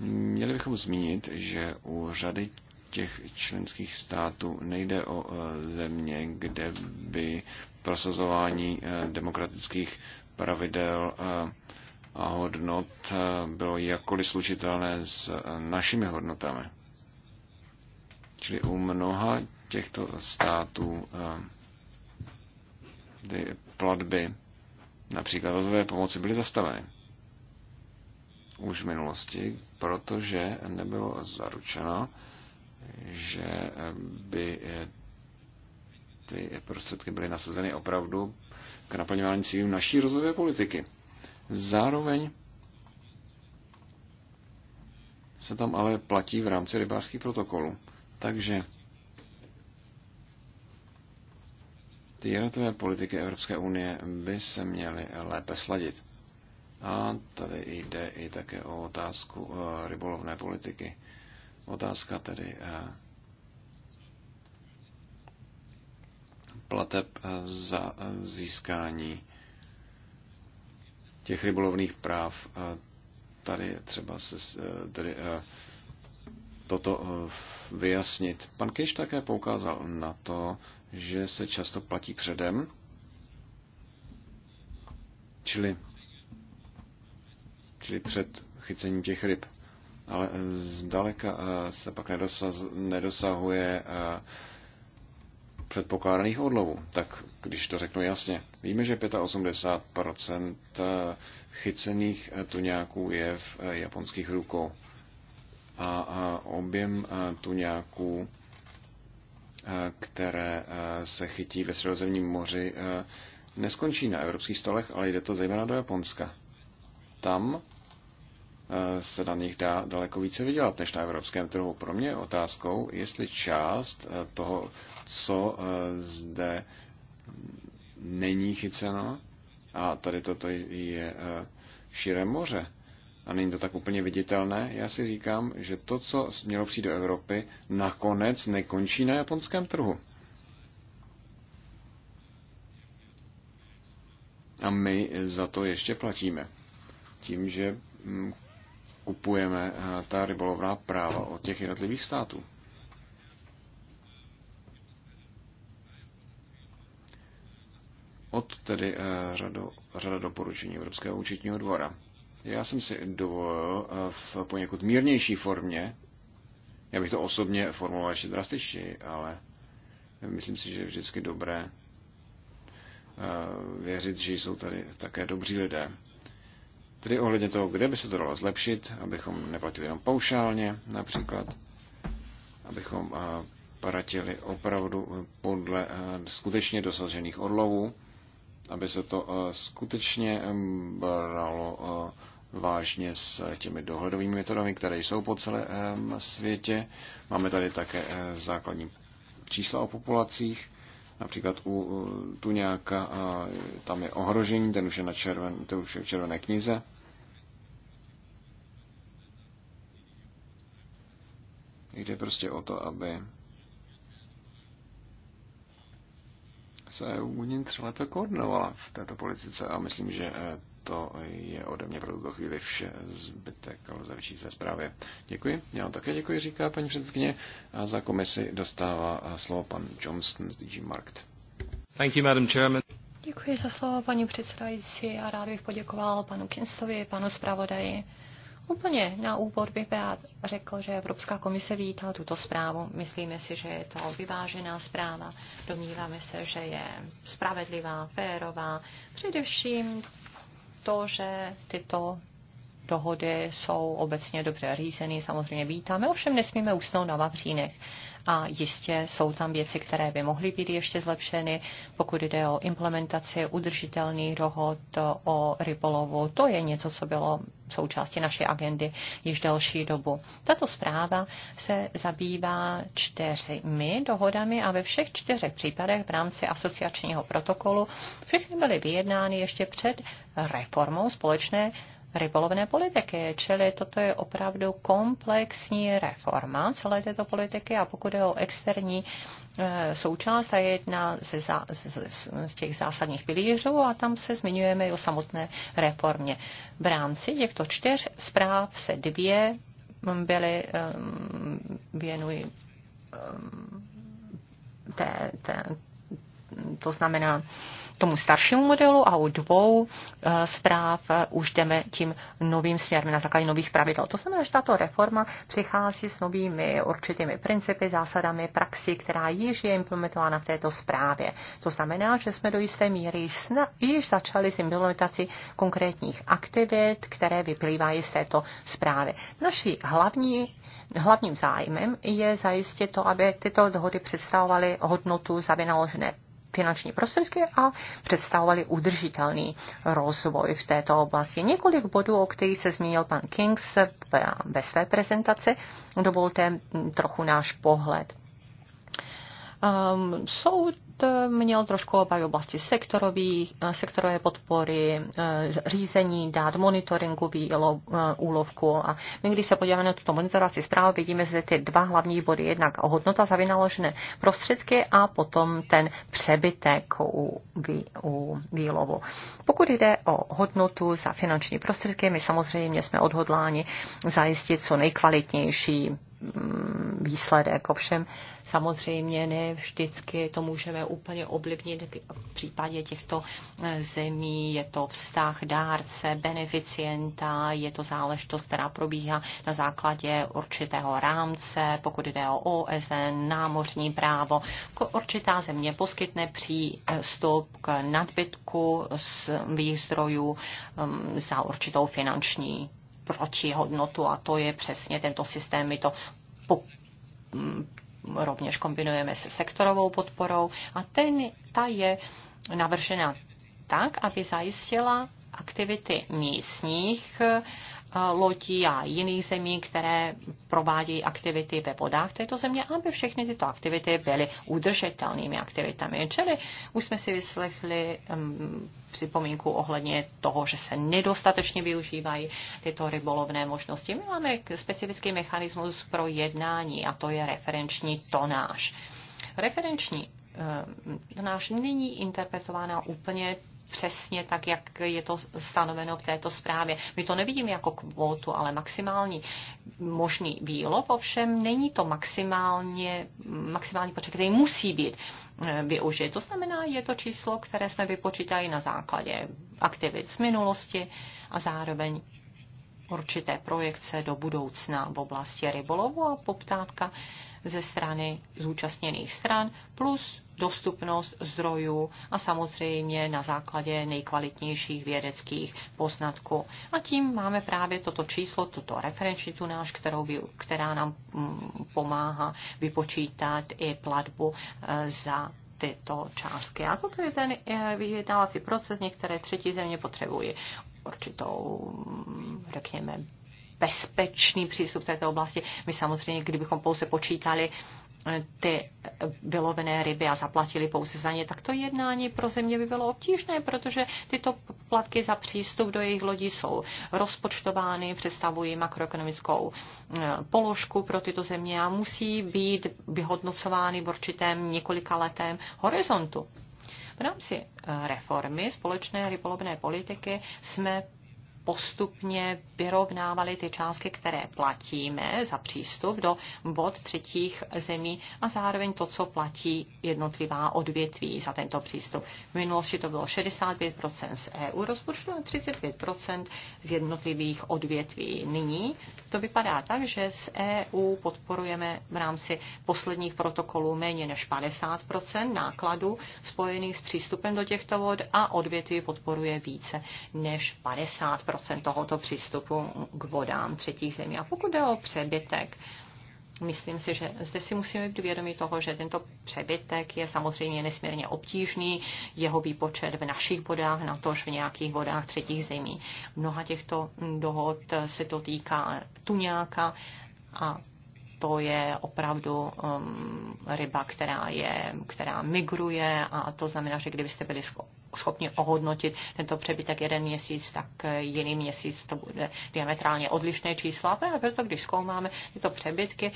Měli bychom zmínit, že u řady těch členských států nejde o e, země, kde by prosazování e, demokratických pravidel e, a hodnot bylo jakkoliv slučitelné s našimi hodnotami. Čili u mnoha těchto států kdy platby, například rozvoje pomoci, byly zastaveny už v minulosti, protože nebylo zaručeno, že by eh, ty prostředky byly nasazeny opravdu k naplňování cílů naší rozvojové politiky. Zároveň se tam ale platí v rámci rybářských protokolů. Takže Ty jednotlivé politiky Evropské unie by se měly lépe sladit. A tady jde i také o otázku eh, rybolovné politiky. Otázka tedy eh, plateb eh, za získání těch rybolovných práv. Tady třeba se tady toto vyjasnit. Pan Kejš také poukázal na to, že se často platí předem, čili, čili před chycením těch ryb. Ale zdaleka eh, se pak nedosahuje eh, předpokládaných odlovů. Tak když to řeknu jasně, víme, že 85% eh, chycených tuňáků je v japonských rukou a objem tuňáků, které se chytí ve Středozemním moři, neskončí na evropských stolech, ale jde to zejména do Japonska. Tam se na nich dá daleko více vydělat než na evropském trhu. Pro mě je otázkou, jestli část toho, co zde není chyceno, a tady toto je širé moře, a není to tak úplně viditelné, já si říkám, že to, co mělo přijít do Evropy, nakonec nekončí na japonském trhu. A my za to ještě platíme. Tím, že mm, kupujeme eh, ta rybolovná práva od těch jednotlivých států. Od tedy eh, řado, řada doporučení Evropského účetního dvora. Já jsem si dovolil eh, v poněkud mírnější formě, já bych to osobně formuloval ještě drastičtěji, ale myslím si, že je vždycky dobré eh, věřit, že jsou tady také dobří lidé. Tedy ohledně toho, kde by se to dalo zlepšit, abychom neplatili jenom paušálně například, abychom eh, paratili opravdu podle skutečně dosažených odlovů, aby se to skutečně bralo vážně s těmi dohledovými metodami, které jsou po celém světě. Máme tady také eh, základní čísla o populacích. Například u tuňáka eh, tam je ohrožení, ten už je, na červen, ten už je v červené knize. Jde prostě o to, aby se uvnitř lépe koordinovala v této politice a myslím, že eh, to je ode mě pro tuto chvíli vše. Zbytek lze vyčíst ve zprávě. Děkuji. Já vám také děkuji, říká paní předsedkyně. A za komisi dostává slovo pan Johnston z DG Markt. Thank you, Madam Chairman. Děkuji za slovo, paní předsedající, a rád bych poděkoval panu Kinstovi, panu zpravodaji. Úplně na úvod bych rád řekl, že Evropská komise vítá tuto zprávu. Myslíme si, že je to vyvážená zpráva. Domníváme se, že je spravedlivá, férová. Především to, že tyto dohody jsou obecně dobře řízeny, samozřejmě vítáme, ovšem nesmíme usnout na vavřínech a jistě jsou tam věci, které by mohly být ještě zlepšeny, pokud jde o implementaci udržitelných dohod o rybolovu. To je něco, co bylo součástí naší agendy již delší dobu. Tato zpráva se zabývá čtyřmi dohodami a ve všech čtyřech případech v rámci asociačního protokolu všechny byly vyjednány ještě před reformou společné rybolovné politiky. Čili toto je opravdu komplexní reforma celé této politiky a pokud je o externí eh, součást, je jedna ze z, z, z těch zásadních pilířů a tam se zmiňujeme i o samotné reformě. V rámci těchto čtyř zpráv se dvě mm, byly um, eh, věnují um, eh, té, té, to znamená tomu staršímu modelu a u dvou eh, zpráv eh, už jdeme tím novým směrem na základě nových pravidel. To znamená, že tato reforma přichází s novými určitými principy, zásadami, praxi, která již je implementována v této zprávě. To znamená, že jsme do jisté míry již, sna- již začali s implementací konkrétních aktivit, které vyplývají z této zprávy. Naší hlavní Hlavním zájmem je zajistit to, aby tyto dohody představovaly hodnotu za vynaložené finanční prostředky a představovali udržitelný rozvoj v této oblasti. Několik bodů, o kterých se zmínil pan Kings ve své prezentaci, dovolte trochu náš pohled. Um, jsou Eh, měl trošku obavy v oblasti eh, sektorové podpory, eh, řízení dát, monitoringu úlovku. A my, když se podíváme na tuto monitoraci zprávu, vidíme zde ty dva hlavní body. Jednak hodnota za vynaložené prostředky a potom ten přebytek u, u výlovu. Pokud jde o hodnotu za finanční prostředky, my samozřejmě jsme odhodláni zajistit co nejkvalitnější Mm, výsledek. Ovšem samozřejmě ne vždycky to můžeme úplně oblivnit. V případě těchto eh, zemí je to vztah dárce, beneficienta, je to záležitost, která probíhá na základě určitého rámce, pokud jde o OSN, námořní právo. Určitá země poskytne přístup k nadbytku z výzdrojů mm, za určitou finanční proči hodnotu a to je přesně tento systém. My to po, mm, rovněž kombinujeme se sektorovou podporou a ten, ta je navržena tak, aby zajistila aktivity místních Eh, lodí a jiných zemí, které provádějí aktivity ve vodách této země, aby všechny tyto aktivity byly udržitelnými aktivitami. Čili už jsme si vyslechli um, připomínku ohledně toho, že se nedostatečně využívají tyto rybolovné možnosti. My máme specifický mechanismus pro jednání a to je referenční tonáž. Referenční eh, náš není interpretována úplně přesně tak, jak je to stanoveno v této zprávě. My to nevidíme jako kvótu, ale maximální možný výlov, ovšem není to maximálně, maximální počet, který musí být eh, využit. To znamená, je to číslo, které jsme vypočítali na základě aktivit z minulosti a zároveň určité projekce do budoucna v oblasti rybolovu a poptávka ze strany zúčastněných stran plus dostupnost zdrojů a samozřejmě na základě nejkvalitnějších vědeckých poznatků. A tím máme právě toto číslo, tuto referenční tunáž, kterou která nám mm, pomáhá vypočítat i platbu eh, za tyto částky. A toto je ten eh, vyjednávací proces. Některé třetí země potřebují určitou, mm, řekněme, bezpečný přístup v této oblasti. My samozřejmě, kdybychom pouze počítali ty vylovené ryby a zaplatili pouze za ně, tak to jednání pro země by bylo obtížné, protože tyto platky za přístup do jejich lodí jsou rozpočtovány, představují makroekonomickou eh, položku pro tyto země a musí být vyhodnocovány v určitém letém horizontu. V rámci eh, reformy společné rybolovné politiky jsme postupně vyrovnávaly ty částky, které platíme za přístup do vod třetích zemí a zároveň to, co platí jednotlivá odvětví za tento přístup. V minulosti to bylo 65% z EU rozpočtu a 35% z jednotlivých odvětví. Nyní to vypadá tak, že z EU podporujeme v rámci posledních protokolů méně než 50% nákladů spojených s přístupem do těchto vod a odvětví podporuje více než 50% tohoto přístupu k vodám třetích zemí. A pokud jde o přebytek, myslím si, že zde si musíme být vědomi toho, že tento přebytek je samozřejmě nesmírně obtížný, jeho výpočet v našich vodách, tož v nějakých vodách třetích zemí. Mnoha těchto dohod se to týká tuňáka a to je opravdu um, ryba, která, je, která migruje a to znamená, že kdybyste byli schopni ohodnotit tento přebytek jeden měsíc, tak eh, jiný měsíc to bude diametrálně odlišné čísla. A proto, když zkoumáme tyto přebytky,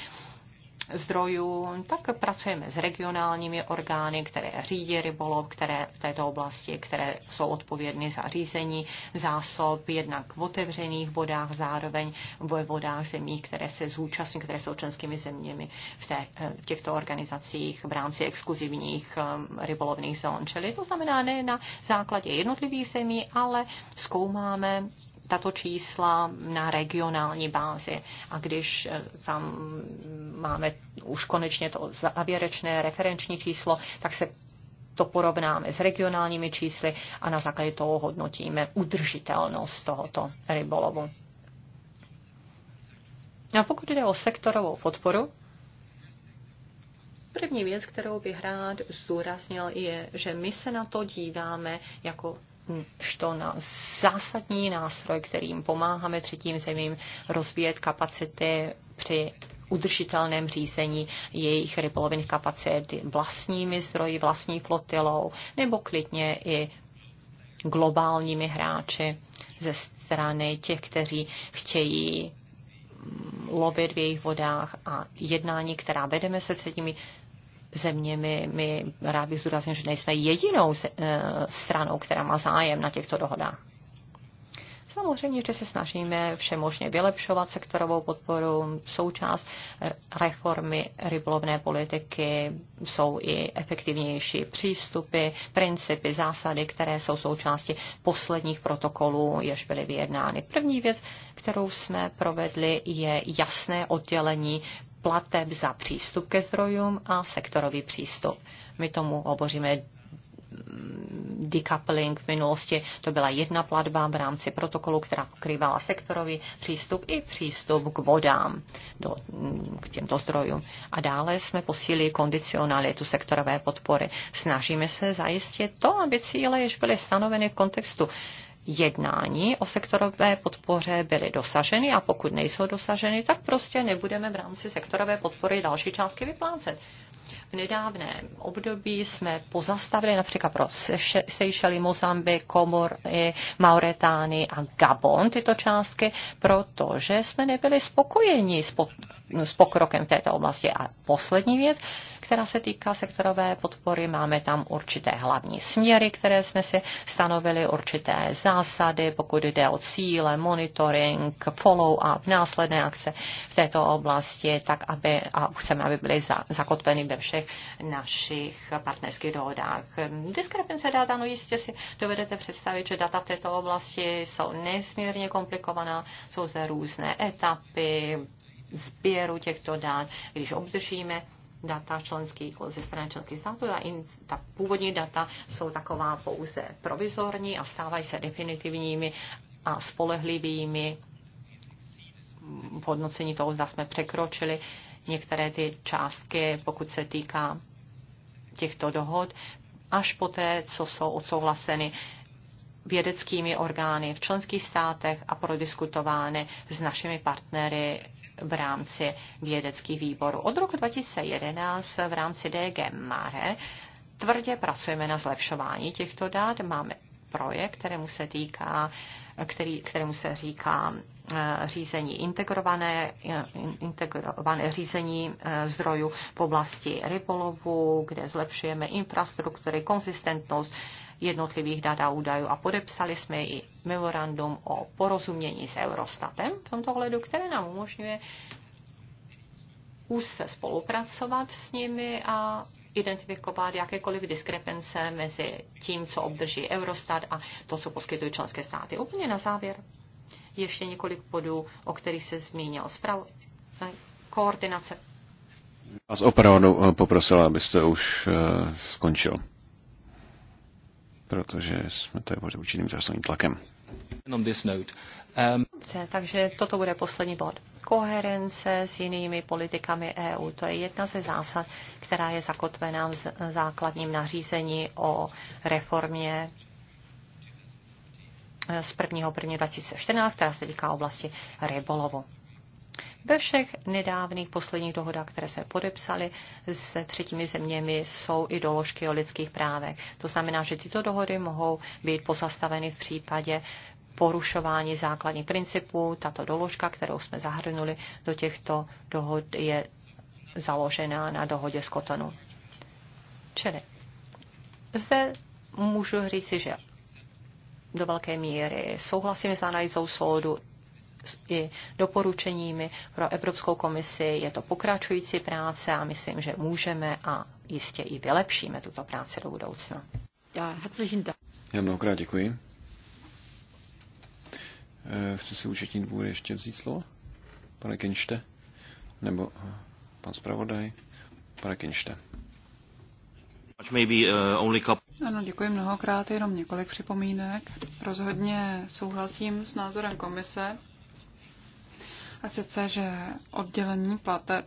zdrojů, tak pracujeme s regionálními orgány, které řídí rybolov, které v této oblasti, které jsou odpovědny za řízení zásob, jednak v otevřených vodách, zároveň ve vodách zemí, které se zúčastní, které jsou členskými zeměmi v, té, eh, v těchto organizacích v rámci exkluzivních eh, rybolovných zón. Čili to znamená ne na základě jednotlivých zemí, ale zkoumáme tato čísla na regionální bázi. A když eh, tam máme už konečně to závěrečné referenční číslo, tak se to porovnáme s regionálními čísly a na základě toho hodnotíme udržitelnost tohoto rybolovu. A pokud jde o sektorovou podporu, První věc, kterou bych rád zdůraznil, je, že my se na to díváme jako to na zásadní nástroj, kterým pomáháme třetím zemím rozvíjet kapacity při udržitelném řízení jejich rybolovných kapacit vlastními zdroji, vlastní flotilou nebo klidně i globálními hráči ze strany těch, kteří chtějí mm, lovit v jejich vodách a jednání, která vedeme se třetími zeměmi. My rád bych zdůraznil, že nejsme jedinou eh, stranou, která má zájem na těchto dohodách. Samozřejmě, že se snažíme všemožně vylepšovat sektorovou podporu. Součást reformy rybolovné politiky jsou i efektivnější přístupy, principy, zásady, které jsou součástí posledních protokolů, jež byly vyjednány. První věc, kterou jsme provedli, je jasné oddělení plateb za přístup ke zdrojům a sektorový přístup. My tomu hovoříme decoupling v minulosti. To byla jedna platba v rámci protokolu, která pokrývala sektorový přístup i přístup k vodám, do, k těmto zdrojům. A dále jsme posílili kondicionalitu sektorové podpory. Snažíme se zajistit to, aby cíle jež byly stanoveny v kontextu jednání o sektorové podpoře byly dosaženy a pokud nejsou dosaženy, tak prostě nebudeme v rámci sektorové podpory další částky vyplácet. V nedávném období jsme pozastavili například pro Seychely, Mozambik, Komor, Mauretány a Gabon tyto částky, protože jsme nebyli spokojeni s, po, s pokrokem v této oblasti. A poslední věc, která se týká sektorové podpory. Máme tam určité hlavní směry, které jsme si stanovili, určité zásady, pokud jde o cíle, monitoring, follow-up, následné akce v této oblasti, tak aby, a chceme, aby byly za, zakotveny ve všech našich partnerských dohodách. Diskrepence data, ano, jistě si dovedete představit, že data v této oblasti jsou nesmírně komplikovaná, jsou zde různé etapy, sběru těchto dát. Když obdržíme data členských, ze strany členských států. a in, ta původní data jsou taková pouze provizorní a stávají se definitivními a spolehlivými v hodnocení toho, zda jsme překročili některé ty částky, pokud se týká těchto dohod, až poté, co jsou odsouhlaseny vědeckými orgány v členských státech a prodiskutovány s našimi partnery v rámci vědeckých výborů. Od roku 2011 v rámci DG Mare tvrdě pracujeme na zlepšování těchto dát. Máme projekt, kterému se týká, který, kterému se říká eh, řízení integrované, eh, integrované řízení eh, zdrojů v oblasti rybolovu, kde zlepšujeme infrastruktury, konzistentnost jednotlivých dat a údajů a podepsali jsme i memorandum o porozumění s Eurostatem v tomto ohledu, které nám umožňuje se spolupracovat s nimi a identifikovat jakékoliv diskrepence mezi tím, co obdrží Eurostat a to, co poskytují členské státy. Úplně na závěr ještě několik bodů, o kterých se zmínil. zprav... Koordinace. Vás opravdu eh, poprosila, abyste už eh, skončil protože jsme tady pod určitým časovým tlakem. Um, takže toto bude poslední bod. Koherence s jinými politikami EU, to je jedna ze zásad, která je zakotvená v základním nařízení o reformě eh, z 1.1.2014, která se týká oblasti rybolovu. Ve všech nedávných posledních dohodách, které se podepsaly s třetími zeměmi, jsou i doložky o lidských právech. To znamená, že tyto dohody mohou být pozastaveny v případě porušování základních principů. Tato doložka, kterou jsme zahrnuli do těchto dohod, je založená na dohodě z Kotonu. Čili zde můžu říci, že do velké míry souhlasím s analýzou soudu i doporučeními pro Evropskou komisi. Je to pokračující práce a myslím, že můžeme a jistě i vylepšíme tuto práci do budoucna. Já, mnohokrát děkuji. Eh, chce si účetní dvůr ještě vzít slovo? Pane Kenšte? Nebo eh, pan zpravodaj? Pane Kenšte. Eh, ano, děkuji mnohokrát, jenom několik připomínek. Rozhodně souhlasím s názorem komise, a sice, že oddělení plateb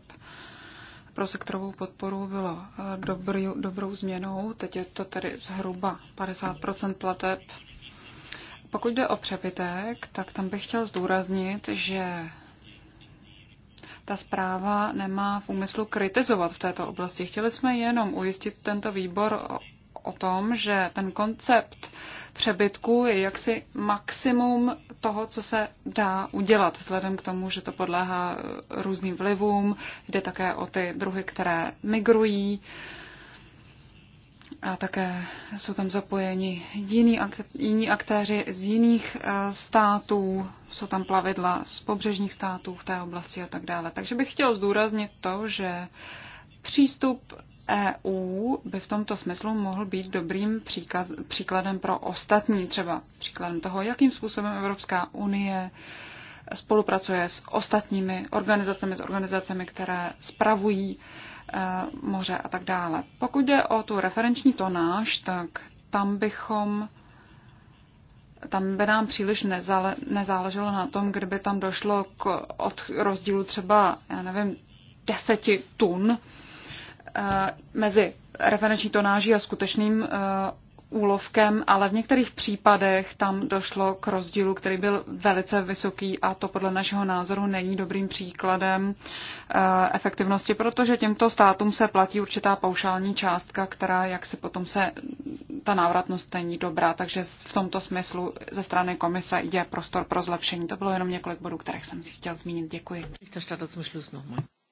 pro sektorovou podporu bylo eh, dobrý, dobrou změnou, teď je to tedy zhruba 50% plateb. Pokud jde o přebytek, tak tam bych chtěl zdůraznit, že ta zpráva nemá v úmyslu kritizovat v této oblasti. Chtěli jsme jenom ujistit tento výbor o tom, že ten koncept přebytku je jaksi maximum toho, co se dá udělat, vzhledem k tomu, že to podléhá eh, různým vlivům, jde také o ty druhy, které migrují a také jsou tam zapojeni jiní, ak- jiní aktéři z jiných eh, států, jsou tam plavidla z pobřežních států v té oblasti a tak dále. Takže bych chtěl zdůraznit to, že přístup EU by v tomto smyslu mohl být dobrým příkaz, příkladem pro ostatní, třeba příkladem toho, jakým způsobem Evropská unie spolupracuje s ostatními organizacemi, s organizacemi, které spravují e, moře a tak dále. Pokud jde o tu referenční tonáž, tak tam bychom tam by nám příliš nezale, nezáleželo na tom, kdyby tam došlo k od rozdílu třeba, já nevím, deseti tun, Eh, mezi referenční tonáží a skutečným eh, úlovkem, ale v některých případech tam došlo k rozdílu, který byl velice vysoký a to podle našeho názoru není dobrým příkladem eh, efektivnosti, protože těmto státům se platí určitá paušální částka, která jak se potom se ta návratnost není dobrá, takže v tomto smyslu ze strany komise je prostor pro zlepšení. To bylo jenom několik bodů, které jsem si chtěl zmínit. Děkuji.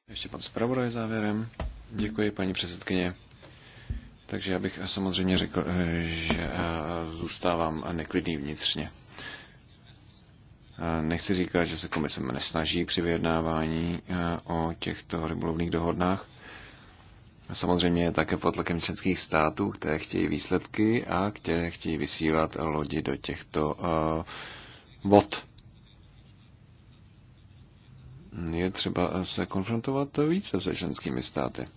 Ještě pan zpravodaj závěrem. Děkuji, paní předsedkyně. Takže já bych samozřejmě řekl, eh, že eh, zůstávám neklidný vnitřně. Eh, nechci říkat, že se komise nesnaží při vyjednávání o těchto rybolovných dohodnách. Samozřejmě je také pod tlakem členských států, které chtějí výsledky a které chtějí vysílat lodi do těchto vod je třeba se konfrontovat více se členskými státy.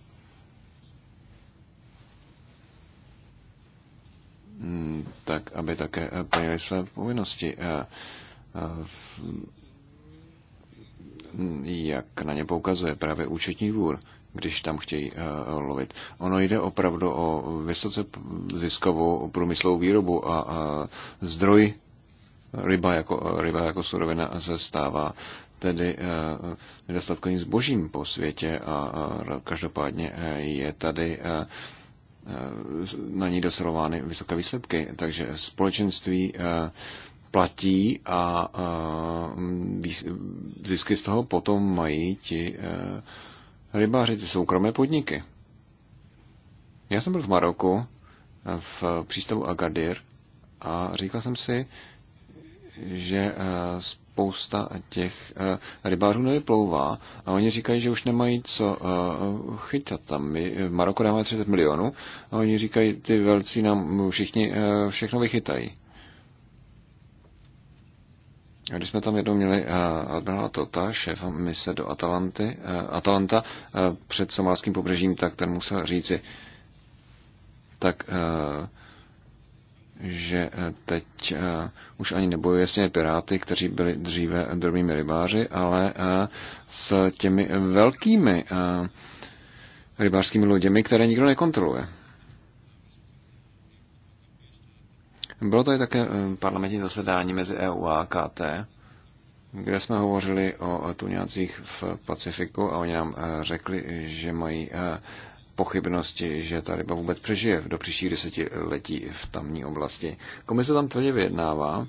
Tak, aby také plnili své povinnosti. Jak na ně poukazuje právě účetní dvůr, když tam chtějí lovit. Ono jde opravdu o vysoce ziskovou průmyslovou výrobu a zdroj ryba jako, ryba jako surovina se stává tedy eh, nedostatkovým zbožím po světě a každopádně eh, je tady eh, na ní dosahovány vysoké výsledky. Takže společenství platí a zisky z toho potom mají ti rybáři, ty soukromé podniky. Já jsem byl v Maroku v přístavu Agadir a říkal jsem si, že spousta těch eh, rybářů nevyplouvá a oni říkají, že už nemají co eh, chytat tam. My v Maroku dáme 30 milionů a oni říkají, ty velcí nám všichni eh, všechno vychytají. A když jsme tam jednou měli uh, admirála Tota, šéfa mise do Atalanty, uh, Atalanta uh, před somálským pobřežím, tak ten musel říci, tak uh, že eh, teď eh, už ani nebojuje s těmi piráty, kteří byli dříve drobnými rybáři, ale eh, s těmi velkými rybářskými loděmi, které nikdo nekontroluje. Bylo tady také parlamentní zasedání mezi EU a KT, kde jsme hovořili o tuňácích v Pacifiku a oni nám řekli, že mají pochybnosti, že ta ryba vůbec přežije do příštích desetiletí v tamní oblasti. Komise tam tvrdě vyjednává,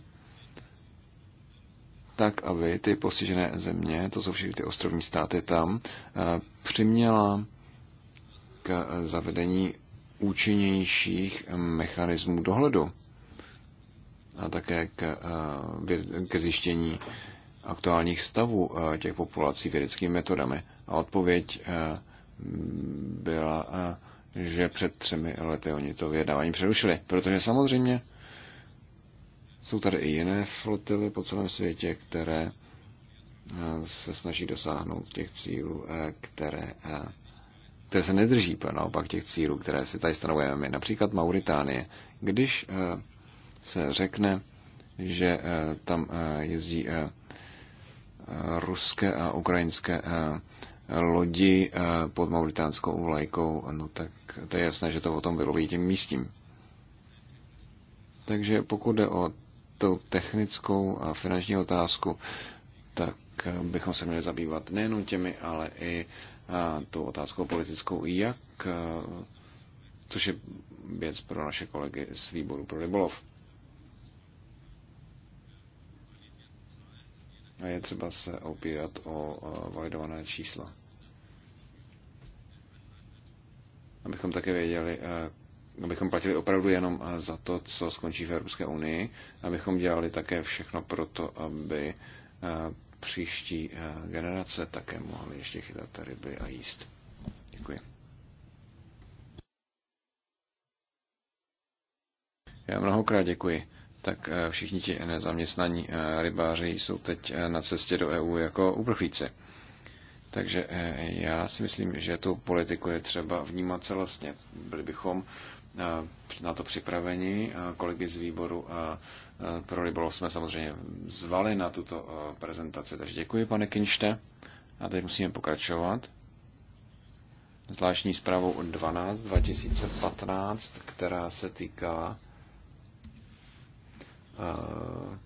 tak aby ty postižené země, to jsou všechny ty ostrovní státy tam, eh, přiměla k zavedení účinnějších mechanismů dohledu a také k, eh, ke zjištění aktuálních stavů eh, těch populací vědeckými metodami. A odpověď byla, že před třemi lety oni to vyjednávání přerušili. Protože samozřejmě jsou tady i jiné flotily po celém světě, které se snaží dosáhnout těch cílů, které, které se nedrží naopak těch cílů, které si tady stanovujeme my. Například Mauritánie. Když se řekne, že tam jezdí ruské a ukrajinské lodi eh, pod mauritánskou vlajkou, no tak to je jasné, že to o tom vyloví tím místním. Takže pokud jde o tu technickou a finanční otázku, tak eh, bychom se měli zabývat nejenom těmi, ale i eh, tu otázkou politickou, jak, což je věc pro naše kolegy z výboru pro rybolov. A je třeba se opírat o validované čísla. Abychom také věděli, eh, abychom platili opravdu jenom eh, za to, co skončí v Evropské unii, abychom dělali také všechno pro to, aby eh, příští generace také mohly ještě chytat ryby a jíst. Děkuji. Já mnohokrát děkuji tak eh, všichni ti nezaměstnaní eh, rybáři jsou teď eh, na cestě do EU jako uprchlíci. Takže já si myslím, že tu politiku je třeba vnímat celostně. Byli bychom na to připraveni. Kolegy z výboru pro rybolov jsme samozřejmě zvali na tuto prezentaci. Takže děkuji, pane Kinšte. A teď musíme pokračovat. Zvláštní zprávou 12 2015, která se týká Eh,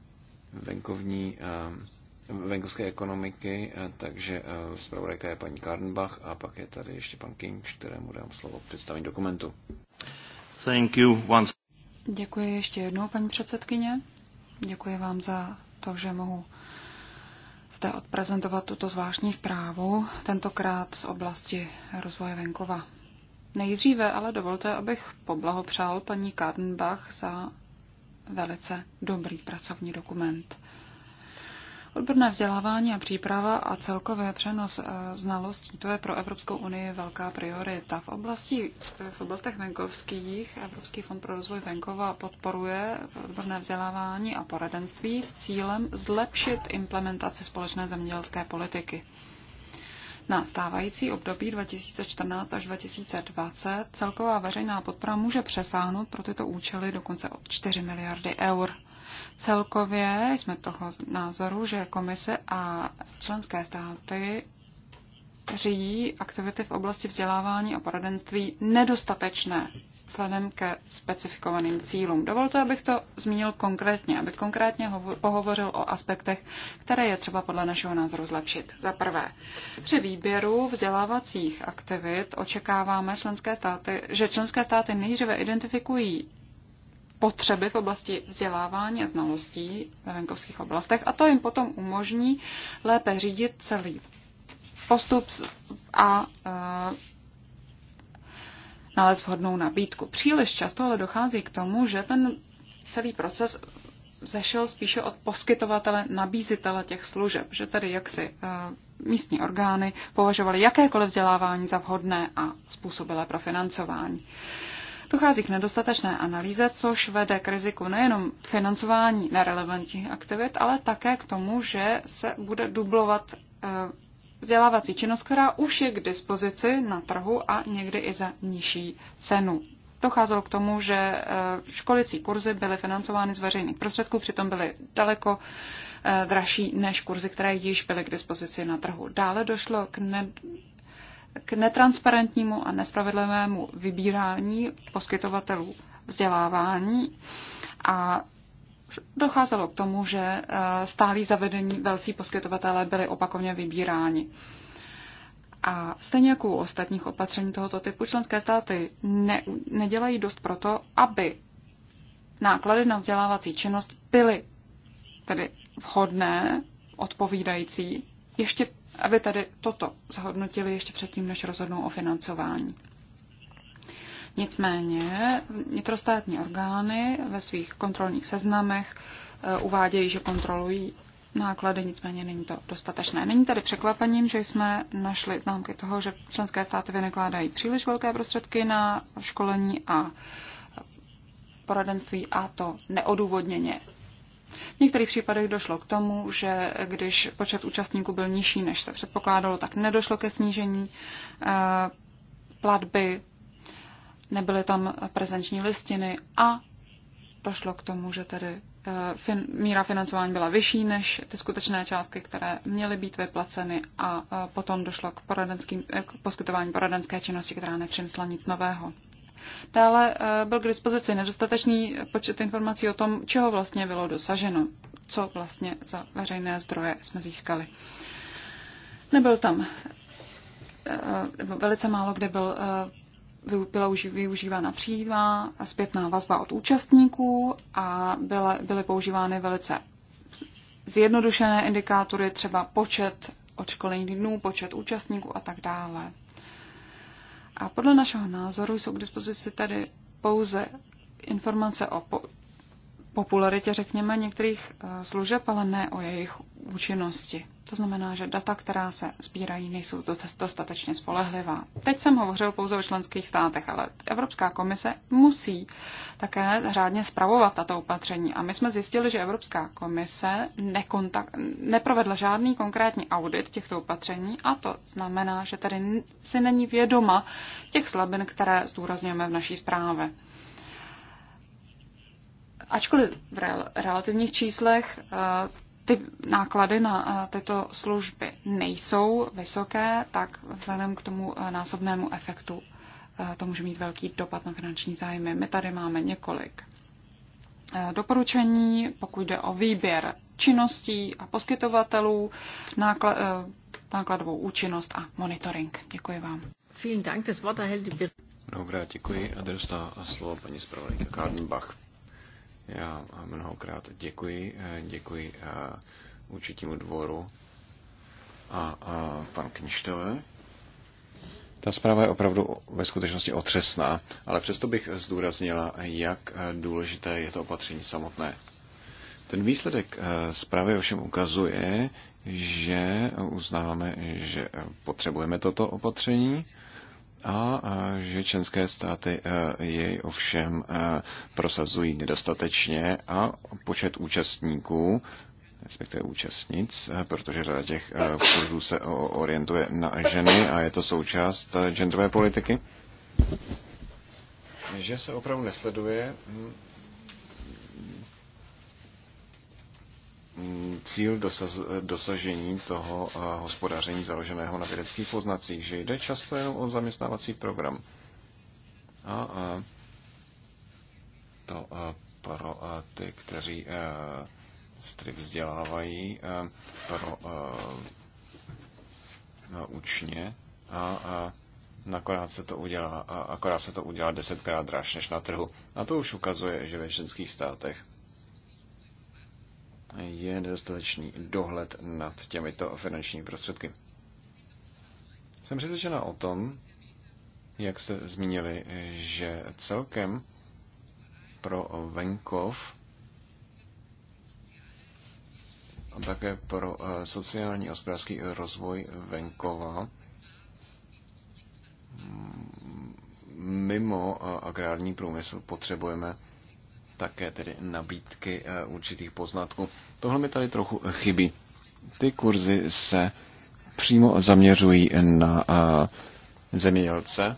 venkovní, eh, venkovské ekonomiky, eh, takže zpravodajka je paní Karnbach a pak je tady ještě pan King, kterému dám slovo k představení dokumentu. Thank you once. Děkuji ještě jednou, paní předsedkyně. Děkuji vám za to, že mohu zde odprezentovat tuto zvláštní zprávu, tentokrát z oblasti rozvoje venkova. Nejdříve ale dovolte, abych poblahopřál paní Kardenbach za velice dobrý pracovní dokument. Odborné vzdělávání a příprava a celkové přenos eh, znalostí, to je pro Evropskou unii velká priorita. V, oblasti, v oblastech venkovských Evropský fond pro rozvoj venkova podporuje odborné vzdělávání a poradenství s cílem zlepšit implementaci společné zemědělské politiky. Na stávající období 2014 až 2020 celková veřejná podpora může přesáhnout pro tyto účely dokonce o 4 miliardy eur. Celkově jsme toho názoru, že komise a členské státy řídí aktivity v oblasti vzdělávání a poradenství nedostatečné vzhledem ke specifikovaným cílům. Dovolte, abych to zmínil konkrétně, abych konkrétně pohovořil o aspektech, které je třeba podle našeho názoru zlepšit. Za prvé, při výběru vzdělávacích aktivit očekáváme, členské státy, že členské státy nejdříve identifikují potřeby v oblasti vzdělávání a znalostí ve venkovských oblastech a to jim potom umožní lépe řídit celý postup a e, nalézt vhodnou nabídku. Příliš často ale dochází k tomu, že ten celý proces zešel spíše od poskytovatele, nabízitele těch služeb, že tedy jaksi eh, místní orgány považovaly jakékoliv vzdělávání za vhodné a způsobilé pro financování. Dochází k nedostatečné analýze, což vede k riziku nejenom financování nerelevantních aktivit, ale také k tomu, že se bude dublovat eh, vzdělávací činnost, která už je k dispozici na trhu a někdy i za nižší cenu. Docházelo k tomu, že eh, školicí kurzy byly financovány z veřejných prostředků, přitom byly daleko eh, dražší než kurzy, které již byly k dispozici na trhu. Dále došlo k, ne, k netransparentnímu a nespravedlivému vybírání poskytovatelů vzdělávání a docházelo k tomu, že eh, stálí zavedení velcí poskytovatelé byli opakovaně vybíráni. A stejně jako u ostatních opatření tohoto typu, členské státy ne, nedělají dost proto, aby náklady na vzdělávací činnost byly tedy vhodné, odpovídající, ještě, aby tady toto zhodnotili ještě předtím, než rozhodnou o financování. Nicméně vnitrostátní orgány ve svých kontrolních seznamech eh, uvádějí, že kontrolují náklady, nicméně není to dostatečné. Není tady překvapením, že jsme našli známky toho, že členské státy vynakládají příliš velké prostředky na školení a poradenství a to neodůvodněně. V některých případech došlo k tomu, že když počet účastníků byl nižší, než se předpokládalo, tak nedošlo ke snížení eh, platby nebyly tam prezenční listiny a došlo k tomu, že tedy eh, fin, míra financování byla vyšší než ty skutečné částky, které měly být vyplaceny a eh, potom došlo k, eh, k poskytování poradenské činnosti, která nepřinesla nic nového. Dále byl k dispozici nedostatečný počet informací o tom, čeho vlastně bylo dosaženo, co vlastně za veřejné zdroje jsme získali. Nebyl tam, velice málo kde byl byla už využívána přímá a zpětná vazba od účastníků a byla, byly používány velice zjednodušené indikátory, třeba počet odškolení dnů, počet účastníků a tak dále. A podle našeho názoru jsou k dispozici tady pouze informace o po- popularitě, řekněme, některých eh, služeb, ale ne o jejich účinnosti. To znamená, že data, která se sbírají, nejsou dostatečně spolehlivá. Teď jsem hovořil pouze o členských státech, ale Evropská komise musí také řádně zpravovat tato opatření. A my jsme zjistili, že Evropská komise nekontakt, neprovedla žádný konkrétní audit těchto opatření a to znamená, že tady si není vědoma těch slabin, které zdůrazňujeme v naší zprávě. Ačkoliv v rel- relativních číslech eh, ty náklady na eh, tyto služby nejsou vysoké, tak vzhledem k tomu eh, násobnému efektu eh, to může mít velký dopad na finanční zájmy. My tady máme několik doporučení, pokud jde o výběr činností a poskytovatelů, nákladovou účinnost a monitoring. Děkuji vám. Vielen Dank, das Dobrá, děkuji. A dostává slovo paní zpravodajka Kardenbach. Já mnohokrát děkuji, eh, děkuji eh, určitímu dvoru a, a panu Kništové. Ta zpráva je opravdu ve skutečnosti otřesná, ale přesto bych zdůraznila, jak eh, důležité je to opatření samotné. Ten výsledek zprávy ovšem ukazuje, že uznáváme, že potřebujeme toto opatření, a že členské státy e, jej ovšem e, prosazují nedostatečně a počet účastníků respektive účastnic, e, protože řada těch kurzů se orientuje na ženy a je to součást genderové politiky. Že se opravdu nesleduje hm, Mm, cíl dosaz, dosažení toho eh, hospodaření založeného na vědeckých poznacích, že jde často jenom o zaměstnávací program. A, a eh, to a eh, pro a ty, kteří a, se tedy vzdělávají, a, pro a, a učně a, a nakonec se to udělá, a akorát se to udělá desetkrát dráž než na trhu. A to už ukazuje, že ve členských státech je nedostatečný dohled nad těmito finančními prostředky. Jsem přesvědčena o tom, jak se zmínili, že celkem pro venkov a také pro eh, sociální a hospodářský rozvoj venkova mm, mimo eh, agrární průmysl potřebujeme také tedy nabídky eh, určitých poznatků. Tohle mi tady trochu chybí. Ty kurzy se přímo zaměřují na eh, zemědělce,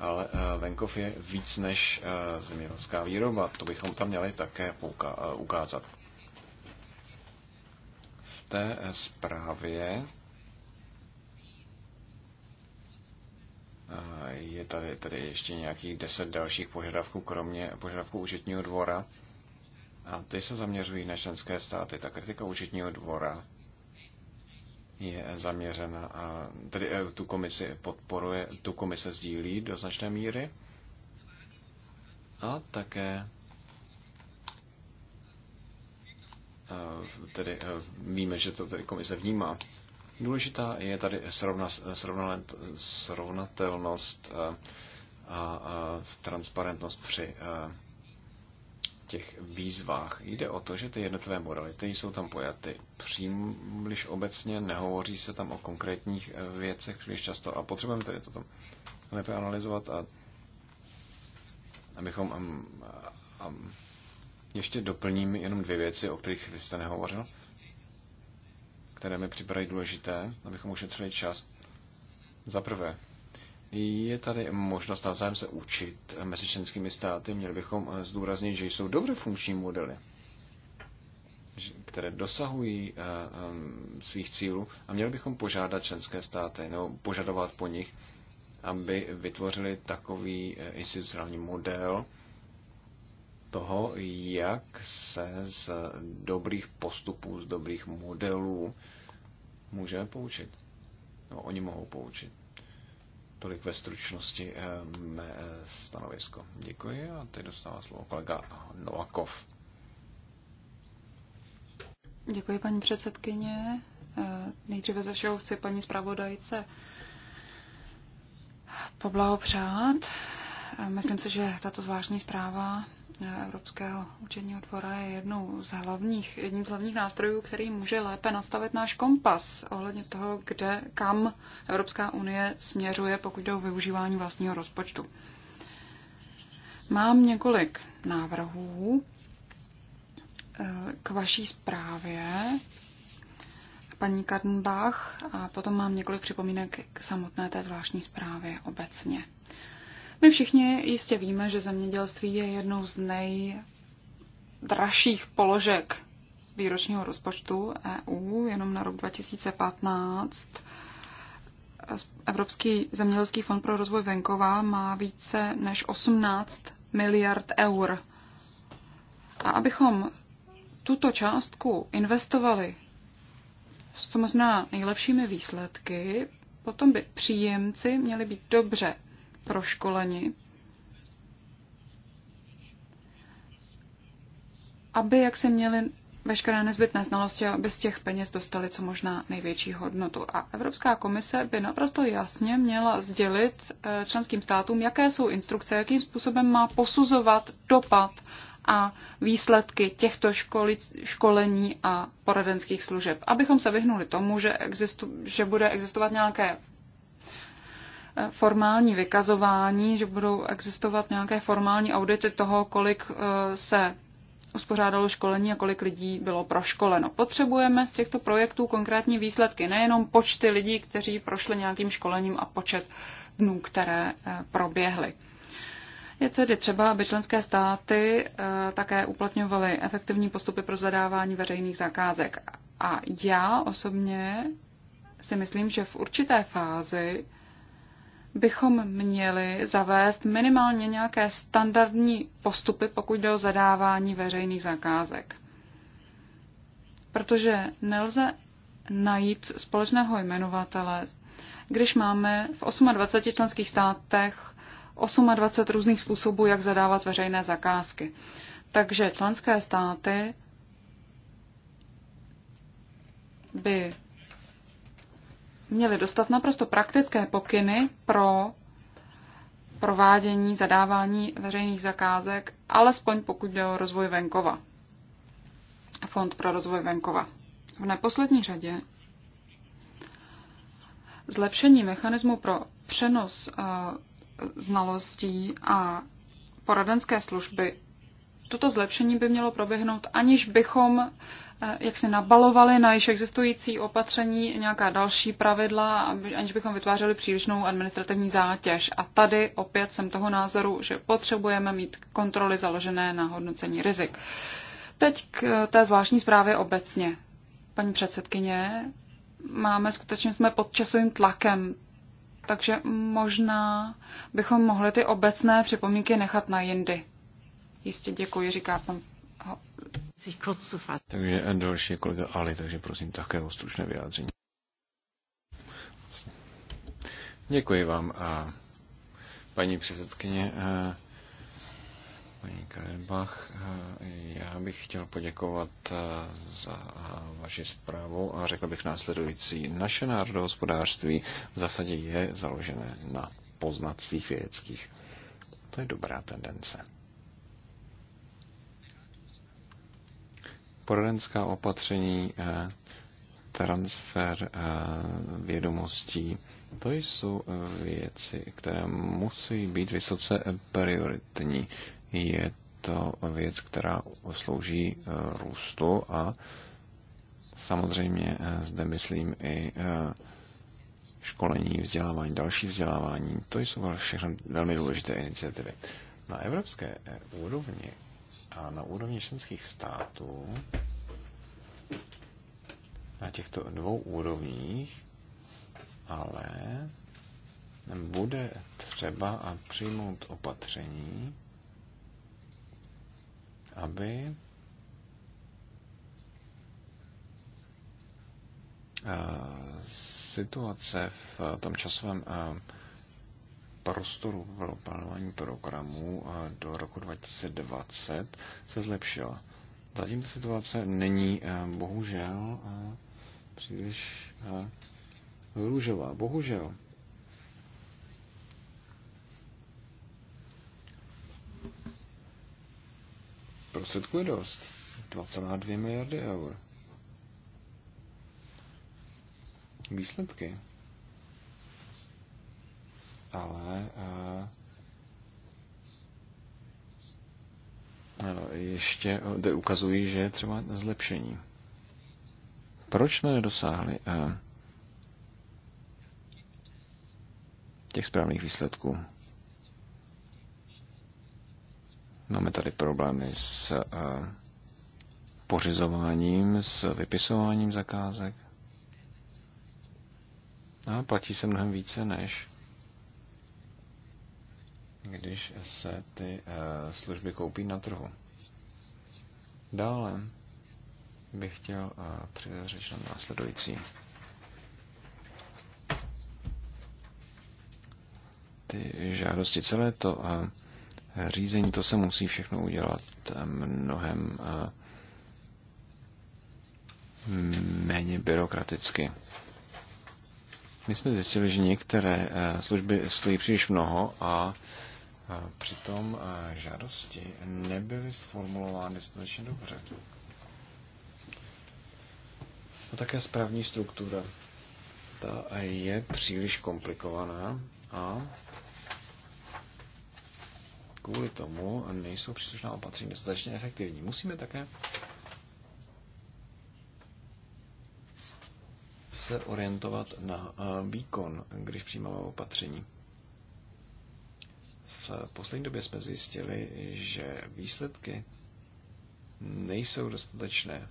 ale eh, venkov je víc než zemědělská výroba. To bychom tam měli také ukázat. V té zprávě je tady, tady ještě nějakých deset dalších požadavků, kromě požadavků účetního dvora. A ty se zaměřují na členské státy. Ta kritika účetního dvora je zaměřena, a tedy eh, tu komisi podporuje, tu komise sdílí do značné míry. A také eh, tedy eh, víme, že to tedy komise vnímá. Důležitá je tady srovna, srovnatelnost eh, a, a transparentnost při a, eh, těch výzvách. Jde o to, že ty jednotlivé modality jsou tam pojaty příliš obecně, nehovoří se tam o konkrétních eh, věcech příliš často a potřebujeme tedy toto lépe analyzovat a abychom mm, a, a, ještě doplním jenom dvě věci, o kterých jste nehovořil které mi připadají důležité, abychom ušetřili čas. Za prvé, je tady možnost navzájem se učit mezi členskými státy. Měli bychom zdůraznit, že jsou dobré funkční modely, které dosahují eh, svých cílů a měli bychom požádat členské státy nebo požadovat po nich, aby vytvořili takový eh, institucionální model, toho, jak se z dobrých postupů, z dobrých modelů můžeme poučit. No, oni mohou poučit. Tolik ve stručnosti eh, mé eh, stanovisko. Děkuji a teď dostává slovo kolega Novakov. Děkuji, paní předsedkyně. Eh, nejdříve ze všeho chci paní zpravodajce poblahopřát. Myslím si, že tato zvláštní zpráva Evropského účetního dvora je jednou z hlavních, jedním z hlavních nástrojů, který může lépe nastavit náš kompas ohledně toho, kde, kam Evropská unie směřuje, pokud jde o využívání vlastního rozpočtu. Mám několik návrhů eh, k vaší zprávě, paní Kardenbach, a potom mám několik připomínek k samotné té zvláštní zprávě obecně. My všichni jistě víme, že zemědělství je jednou z nejdražších položek výročního rozpočtu EU jenom na rok 2015. Evropský zemědělský fond pro rozvoj venkova má více než 18 miliard eur. A abychom tuto částku investovali s co možná nejlepšími výsledky, potom by příjemci měli být dobře proškoleni, aby jak se měli veškeré nezbytné znalosti, aby z těch peněz dostali co možná největší hodnotu. A Evropská komise by naprosto jasně měla sdělit eh, členským státům, jaké jsou instrukce, jakým způsobem má posuzovat dopad a výsledky těchto školi, školení a poradenských služeb. Abychom se vyhnuli tomu, že, existu, že bude existovat nějaké formální vykazování, že budou existovat nějaké formální audity toho, kolik eh, se uspořádalo školení a kolik lidí bylo proškoleno. Potřebujeme z těchto projektů konkrétní výsledky, nejenom počty lidí, kteří prošli nějakým školením a počet dnů, které eh, proběhly. Je tedy třeba, aby členské státy eh, také uplatňovaly efektivní postupy pro zadávání veřejných zakázek. A já osobně si myslím, že v určité fázi bychom měli zavést minimálně nějaké standardní postupy, pokud jde o zadávání veřejných zakázek. Protože nelze najít společného jmenovatele, když máme v 28 členských státech 28 různých způsobů, jak zadávat veřejné zakázky. Takže členské státy by měli dostat naprosto praktické pokyny pro provádění zadávání veřejných zakázek, alespoň pokud jde o rozvoj venkova. Fond pro rozvoj venkova. V neposlední řadě zlepšení mechanismu pro přenos eh, znalostí a poradenské služby. Toto zlepšení by mělo proběhnout, aniž bychom Eh, jak se nabalovali na již existující opatření nějaká další pravidla, aniž bychom vytvářeli přílišnou administrativní zátěž. A tady opět jsem toho názoru, že potřebujeme mít kontroly založené na hodnocení rizik. Teď k eh, té zvláštní zprávě obecně. Paní předsedkyně, máme skutečně jsme pod časovým tlakem, takže možná bychom mohli ty obecné připomínky nechat na jindy. Jistě děkuji, říká pan takže eh, další je kolega Ali, takže prosím také o stručné vyjádření. Děkuji vám a paní předsedkyně, eh, paní Karenbach, eh, já bych chtěl poděkovat za vaši zprávu a řekl bych následující. Naše hospodářství v zásadě je založené na poznacích vědeckých. To je dobrá tendence. poradenská opatření, eh, transfer eh, vědomostí, to jsou eh, věci, které musí být vysoce prioritní. Je to věc, která slouží růstu a samozřejmě zde myslím i školení, vzdělávání, další vzdělávání. To jsou všechno velmi důležité iniciativy. Na evropské úrovni a na úrovni členských států, na těchto dvou úrovních, ale bude třeba a přijmout opatření, aby eh, situace v tom časovém eh, prostoru pro plánování programů do roku 2020 se zlepšila. Zatím ta situace není eh, bohužel eh, příliš eh, růžová. Bohužel. Prostředku je dost. 2,2 miliardy eur. Výsledky ale eh, ještě eh, ukazují, že je třeba zlepšení. Proč jsme nedosáhli eh, těch správných výsledků? Máme tady problémy s pořizováním, s vypisováním zakázek. A platí se mnohem více, než když se ty eh, služby koupí na trhu. Dále bych chtěl eh, přiřečit na následující. Ty žádosti, celé to eh, řízení, to se musí všechno udělat mnohem méně byrokraticky. My jsme zjistili, že některé služby stojí příliš mnoho a přitom žádosti nebyly sformulovány dostatečně dobře. A no, také správní struktura. Ta je příliš komplikovaná a kvůli tomu nejsou příslušná opatření dostatečně efektivní. Musíme také se orientovat na výkon, když přijímáme opatření v poslední době jsme zjistili, že výsledky nejsou dostatečné.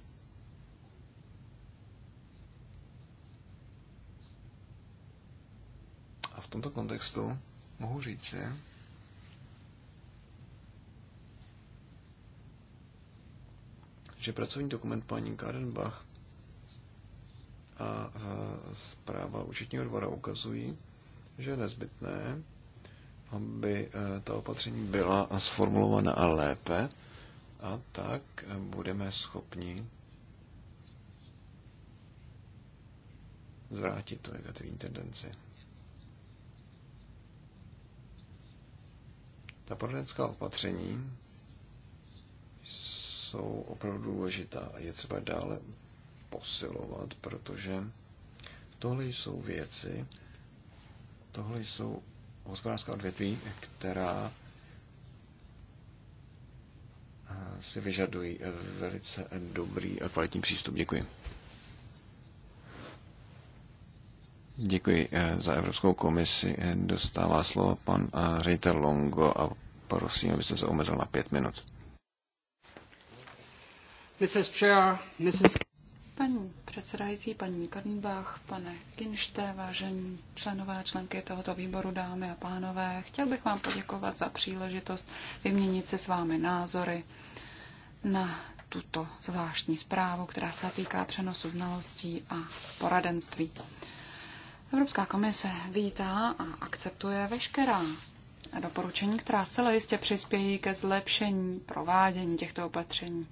A v tomto kontextu mohu říci, že pracovní dokument paní Karenbach a zpráva účetního dvora ukazují, že je nezbytné aby eh, ta opatření byla sformulovaná lépe a tak eh, budeme schopni zvrátit tu negativní tendenci. Ta poradenská opatření jsou opravdu důležitá a je třeba dále posilovat, protože tohle jsou věci, tohle jsou hospodářská odvětví, která eh, si vyžadují eh, velice eh, dobrý a kvalitní přístup. Děkuji. Děkuji za Evropskou komisi. Dostává slovo pan ředitel Longo a prosím, abyste se omezil na pět minut. Mrs. Chair, Mrs. Paní předsedající, paní Kornbach, pane Kinšte, vážení členové a členky tohoto výboru, dámy a pánové, chtěl bych vám poděkovat za příležitost vyměnit se s vámi názory na tuto zvláštní zprávu, která se týká přenosu znalostí a poradenství. Evropská komise vítá a akceptuje veškerá doporučení, která zcela jistě přispějí ke zlepšení provádění těchto opatření.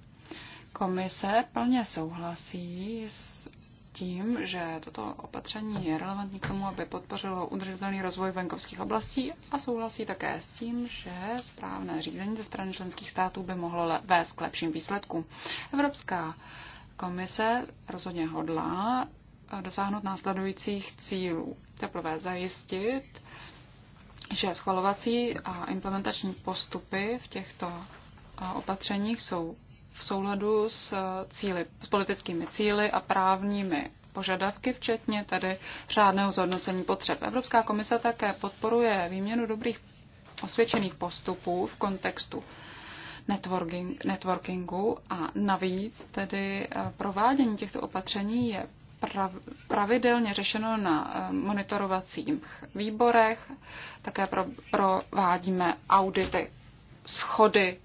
Komise plně souhlasí s tím, že toto opatření je relevantní k tomu, aby podpořilo udržitelný rozvoj venkovských oblastí a souhlasí také s tím, že správné řízení ze strany členských států by mohlo vést k lepším výsledkům. Evropská komise rozhodně hodlá dosáhnout následujících cílů. Teprve zajistit, že schvalovací a implementační postupy v těchto opatřeních jsou v souladu s, eh, cíly, s politickými cíly a právními požadavky, včetně tedy řádného zhodnocení potřeb. Evropská komise také podporuje výměnu dobrých osvědčených postupů v kontextu networking, networkingu a navíc tedy eh, provádění těchto opatření je pravidelně řešeno na eh, monitorovacích výborech. Také provádíme audity schody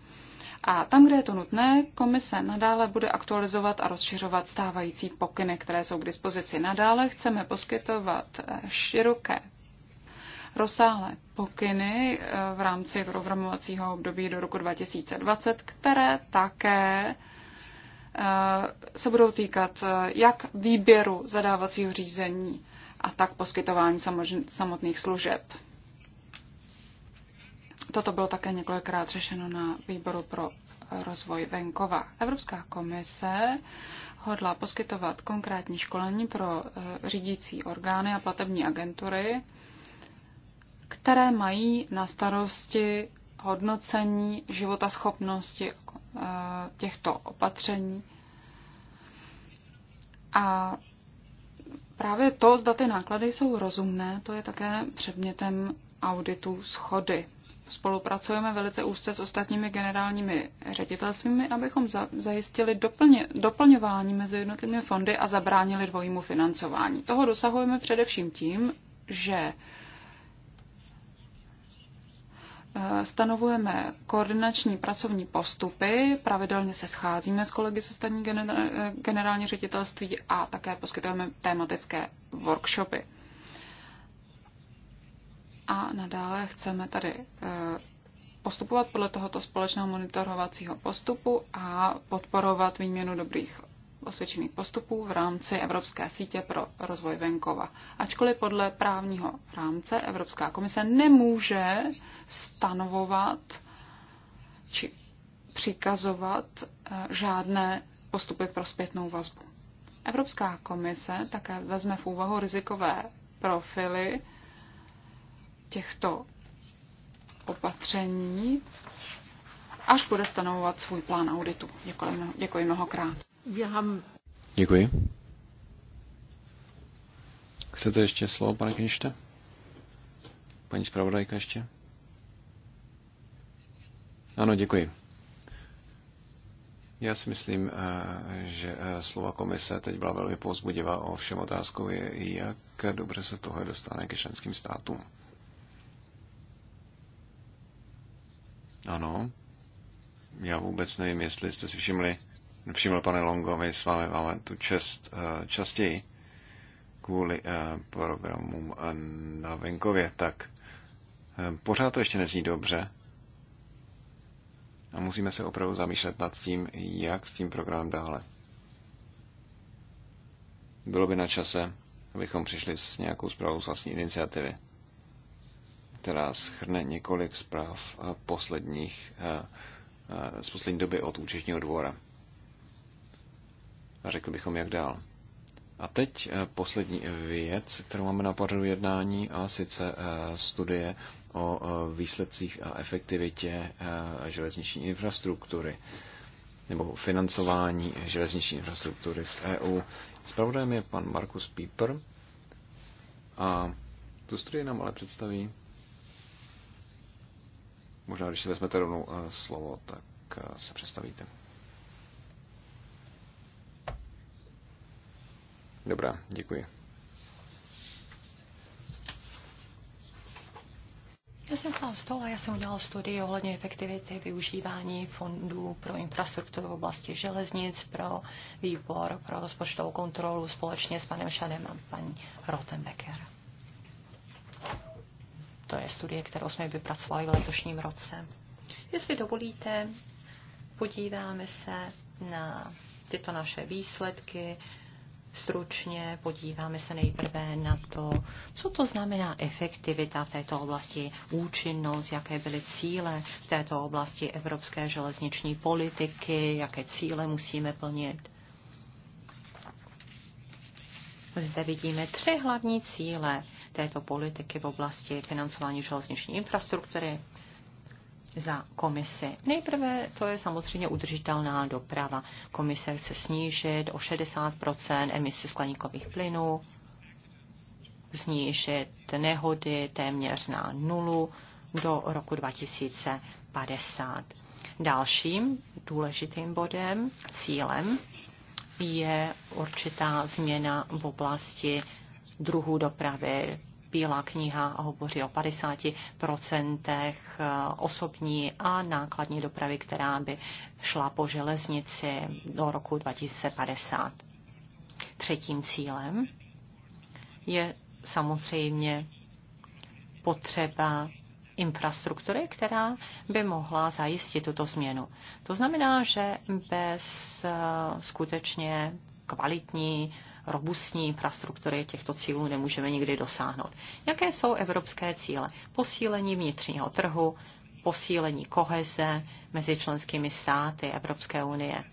a tam, kde je to nutné, komise nadále bude aktualizovat a rozšiřovat stávající pokyny, které jsou k dispozici. Nadále chceme poskytovat eh, široké rozsáhlé pokyny eh, v rámci programovacího období do roku 2020, které také eh, se budou týkat jak výběru zadávacího řízení a tak poskytování samotných služeb. Toto bylo také několikrát řešeno na výboru pro rozvoj venkova. Evropská komise hodla poskytovat konkrétní školení pro eh, řídící orgány a platební agentury, které mají na starosti hodnocení života schopnosti eh, těchto opatření. A právě to, zda ty náklady jsou rozumné, to je také předmětem auditu schody spolupracujeme velice úzce s ostatními generálními ředitelstvími, abychom za, zajistili doplně, doplňování mezi jednotlivými fondy a zabránili dvojímu financování. Toho dosahujeme především tím, že eh, stanovujeme koordinační pracovní postupy, pravidelně se scházíme s kolegy z ostatní eh, generální ředitelství a také poskytujeme tématické workshopy a nadále chceme tady eh, postupovat podle tohoto společného monitorovacího postupu a podporovat výměnu dobrých osvědčených postupů v rámci Evropské sítě pro rozvoj venkova. Ačkoliv podle právního rámce Evropská komise nemůže stanovovat či přikazovat eh, žádné postupy pro zpětnou vazbu. Evropská komise také vezme v úvahu rizikové profily těchto opatření, až bude stanovovat svůj plán auditu. Děkuji, mnoho, děkuji mnohokrát. Děkuji. Chcete ještě slovo, pane Knište? Paní zpravodajka ještě? Ano, děkuji. Já si myslím, eh, že eh, slova komise teď byla velmi povzbudivá o všem otázkou, jak dobře se tohle dostane ke členským státům. Ano. Já vůbec nevím, jestli jste si všimli, všiml pane Longo, my s vámi máme tu čest eh, častěji kvůli eh, programům eh, na venkově, tak pořád to ještě nezní dobře. A musíme se opravdu zamýšlet nad tím, jak s tím programem dále. Bylo by na čase, abychom přišli s nějakou zprávou z vlastní iniciativy která schrne několik zpráv eh, posledních, eh, eh, z poslední doby od účetního dvora. A řekl bychom, jak dál. A teď poslední věc, kterou máme na pořadu jednání, a sice studie o výsledcích a efektivitě železniční infrastruktury nebo financování železniční infrastruktury v EU. Spravodajem je pan Markus Pieper a tu studii nám ale představí Možná, když si vezmete rovnou eh, slovo, tak eh, se představíte. Dobrá, děkuji. Já jsem tam z toho, já jsem udělal studii ohledně efektivity využívání fondů pro infrastrukturu v oblasti železnic pro výbor pro rozpočtovou kontrolu společně s panem Šadem a paní Rotenbecker. To je studie, kterou jsme vypracovali v letošním roce. Jestli dovolíte, podíváme se na tyto naše výsledky, stručně podíváme se nejprve na to, co to znamená efektivita v této oblasti, účinnost, jaké byly cíle v této oblasti evropské železniční politiky, jaké cíle musíme plnit. Zde vidíme tři hlavní cíle této politiky v oblasti financování železniční infrastruktury za komisi. Nejprve to je samozřejmě udržitelná doprava. Komise chce snížit o 60 emisi skleníkových plynů, snížit nehody téměř na nulu do roku 2050. Dalším důležitým bodem, cílem, je určitá změna v oblasti druhů dopravy. Bílá kniha hovoří o 50% eh, osobní a nákladní dopravy, která by šla po železnici do roku 2050. Třetím cílem je samozřejmě potřeba infrastruktury, která by mohla zajistit tuto změnu. To znamená, že bez eh, skutečně kvalitní robustní infrastruktury těchto cílů nemůžeme nikdy dosáhnout. Jaké jsou evropské cíle? Posílení vnitřního trhu, posílení koheze mezi členskými státy Evropské unie.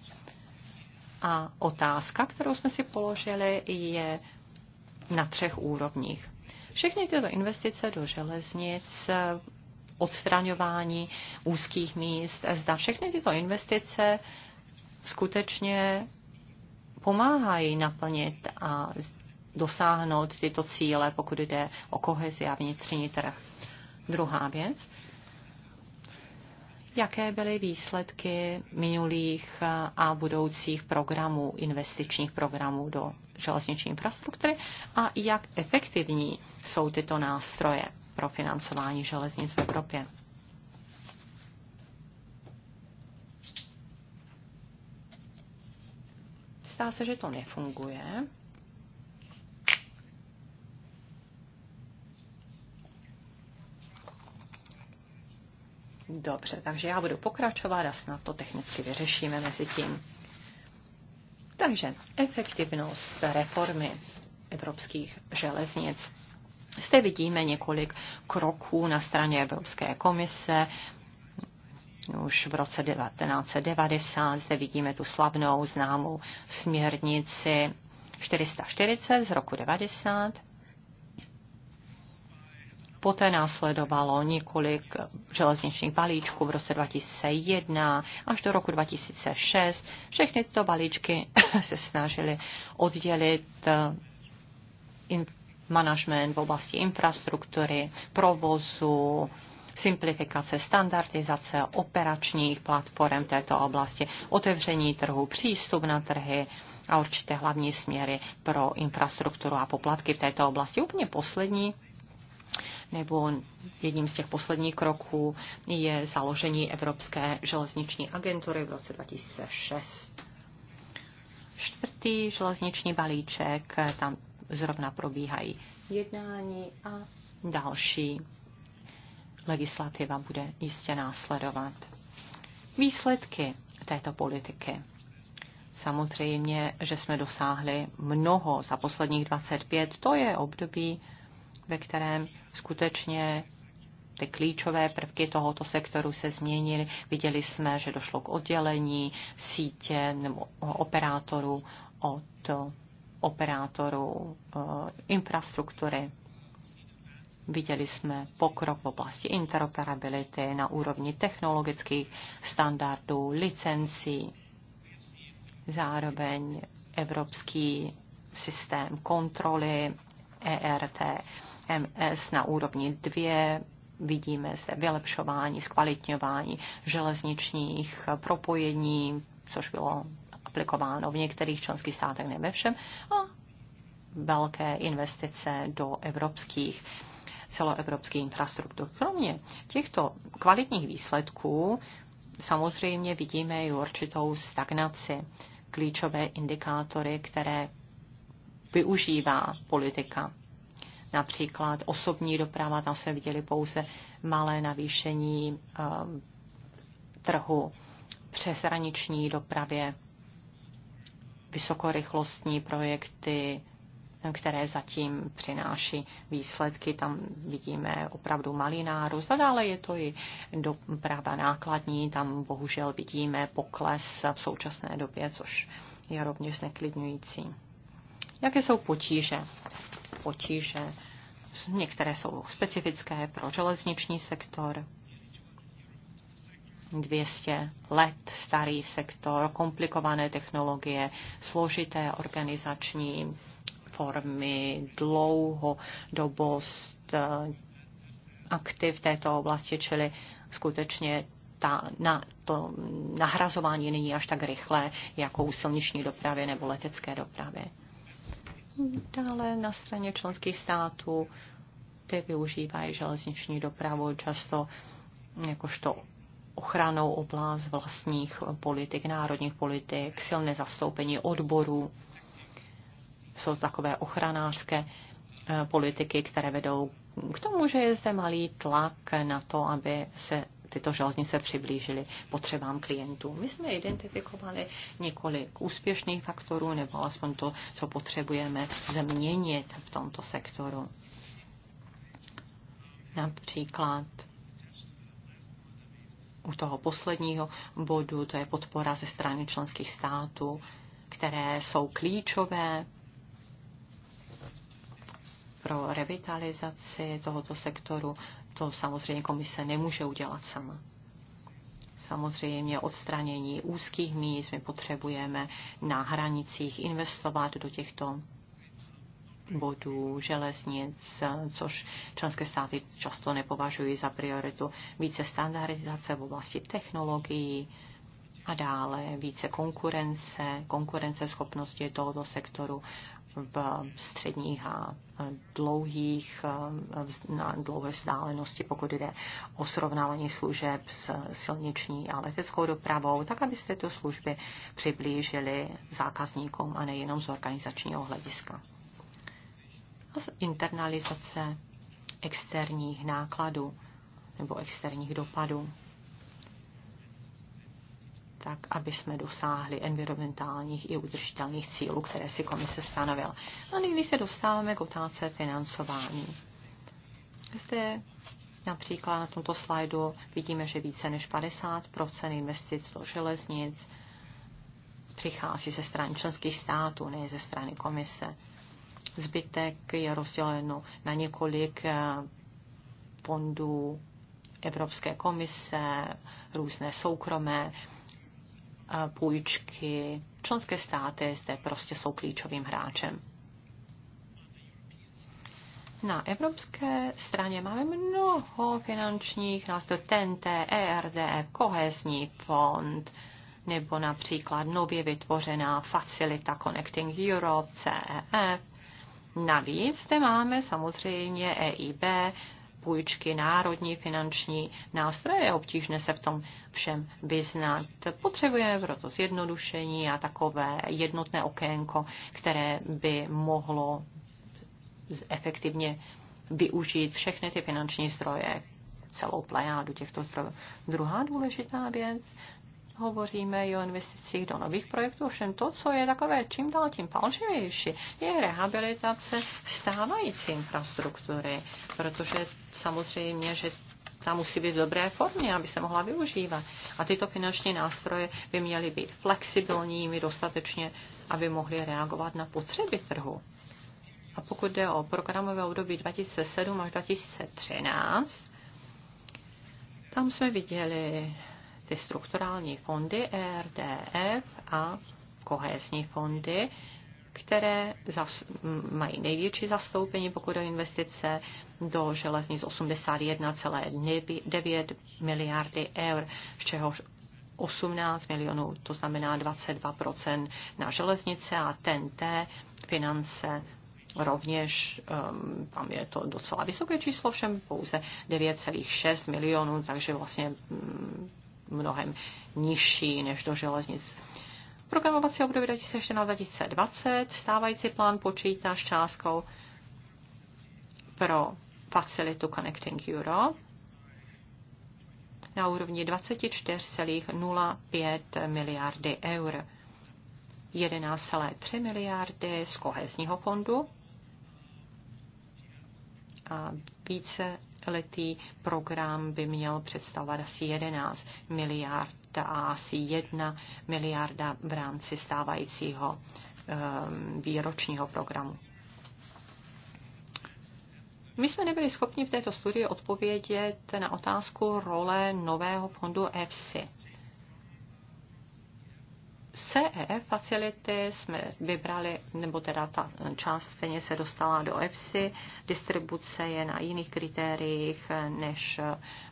A otázka, kterou jsme si položili, je na třech úrovních. Všechny tyto investice do železnic, odstraňování úzkých míst, zda všechny tyto investice skutečně jej naplnit a dosáhnout tyto cíle, pokud jde o kohezi a vnitřní trh. Druhá věc. Jaké byly výsledky minulých a budoucích programů, investičních programů do železniční infrastruktury a jak efektivní jsou tyto nástroje pro financování železnic v Evropě? Zdá se, že to nefunguje. Dobře, takže já budu pokračovat a snad to technicky vyřešíme mezi tím. Takže efektivnost reformy evropských železnic. Zde vidíme několik kroků na straně Evropské komise, už v roce 1990. Zde vidíme tu slavnou známou směrnici 440 z roku 90. Poté následovalo několik železničních balíčků v roce 2001 až do roku 2006. Všechny tyto balíčky se snažily oddělit eh, management v oblasti infrastruktury, provozu, simplifikace, standardizace operačních platform této oblasti, otevření trhu, přístup na trhy a určité hlavní směry pro infrastrukturu a poplatky v této oblasti. Úplně poslední nebo jedním z těch posledních kroků je založení Evropské železniční agentury v roce 2006. Čtvrtý železniční balíček, tam zrovna probíhají jednání a další legislativa bude jistě následovat. Výsledky této politiky. Samozřejmě, že jsme dosáhli mnoho za posledních 25. To je období, ve kterém skutečně ty klíčové prvky tohoto sektoru se změnily. Viděli jsme, že došlo k oddělení sítě nebo operátorů od operátorů eh, infrastruktury Viděli jsme pokrok v oblasti interoperability na úrovni technologických standardů, licencí, zároveň evropský systém kontroly ERTMS na úrovni 2. Vidíme zde vylepšování, zkvalitňování železničních propojení, což bylo aplikováno v některých členských státech, ne ve všem, a velké investice do evropských celoevropské infrastruktury. Kromě těchto kvalitních výsledků samozřejmě vidíme i určitou stagnaci. Klíčové indikátory, které využívá politika. Například osobní doprava, tam jsme viděli pouze malé navýšení ehm, trhu přeshraniční dopravě, vysokorychlostní projekty, které zatím přináší výsledky. Tam vidíme opravdu malý nárůst. A dále je to i doprava nákladní. Tam bohužel vidíme pokles v současné době, což je rovněž neklidňující. Jaké jsou potíže? Potíže. Některé jsou specifické pro železniční sektor, 200 let starý sektor, komplikované technologie, složité organizační reformy, dlouhodobost eh, aktiv této oblasti, čili skutečně ta, na, to nahrazování není až tak rychlé jako u silniční dopravy nebo letecké dopravy. Dále na straně členských států ty využívají železniční dopravu často jakožto ochranou oblast vlastních politik, národních politik, silné zastoupení odborů jsou takové ochranářské eh, politiky, které vedou k tomu, že je zde malý tlak na to, aby se tyto železnice přiblížily potřebám klientů. My jsme identifikovali několik úspěšných faktorů, nebo alespoň to, co potřebujeme změnit v tomto sektoru. Například u toho posledního bodu, to je podpora ze strany členských států, které jsou klíčové pro revitalizaci tohoto sektoru, to samozřejmě komise nemůže udělat sama. Samozřejmě odstranění úzkých míst, my potřebujeme na hranicích investovat do těchto bodů železnic, což členské státy často nepovažují za prioritu. Více standardizace v oblasti technologií a dále více konkurence, konkurenceschopnosti tohoto sektoru v středních a dlouhých, na dlouhé vzdálenosti, pokud jde o srovnávání služeb s silniční a leteckou dopravou, tak abyste tyto služby přiblížili zákazníkům a nejenom z organizačního hlediska. A z internalizace externích nákladů nebo externích dopadů tak aby jsme dosáhli environmentálních i udržitelných cílů, které si komise stanovila. No a nyní se dostáváme k otázce financování. Zde například na tomto slajdu vidíme, že více než 50 investic do železnic přichází ze strany členských států, ne ze strany komise. Zbytek je rozděleno na několik eh, fondů Evropské komise, různé soukromé půjčky. Členské státy zde prostě jsou klíčovým hráčem. Na evropské straně máme mnoho finančních nástrojů, TNT, ERD, kohezní fond, nebo například nově vytvořená facilita Connecting Europe, CEF. Navíc zde máme samozřejmě EIB, půjčky, národní finanční nástroje. Je obtížné se v tom všem vyznat. Potřebujeme proto zjednodušení a takové jednotné okénko, které by mohlo efektivně využít všechny ty finanční zdroje, celou plejádu těchto zdrojů. Druhá důležitá věc, hovoříme i o investicích do nových projektů, ovšem to, co je takové čím dál tím palčivější, je rehabilitace stávající infrastruktury, protože samozřejmě, že ta musí být v dobré formě, aby se mohla využívat. A tyto finanční nástroje by měly být flexibilními dostatečně, aby mohly reagovat na potřeby trhu. A pokud jde o programové období 2007 až 2013, tam jsme viděli ty strukturální fondy ERDF a kohézní fondy, které zas, mm, mají největší zastoupení, pokud o investice do železnic 81,9 miliardy eur, z čehož 18 milionů, to znamená 22 na železnice a TNT finance rovněž, ehm, tam je to docela vysoké číslo, všem pouze 9,6 milionů, takže vlastně mm, mnohem nižší než do železnic. Programovací období 2014-2020 stávající plán počítá s částkou pro facilitu Connecting Europe na úrovni 24,05 miliardy eur, 11,3 miliardy z kohezního fondu a více letý program by měl představovat asi 11 miliard a asi 1 miliarda v rámci stávajícího ehm, výročního programu. My jsme nebyli schopni v této studii odpovědět na otázku role nového fondu EFSI. CE e facility jsme vybrali, nebo teda ta část peněz se dostala do EFSI, distribuce je na jiných kritériích než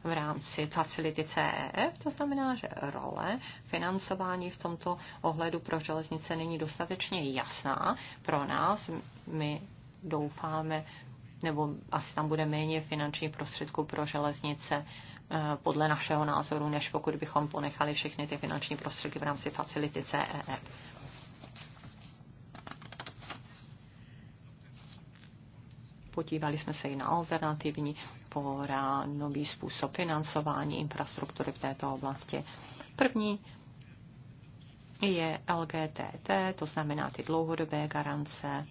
v rámci facility CEF, e. to znamená, že role financování v tomto ohledu pro železnice není dostatečně jasná pro nás. My doufáme, nebo asi tam bude méně finančních prostředků pro železnice Eh, podle našeho názoru, než pokud bychom ponechali všechny ty finanční prostředky v rámci facility CEE. E. Podívali jsme se i na alternativní pora nový způsob financování infrastruktury v této oblasti. První je LGTT, to znamená ty dlouhodobé garance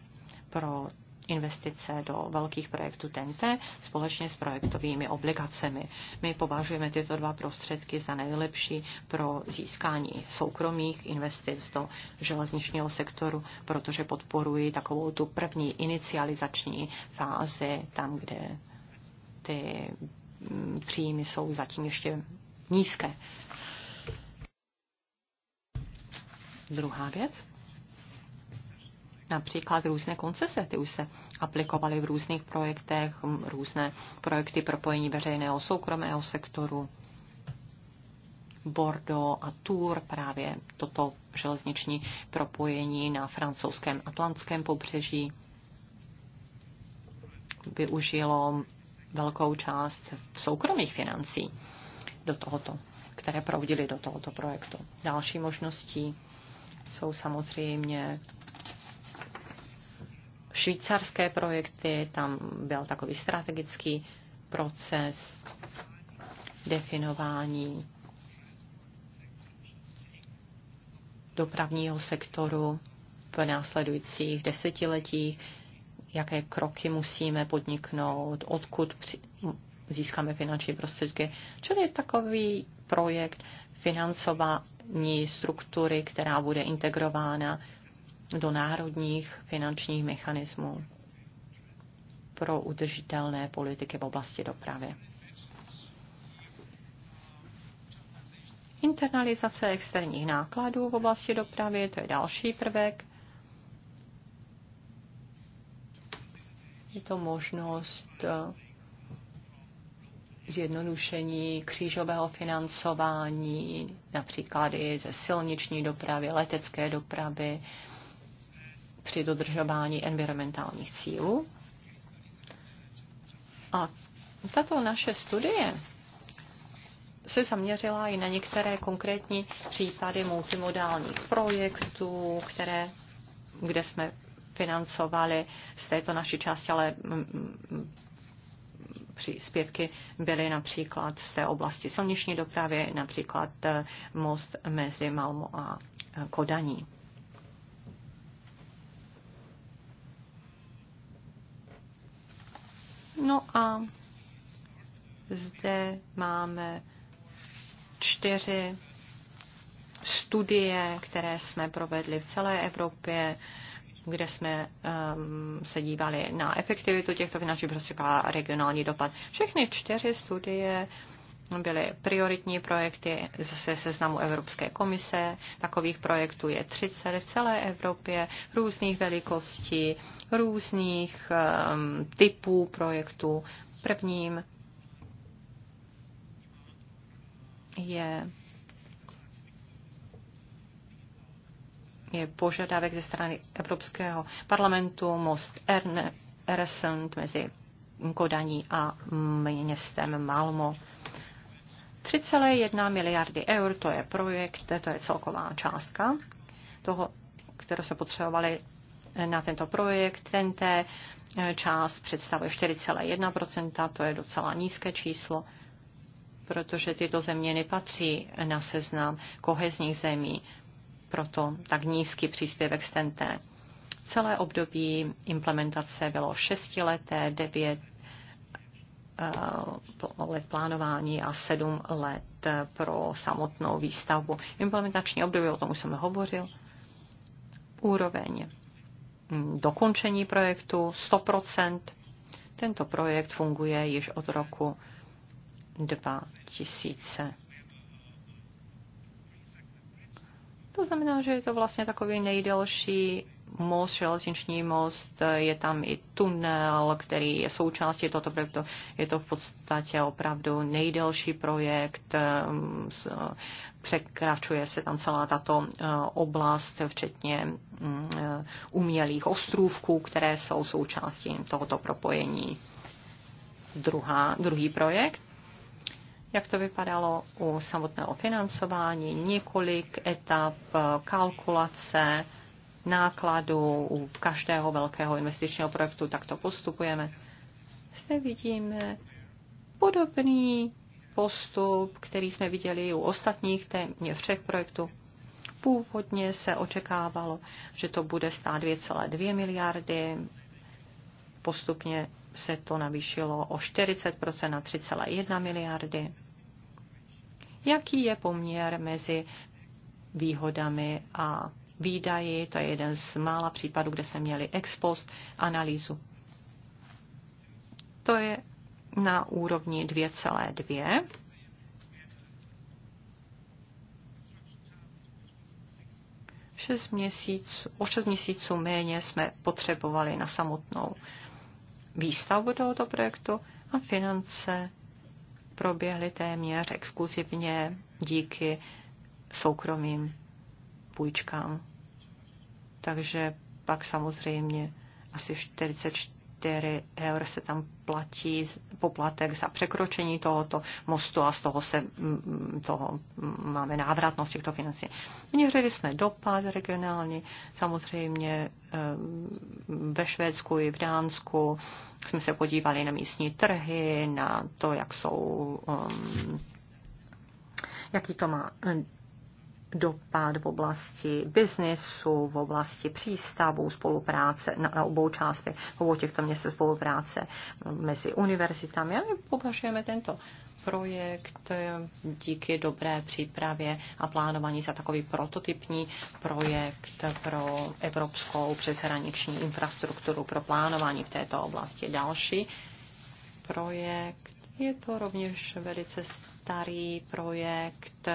pro investice do velkých projektů TNT společně s projektovými obligacemi. My považujeme tyto dva prostředky za nejlepší pro získání soukromých investic do železničního sektoru, protože podporují takovou tu první inicializační fázi, tam, kde ty mm, příjmy jsou zatím ještě nízké. Druhá věc například různé koncese, ty už se aplikovaly v různých projektech, různé projekty propojení veřejného soukromého sektoru, Bordeaux a Tour, právě toto železniční propojení na francouzském atlantském pobřeží využilo velkou část soukromých financí do tohoto, které proudily do tohoto projektu. Další možností jsou samozřejmě švýcarské projekty, tam byl takový strategický proces definování dopravního sektoru v následujících desetiletích, jaké kroky musíme podniknout, odkud získáme finanční prostředky. Čili je takový projekt financování struktury, která bude integrována do národních finančních mechanismů pro udržitelné politiky v oblasti dopravy. Internalizace externích nákladů v oblasti dopravy, to je další prvek. Je to možnost eh, zjednodušení křížového financování, například i ze silniční dopravy, letecké dopravy, při dodržování environmentálních cílů. A tato naše studie se zaměřila i na některé konkrétní případy multimodálních projektů, které, kde jsme financovali z této naší části, ale mm, mm, mm, příspěvky byly například z té oblasti silniční dopravy, například eh, most mezi Malmo a eh, Kodaní. No a zde máme čtyři studie, které jsme provedli v celé Evropě, kde jsme um, se dívali na efektivitu těchto finančních prostředků a regionální dopad. Všechny čtyři studie um, byly prioritní projekty ze seznamu Evropské komise. Takových projektů je 30 v celé Evropě, různých velikostí, různých um, typů projektů. Prvním je je požadavek ze strany Evropského parlamentu most Ernest mezi Kodaní a městem Malmo. 3,1 miliardy eur, to je projekt, to je celková částka toho, kterou se potřebovali na tento projekt. Tento eh, část představuje 4,1%, to je docela nízké číslo, protože tyto země nepatří na seznam kohezních zemí, proto tak nízký příspěvek z tento. Celé období implementace bylo 6 leté, 9 Eh, let plánování a sedm let eh, pro samotnou výstavbu. Implementační období, o tom už jsem hovořil. Úroveň hm, dokončení projektu 100%. Tento projekt funguje již od roku 2000. To znamená, že je to vlastně takový nejdelší most, železniční most, je tam i tunel, který je součástí tohoto projektu. Je to v podstatě opravdu nejdelší projekt, um, překračuje se tam celá tato uh, oblast, včetně um, uh, umělých ostrůvků, které jsou součástí tohoto propojení. Druhá, druhý projekt jak to vypadalo u samotného financování, několik etap uh, kalkulace, nákladů u každého velkého investičního projektu, tak to postupujeme. Zde vidíme eh, podobný postup, který jsme viděli u ostatních téměř všech projektů. Původně se očekávalo, že to bude stát 2,2 miliardy, postupně se to navýšilo o 40% na 3,1 miliardy. Jaký je poměr mezi výhodami a výdaji. To je jeden z mála případů, kde se měli ex post analýzu. To je na úrovni 2,2. Šest měsíců, o 6 měsíců méně jsme potřebovali na samotnou výstavbu tohoto projektu a finance proběhly téměř exkluzivně díky soukromým půjčkám. Takže pak samozřejmě asi 44 eur se tam platí poplatek za překročení tohoto mostu a z toho, se, toho máme návratnost těchto financí. Měřili jsme dopad regionální, samozřejmě eh, ve Švédsku i v Dánsku jsme se podívali na místní trhy, na to, jak jsou ehm, jaký to má dopad v oblasti biznesu, v oblasti přístavů, spolupráce na, na obou částech, v obou těchto městech spolupráce mezi univerzitami. A my považujeme tento projekt eh, díky dobré přípravě a plánování za takový prototypní projekt pro evropskou přeshraniční infrastrukturu pro plánování v této oblasti. Další projekt je to rovněž velice starý projekt,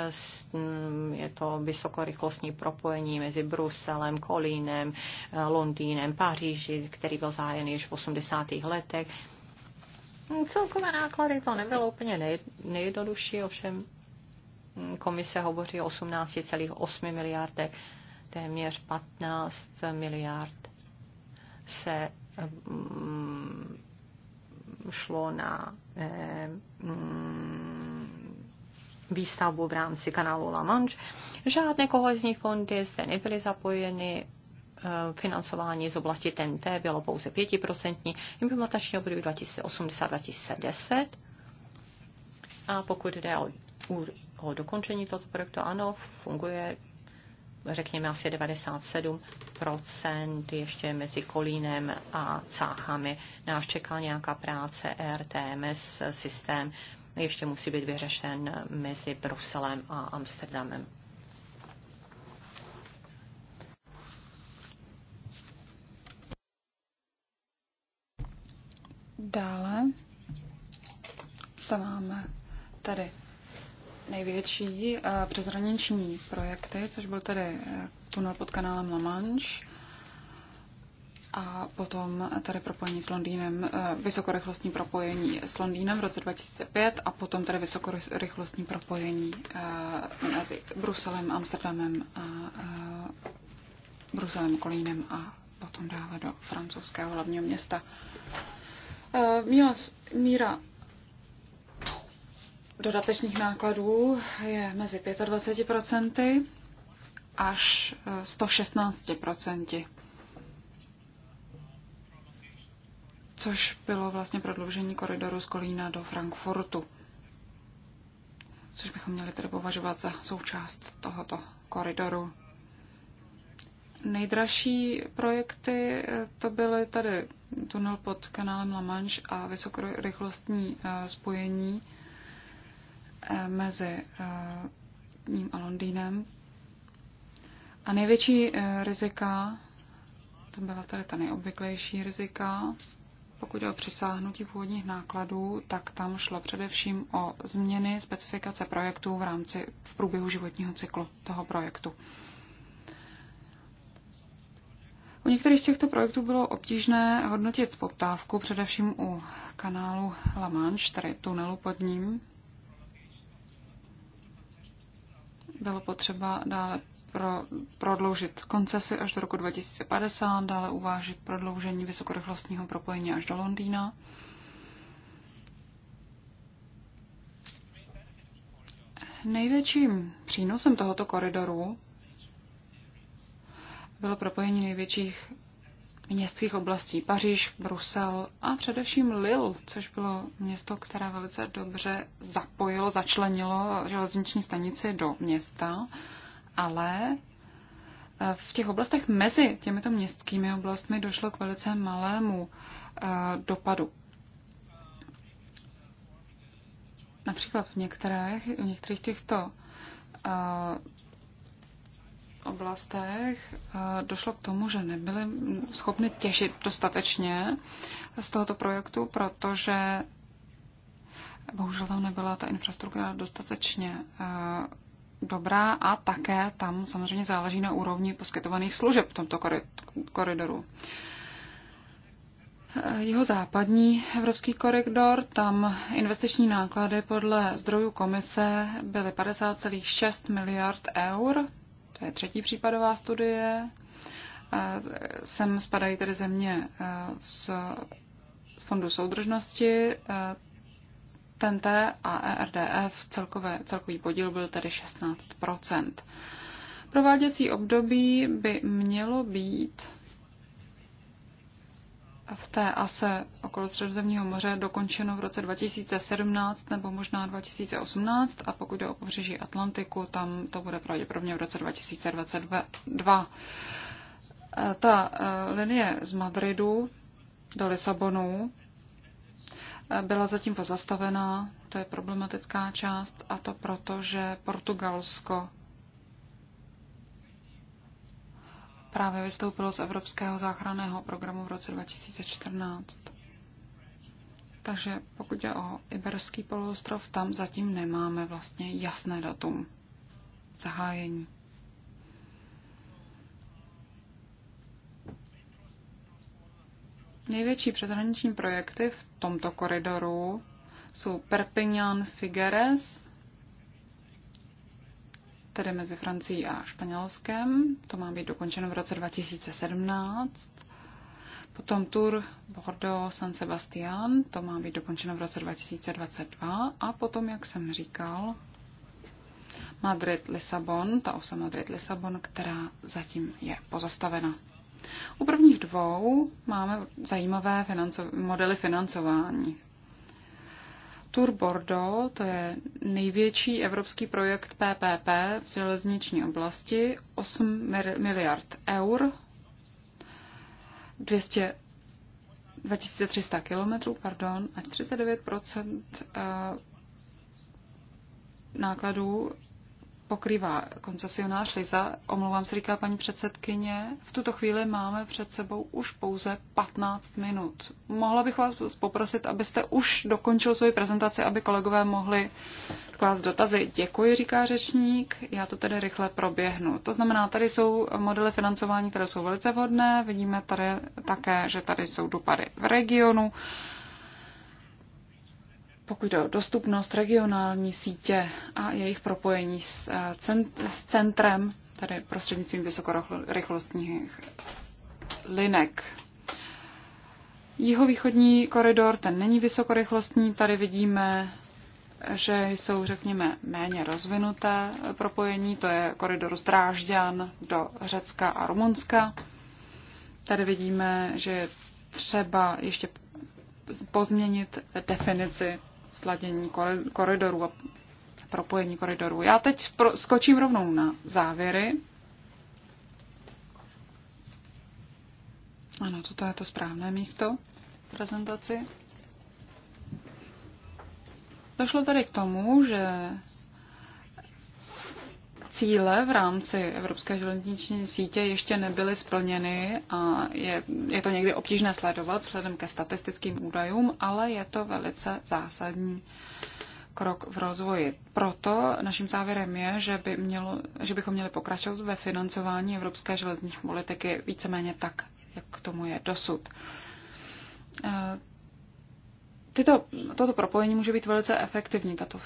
mm, je to vysokorychlostní propojení mezi Bruselem, Kolínem, eh, Londýnem, Paříži, který byl zahájen již v 80. letech. Mm, Celkové náklady to nebylo úplně nej, nejjednodušší, ovšem mm, komise hovoří o 18,8 miliardech, téměř 15 miliard se um, šlo na eh, mm, výstavbu v rámci kanálu La Manche. Žádné kohezní fondy zde nebyly zapojeny, eh, financování z oblasti TNT bylo pouze 5%, implementační období 2080-2010. A pokud jde o, o dokončení tohoto projektu, ano, funguje řekněme asi 97% ještě mezi Kolínem a Cáchami. Nás čeká nějaká práce RTMS systém, ještě musí být vyřešen mezi Bruselem a Amsterdamem. Dále zde máme tady největší eh, přezraniční projekty, což byl tedy eh, tunel pod kanálem La Manche a potom tady propojení s Londýnem, eh, vysokorychlostní propojení s Londýnem v roce 2005 a potom tady vysokorychlostní propojení mezi Bruselem, Amsterdamem a Bruselem, Kolínem a potom dále do francouzského hlavního města. Míla, míra dodatečných nákladů je mezi 25% až 116%, e, což bylo vlastně prodloužení koridoru z Kolína do Frankfurtu, což bychom měli tedy považovat za součást tohoto koridoru. Nejdražší projekty e, to byly tady tunel pod kanálem La Manche a vysokorychlostní e, spojení Eh, mezi eh, ním a Londýnem. A největší eh, rizika, to byla tady ta nejobvyklejší rizika, pokud je o přesáhnutí původních nákladů, tak tam šlo především o změny specifikace projektů v rámci v průběhu životního cyklu toho projektu. U některých z těchto projektů bylo obtížné hodnotit poptávku, především u kanálu La Manche, tedy tunelu pod ním, bylo potřeba dále pro, prodloužit koncesy až do roku 2050, dále uvážit prodloužení vysokorychlostního propojení až do Londýna. Největším přínosem tohoto koridoru bylo propojení největších městských oblastí. Paříž, Brusel a především Lille, což bylo město, které velice dobře zapojilo, začlenilo železniční stanici do města, ale eh, v těch oblastech mezi těmito městskými oblastmi došlo k velice malému eh, dopadu. Například v, některých, v některých těchto eh, oblastech eh, došlo k tomu, že nebyly schopny těžit dostatečně z tohoto projektu, protože bohužel tam nebyla ta infrastruktura dostatečně eh, dobrá a také tam samozřejmě záleží na úrovni poskytovaných služeb v tomto koridoru. Eh, jeho západní evropský koridor, tam investiční náklady podle zdrojů komise byly 50,6 miliard eur to je třetí případová studie. Eh, sem spadají tedy země eh, z Fondu soudržnosti. TNT eh, a ERDF celkové, celkový podíl byl tedy 16 Prováděcí období by mělo být v té ase okolo Středozemního moře dokončeno v roce 2017 nebo možná 2018 a pokud jde o pobřeží Atlantiku, tam to bude pravděpodobně v roce 2022. E, ta e, linie z Madridu do Lisabonu e, byla zatím pozastavená, to je problematická část, a to proto, že Portugalsko právě vystoupilo z Evropského záchranného programu v roce 2014. Takže pokud je o Iberský poloostrov, tam zatím nemáme vlastně jasné datum zahájení. Největší přeshraniční projekty v tomto koridoru jsou Perpignan Figueres tedy mezi Francií a Španělskem. To má být dokončeno v roce 2017. Potom Tour Bordeaux San Sebastian, to má být dokončeno v roce 2022. A potom, jak jsem říkal, Madrid-Lisabon, ta osa Madrid-Lisabon, která zatím je pozastavena. U prvních dvou máme zajímavé financo- modely financování. Tour Bordeaux, to je největší evropský projekt PPP v železniční oblasti, 8 miliard eur, 200 2300 kilometrů, pardon, a 39 eh, nákladů pokrývá koncesionář Liza. Omlouvám se, říká paní předsedkyně. V tuto chvíli máme před sebou už pouze 15 minut. Mohla bych vás poprosit, abyste už dokončil svoji prezentaci, aby kolegové mohli klást dotazy. Děkuji, říká řečník. Já to tedy rychle proběhnu. To znamená, tady jsou modely financování, které jsou velice vhodné. Vidíme tady také, že tady jsou dopady v regionu pokud jde o dostupnost regionální sítě a jejich propojení s, eh, cent, s centrem, tady prostřednictvím vysokorychlostních linek. Jihovýchodní koridor, ten není vysokorychlostní, tady vidíme, že jsou, řekněme, méně rozvinuté propojení, to je koridor z Drážďan do Řecka a Rumunska. Tady vidíme, že je třeba ještě pozměnit definici sladění koridorů a propojení koridorů. Já teď skočím rovnou na závěry. Ano, toto je to správné místo v prezentaci. Došlo tady k tomu, že cíle v rámci Evropské železniční sítě ještě nebyly splněny a je, je to někdy obtížné sledovat vzhledem ke statistickým údajům, ale je to velice zásadní krok v rozvoji. Proto naším závěrem je, že, by mělo, že bychom měli pokračovat ve financování evropské železniční politiky víceméně tak, jak k tomu je dosud. E, tyto, toto propojení může být velice efektivní, tato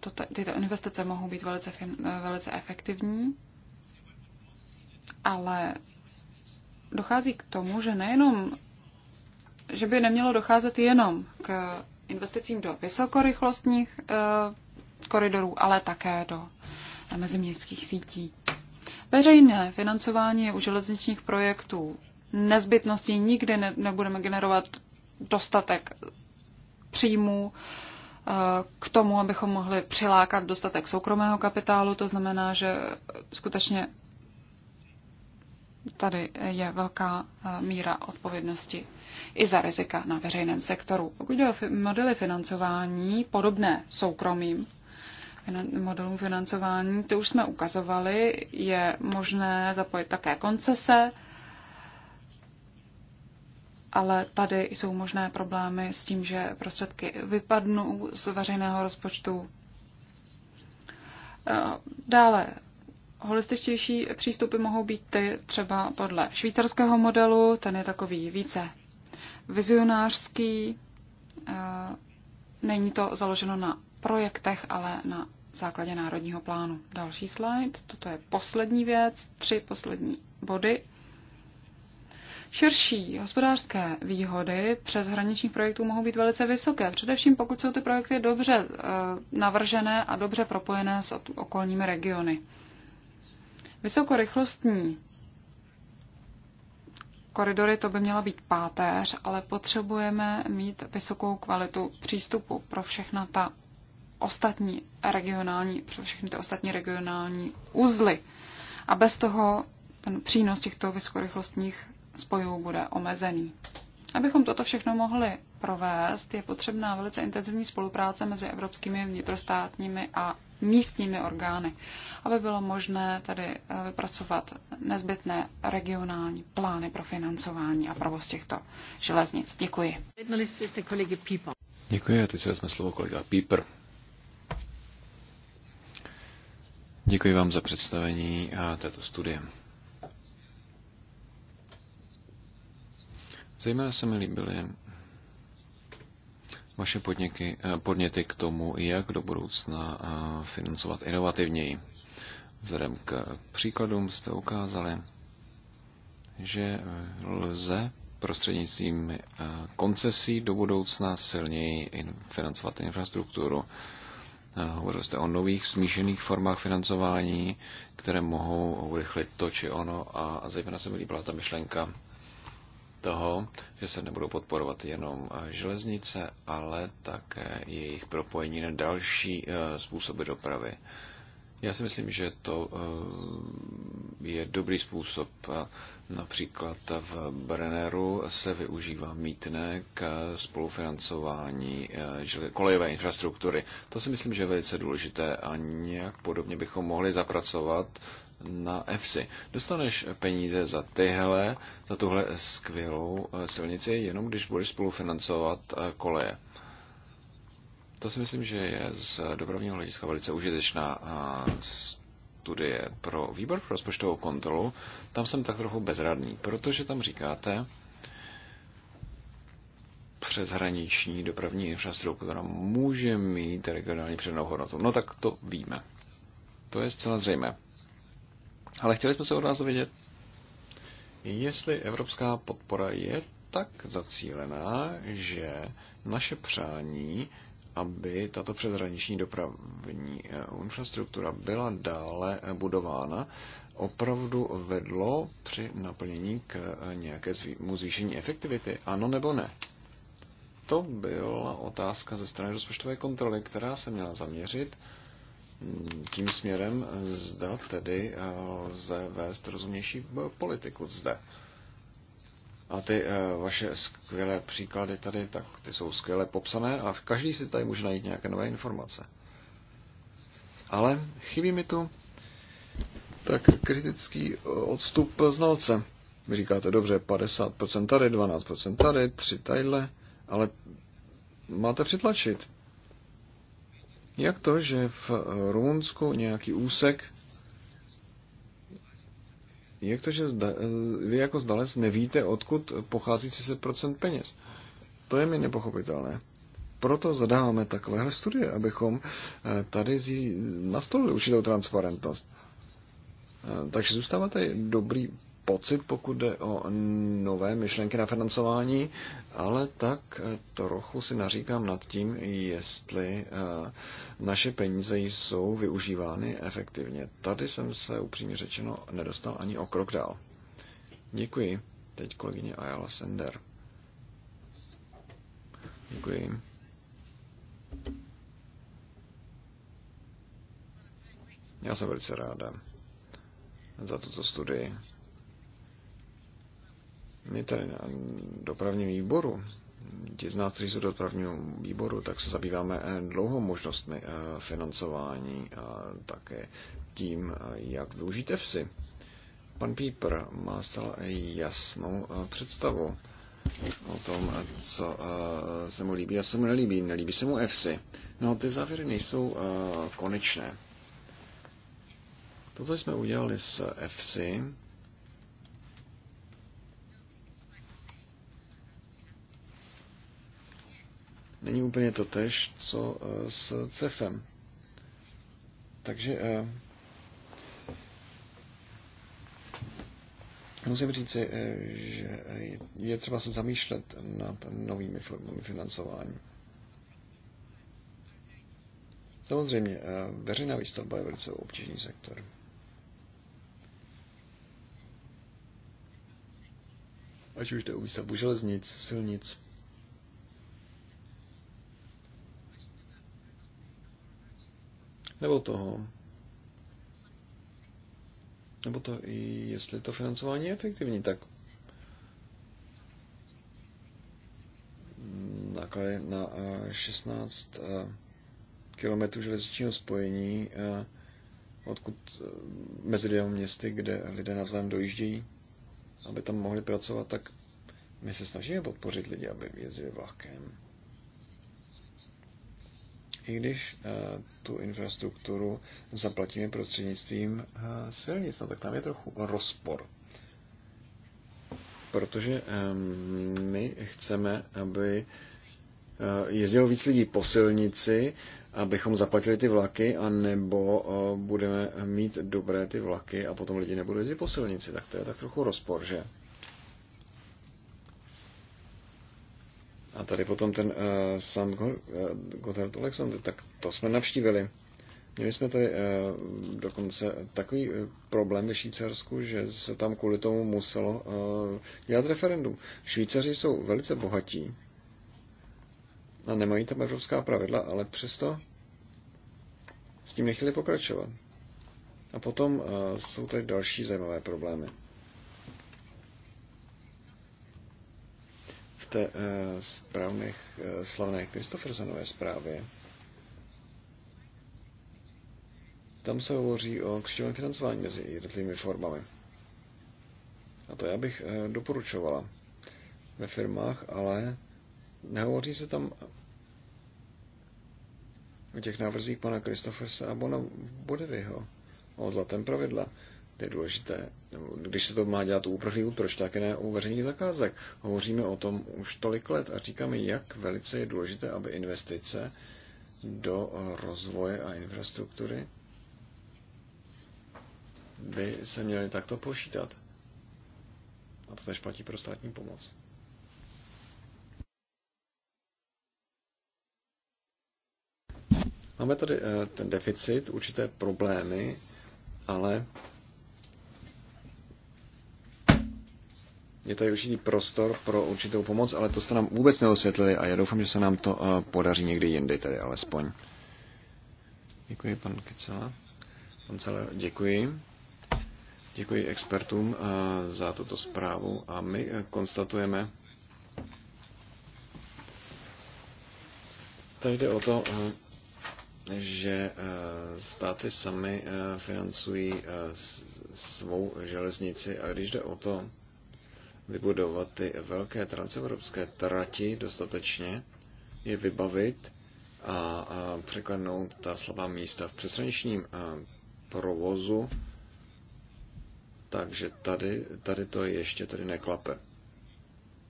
to, tyto investice mohou být velice, eh, velice efektivní, ale dochází k tomu, že nejenom, že by nemělo docházet jenom k investicím do vysokorychlostních eh, koridorů, ale také do meziměstských sítí. Veřejné financování u železničních projektů nezbytností nikdy ne, nebudeme generovat dostatek příjmů k tomu, abychom mohli přilákat dostatek soukromého kapitálu. To znamená, že skutečně tady je velká eh, míra odpovědnosti i za rizika na veřejném sektoru. Pokud jde o modely financování podobné soukromým modelům financování, to už jsme ukazovali, je možné zapojit také koncese, ale tady jsou možné problémy s tím, že prostředky vypadnou z veřejného rozpočtu. Eh, dále, holističtější přístupy mohou být ty třeba podle švýcarského modelu, ten je takový více vizionářský, eh, není to založeno na projektech, ale na základě národního plánu. Další slide, toto je poslední věc, tři poslední body. Širší hospodářské výhody přes hraničních projektů mohou být velice vysoké, především pokud jsou ty projekty dobře eh, navržené a dobře propojené s okolními regiony. Vysokorychlostní koridory to by měla být páteř, ale potřebujeme mít vysokou kvalitu přístupu pro všechna ta ostatní regionální, pro všechny ty ostatní regionální uzly. A bez toho ten přínos těchto vysokorychlostních spojů bude omezený. Abychom toto všechno mohli provést, je potřebná velice intenzivní spolupráce mezi evropskými vnitrostátními a místními orgány, aby bylo možné tady eh, vypracovat nezbytné regionální plány pro financování a provoz těchto železnic. Děkuji. Děkuji a teď se vezme slovo kolega Píper. Děkuji vám za představení a eh, této studie. Zejména se mi líbily vaše podniky, eh, podněty k tomu, jak do budoucna eh, financovat inovativněji. Vzhledem k příkladům jste ukázali, že eh, lze prostřednictvím koncesí do budoucna silněji financovat infrastrukturu. Hovořil jste o nových smíšených formách financování, které mohou urychlit to či ono a zejména se mi líbila ta myšlenka toho, že se nebudou podporovat jenom eh, železnice, ale také jejich propojení na další eh, způsoby dopravy. Já si myslím, že to eh, je dobrý způsob. Například v Brenneru se využívá mítné k spolufinancování kolejové infrastruktury. To si myslím, že je velice důležité a nějak podobně bychom mohli zapracovat na EFSI. Dostaneš peníze za tyhle, za tuhle skvělou eh, silnici, jenom když budeš spolufinancovat eh, koleje. To si myslím, že je z dopravního hlediska velice užitečná eh, studie pro výbor pro rozpočtovou kontrolu. Tam jsem tak trochu bezradný, protože tam říkáte, přeshraniční dopravní infrastruktura může mít regionální přednou hodnotu. No tak to víme. To je zcela zřejmé. Ale chtěli jsme se od vás dovědět, jestli evropská podpora je tak zacílená, že naše přání, aby tato přeshraniční dopravní eh, infrastruktura byla dále eh, budována, opravdu vedlo při naplnění k eh, nějakému zvýšení efektivity? Ano nebo ne? To byla otázka ze strany rozpočtové kontroly, která se měla zaměřit tím směrem, zda tedy eh, lze vést rozumnější eh, politiku zde. A ty eh, vaše skvělé příklady tady, tak ty jsou skvěle popsané a každý si tady může najít nějaké nové informace. Ale chybí mi tu tak kritický odstup znalce. Vy říkáte, dobře, 50% tady, 12% tady, 3 tadyhle, ale máte přitlačit. Jak to, že v eh, Rumunsku nějaký úsek, jak to, že zda, eh, vy jako zdalec nevíte, odkud pochází 30% peněz? To je mi nepochopitelné. Proto zadáváme takovéhle studie, abychom eh, tady nastolili určitou transparentnost. Takže zůstává tady dobrý pocit, pokud jde o nové myšlenky na financování, ale tak eh, trochu si naříkám nad tím, jestli eh, naše peníze jsou využívány efektivně. Tady jsem se upřímně řečeno nedostal ani o krok dál. Děkuji. Teď kolegyně Ayala Sender. Děkuji. Já jsem velice ráda za tuto studii my tady na dopravním výboru, ti z nás, kteří jsou do dopravního výboru, tak se zabýváme eh, dlouho možnostmi eh, financování a také tím, eh, jak využít EFSI. Pan Píper má zcela jasnou představu o tom, co se mu líbí a co mu nelíbí. Nelíbí se mu EFSI. No, ty závěry nejsou konečné. To, co jsme udělali s EFSI, není úplně to tež, co eh, s CEFem. Takže eh, musím říci, eh, že je třeba se zamýšlet nad novými formami financování. Samozřejmě, veřejná výstavba je velice obtížný sektor. Ať už jde o výstavbu železnic, silnic, nebo toho, nebo to i jestli to financování je efektivní, tak náklady na 16 eh, eh, kilometrů železničního spojení, eh, odkud mezi dvěma městy, kde lidé navzájem dojíždějí, aby tam mohli pracovat, tak my se snažíme podpořit lidi, aby jezdili vlakem i když eh, tu infrastrukturu zaplatíme prostřednictvím eh, silnic. No tak tam je trochu rozpor. Protože ehm, my chceme, aby eh, jezdilo víc lidí po silnici, abychom zaplatili ty vlaky, anebo budeme mít dobré ty vlaky a potom lidi nebudou jezdit po silnici. Tak to je tak trochu rozpor, že? A tady potom ten uh, eh, San eh, Gotthard Alexander, tak to jsme navštívili. Měli jsme tady uh, dokonce takový uh, problém ve Švýcarsku, že se tam kvůli tomu muselo uh, dělat referendum. Švýcaři jsou velice bohatí a nemají tam evropská pravidla, ale přesto s tím nechtěli pokračovat. A potom uh, jsou tady další zajímavé problémy. té eh, správných, eh, slavné Kristofersonové zprávě, tam se hovoří o křižovém financování mezi jednotlivými formami. A to já bych eh, doporučovala ve firmách, ale nehovoří se tam o těch návrzích pana Kristofersa a Bona Bodevyho, o zlatém pravidla. To je důležité. Když se to má dělat u uprchlíků, proč také ne u veřejných zakázek? Hovoříme o tom už tolik let a říkáme, jak velice je důležité, aby investice do rozvoje a infrastruktury by se měly takto počítat. A to tež platí pro státní pomoc. Máme tady eh, ten deficit, určité problémy, ale je tady určitý prostor pro určitou pomoc, ale to jste nám vůbec neosvětlili a já doufám, že se nám to eh, podaří někdy jindy tady alespoň. Děkuji, pan Kicela. Pan Celer, děkuji. Děkuji expertům eh, za tuto zprávu a my eh, konstatujeme, tady jde o to, že státy sami financují svou železnici a když jde o to, vybudovat ty velké transevropské trati dostatečně, je vybavit a, a překlenout ta slabá místa v přesraničním provozu, takže tady, tady to ještě tady neklape.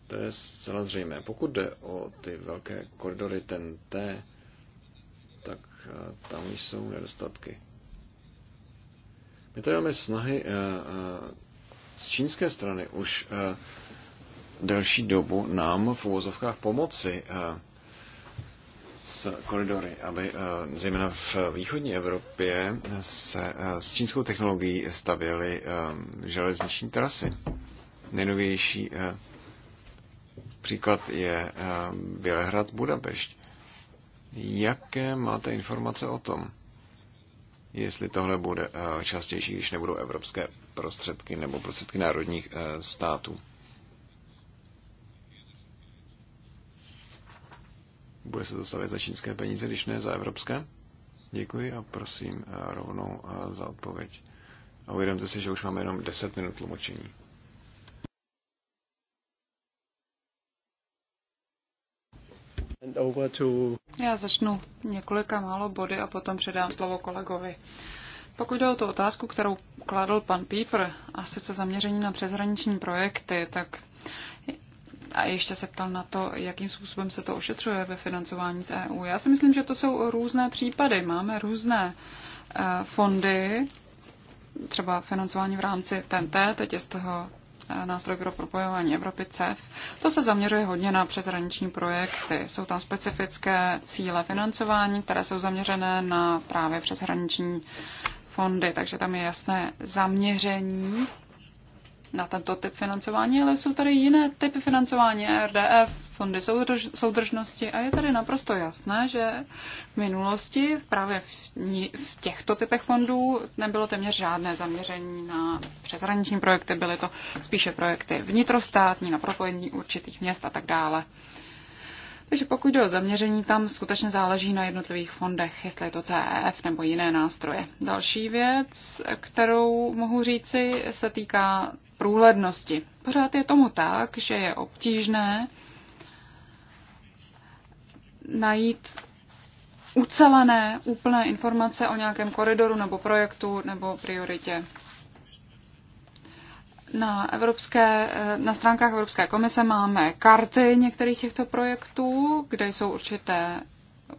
To je zcela zřejmé. Pokud jde o ty velké koridory ten T, tak tam jsou nedostatky. My tady máme snahy z čínské strany už eh, delší dobu nám v uvozovkách pomoci eh, s koridory, aby eh, zejména v východní Evropě se s čínskou technologií stavěly železniční trasy. Nejnovější příklad je Bělehrad Budapešť. Jaké máte informace o tom? jestli tohle bude eh, častější, když nebudou evropské prostředky nebo prostředky národních eh, států. Bude se to stavět za čínské peníze, když ne za evropské? Děkuji a prosím eh, rovnou za odpověď. A uvědomte si, že už máme jenom 10 minut tlumočení. Já začnu několika málo body a potom předám slovo kolegovi. Pokud jde o tu otázku, kterou kladl pan Píper, a sice zaměření na přeshraniční projekty, tak a ještě se ptal na to, jakým způsobem se to ošetřuje ve financování z EU. Já si myslím, že to jsou různé případy. Máme různé eh, fondy, třeba financování v rámci TNT, teď je z toho nástroj pro propojování Evropy CEF. To se zaměřuje hodně na přeshraniční projekty. Jsou tam specifické cíle financování, které jsou zaměřené na právě přeshraniční fondy, takže tam je jasné zaměření na tento typ financování, ale jsou tady jiné typy financování, RDF, fondy soudrž, soudržnosti a je tady naprosto jasné, že v minulosti právě v, v těchto typech fondů nebylo téměř žádné zaměření na přeshraniční projekty, byly to spíše projekty vnitrostátní, na propojení určitých měst a tak dále. Takže pokud jde o zaměření, tam skutečně záleží na jednotlivých fondech, jestli je to CEF nebo jiné nástroje. Další věc, kterou mohu říci, se týká průhlednosti. Pořád je tomu tak, že je obtížné najít ucelené, úplné informace o nějakém koridoru nebo projektu nebo prioritě. Na, evropské, na stránkách Evropské komise máme karty některých těchto projektů, kde jsou určité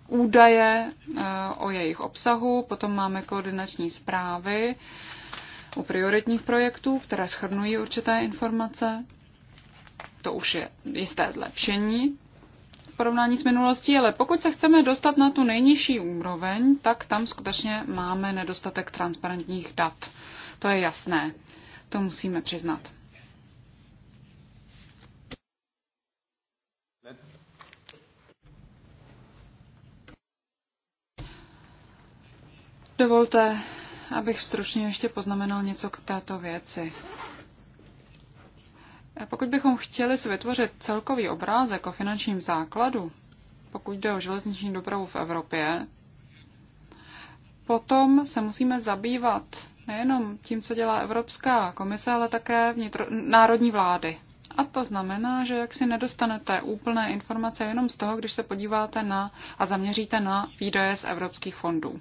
údaje eh, o jejich obsahu, potom máme koordinační zprávy, u prioritních projektů, které schrnují určité informace. To už je jisté zlepšení v porovnání s minulostí, ale pokud se chceme dostat na tu nejnižší úroveň, tak tam skutečně máme nedostatek transparentních dat. To je jasné. To musíme přiznat. Dovolte, abych stručně ještě poznamenal něco k této věci. Pokud bychom chtěli si vytvořit celkový obrázek o finančním základu, pokud jde o železniční dopravu v Evropě, potom se musíme zabývat nejenom tím, co dělá Evropská komise, ale také vnitro, národní vlády. A to znamená, že jak si nedostanete úplné informace jenom z toho, když se podíváte na a zaměříte na výdaje z evropských fondů.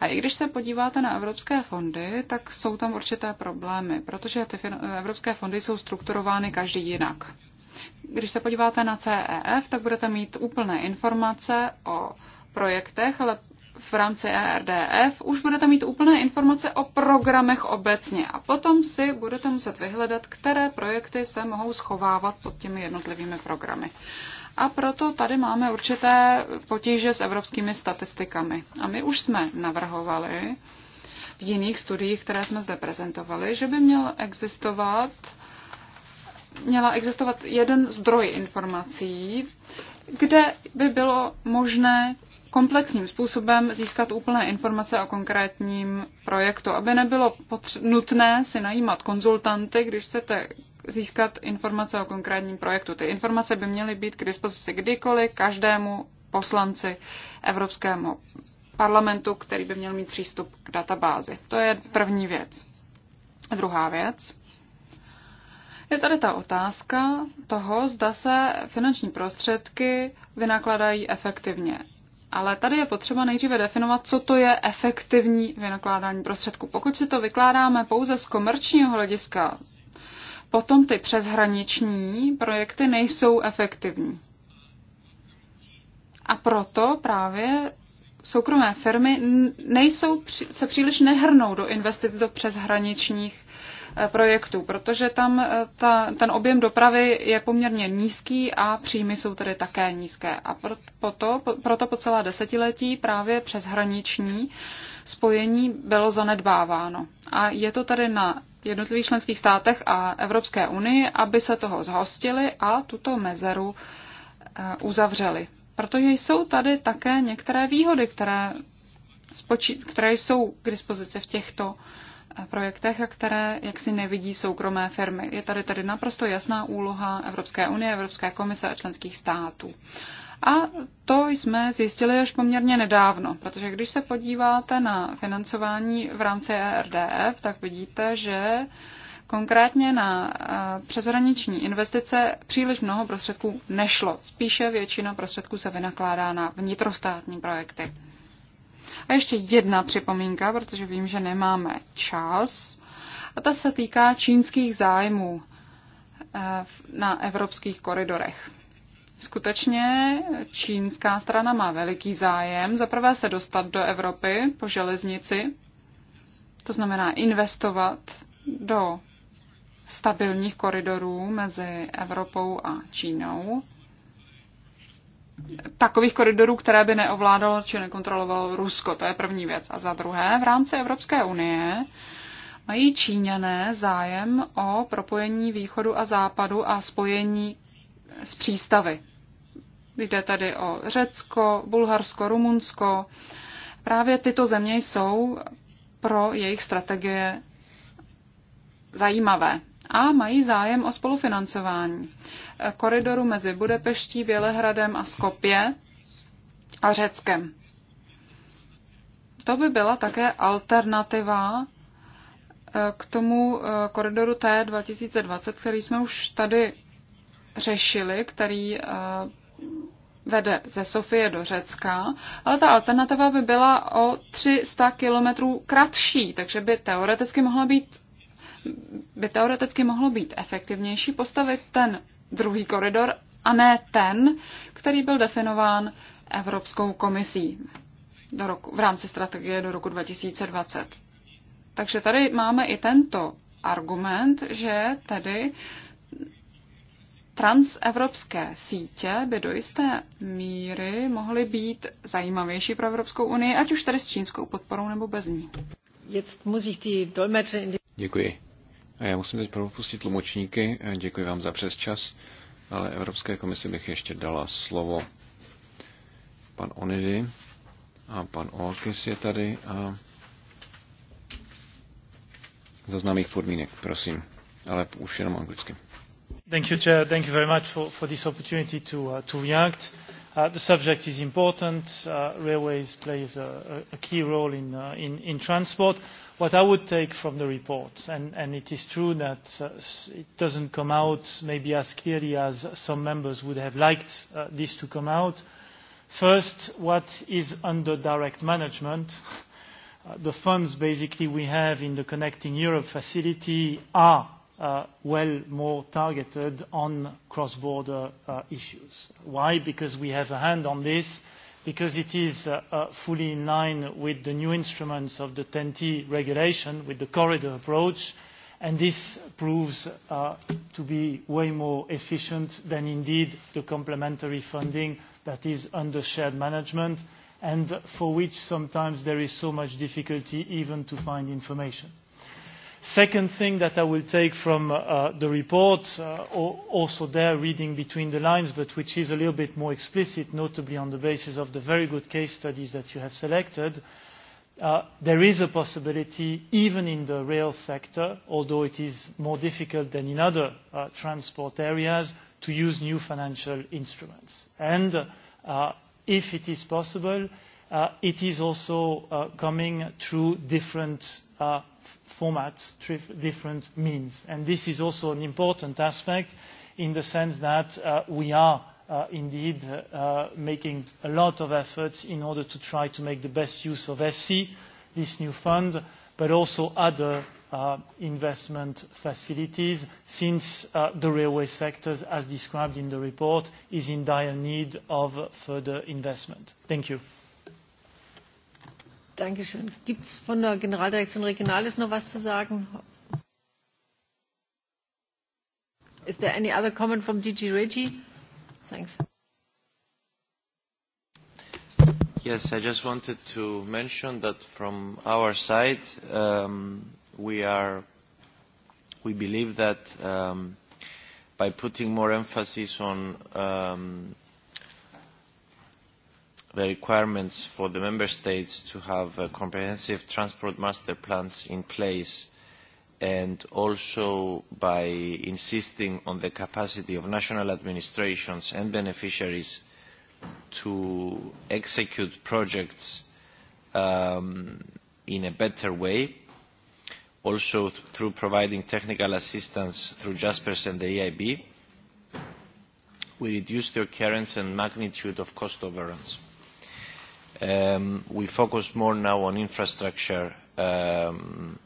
A i když se podíváte na evropské fondy, tak jsou tam určité problémy, protože ty evropské fondy jsou strukturovány každý jinak. Když se podíváte na CEF, tak budete mít úplné informace o projektech, ale v rámci ERDF už budete mít úplné informace o programech obecně a potom si budete muset vyhledat, které projekty se mohou schovávat pod těmi jednotlivými programy. A proto tady máme určité potíže s evropskými statistikami. A my už jsme navrhovali v jiných studiích, které jsme zde prezentovali, že by měl existovat, měla existovat jeden zdroj informací, kde by bylo možné komplexním způsobem získat úplné informace o konkrétním projektu, aby nebylo nutné si najímat konzultanty, když chcete získat informace o konkrétním projektu. Ty informace by měly být k dispozici kdykoliv každému poslanci Evropskému parlamentu, který by měl mít přístup k databázi. To je první věc. A druhá věc. Je tady ta otázka toho, zda se finanční prostředky vynakladají efektivně. Ale tady je potřeba nejdříve definovat, co to je efektivní vynakládání prostředků. Pokud si to vykládáme pouze z komerčního hlediska, potom ty přeshraniční projekty nejsou efektivní. A proto právě soukromé firmy nejsou, se příliš nehrnou do investic do přeshraničních eh, projektů, protože tam eh, ta, ten objem dopravy je poměrně nízký a příjmy jsou tedy také nízké. A proto, proto po celá desetiletí právě přeshraniční uh, spojení bylo zanedbáváno. A je to tady na jednotlivých členských státech a Evropské unii, aby se toho zhostili a tuto mezeru eh, uzavřeli. Protože jsou tady také některé výhody, které, spočí, které jsou k dispozici v těchto eh, projektech a které jaksi nevidí soukromé firmy. Je tady tady naprosto jasná úloha Evropské unie, Evropské komise a členských států. A to jsme zjistili až poměrně nedávno, protože když se podíváte na financování v rámci ERDF, tak vidíte, že konkrétně na e, přeshraniční investice příliš mnoho prostředků nešlo. Spíše většina prostředků se vynakládá na vnitrostátní projekty. A ještě jedna připomínka, protože vím, že nemáme čas. A ta se týká čínských zájmů e, na evropských koridorech. Skutečně čínská strana má veliký zájem zaprvé se dostat do Evropy po železnici, to znamená investovat do stabilních koridorů mezi Evropou a Čínou. Takových koridorů, které by neovládalo či nekontrolovalo Rusko, to je první věc. A za druhé, v rámci Evropské unie mají Číňané zájem o propojení východu a západu a spojení s přístavy. Jde tady o Řecko, Bulharsko, Rumunsko. Právě tyto země jsou pro jejich strategie zajímavé a mají zájem o spolufinancování koridoru mezi Budepeští, Bělehradem a Skopje a Řeckem. To by byla také alternativa eh, k tomu eh, koridoru T2020, který jsme už tady řešili, který eh, vede ze Sofie do Řecka, ale ta alternativa by byla o 300 kilometrů kratší, takže by teoreticky mohla být by teoreticky mohlo být efektivnější postavit ten druhý koridor a ne ten, který byl definován Evropskou komisí do roku, v rámci strategie do roku 2020. Takže tady máme i tento argument, že tedy transevropské sítě by do jisté míry mohly být zajímavější pro Evropskou unii, ať už tady s čínskou podporou nebo bez ní. Děkuji. A já musím teď propustit tlumočníky. Děkuji vám za přes čas, ale Evropské komisi bych ještě dala slovo. Pan Onidy a pan Olkis je tady a za známých podmínek, prosím, ale už jenom anglicky. Thank you, Chair. Thank you very much for, for this opportunity to, uh, to react. Uh, the subject is important. Uh, railways plays a, a key role in, uh, in, in transport. What I would take from the report, and, and it is true that uh, it doesn't come out maybe as clearly as some members would have liked uh, this to come out. First, what is under direct management? Uh, the funds basically we have in the Connecting Europe facility are Uh, well more targeted on cross-border uh, issues. Why? Because we have a hand on this, because it is uh, fully in line with the new instruments of the ten t regulation, with the corridor approach, and this proves to be way more efficient than indeed the complementary funding that is under shared management and for which sometimes there is so much difficulty even to find information. Second thing that I will take from uh, the report, uh, also there reading between the lines, but which is a little bit more explicit, notably on the basis of the very good case studies that you have selected, uh, there is a possibility, even in the rail sector, although it is more difficult than in other uh, transport areas, to use new financial instruments. And uh, if it is possible, uh, it is also uh, coming through different uh, formats, different means. And this is also an important aspect in the sense that uh, we are uh, indeed uh, uh making a lot of efforts in order to try to make the best use of FC, this new fund, but also other uh, investment facilities, since uh, the railway sector, as described in the report, is in dire need of further investment. Thank you. Dankeschön. Gibt es von der Generaldirektion Regionales noch was zu sagen? Is there any other comment from DG Regi? Thanks. Yes, I just wanted to mention that from our side, um, we are, we believe that um, by putting more emphasis on um, the requirements for the member states to have uh, comprehensive transport master plans in place and also by insisting on the capacity of national administrations and beneficiaries to execute projects um, in a better way, also th through providing technical assistance through JASPERS and the EIB, we reduce the occurrence and magnitude of cost overruns. Um, we focus more now on infrastructure um,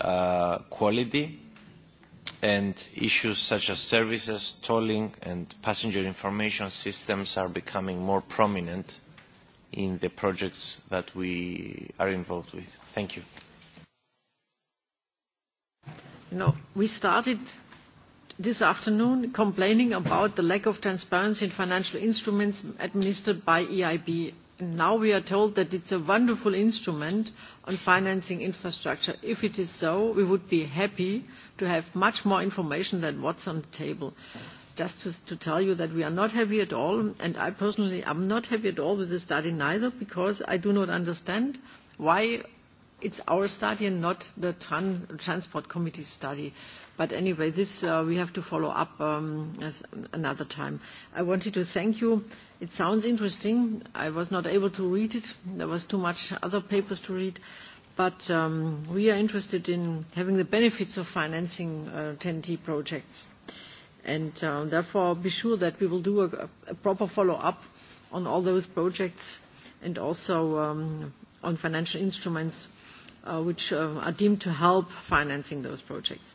uh, quality and issues such as services, tolling and passenger information systems are becoming more prominent in the projects that we are involved with. Thank you. You know, we started this afternoon complaining about the lack of transparency in financial instruments administered by EIB now we are told that it's a wonderful instrument on financing infrastructure. If it is so, we would be happy to have much more information than what's on the table. Just to, to tell you that we are not happy at all, and I personally am not happy at all with the study neither, because I do not understand why it's our study and not the tran- Transport committee's study. But anyway, this uh, we have to follow up um, as another time. I wanted to thank you. It sounds interesting. I was not able to read it. There was too much other papers to read. But um, we are interested in having the benefits of financing uh, 10T projects. And uh, therefore, be sure that we will do a, a proper follow-up on all those projects and also um, on financial instruments uh, which uh, are deemed to help financing those projects.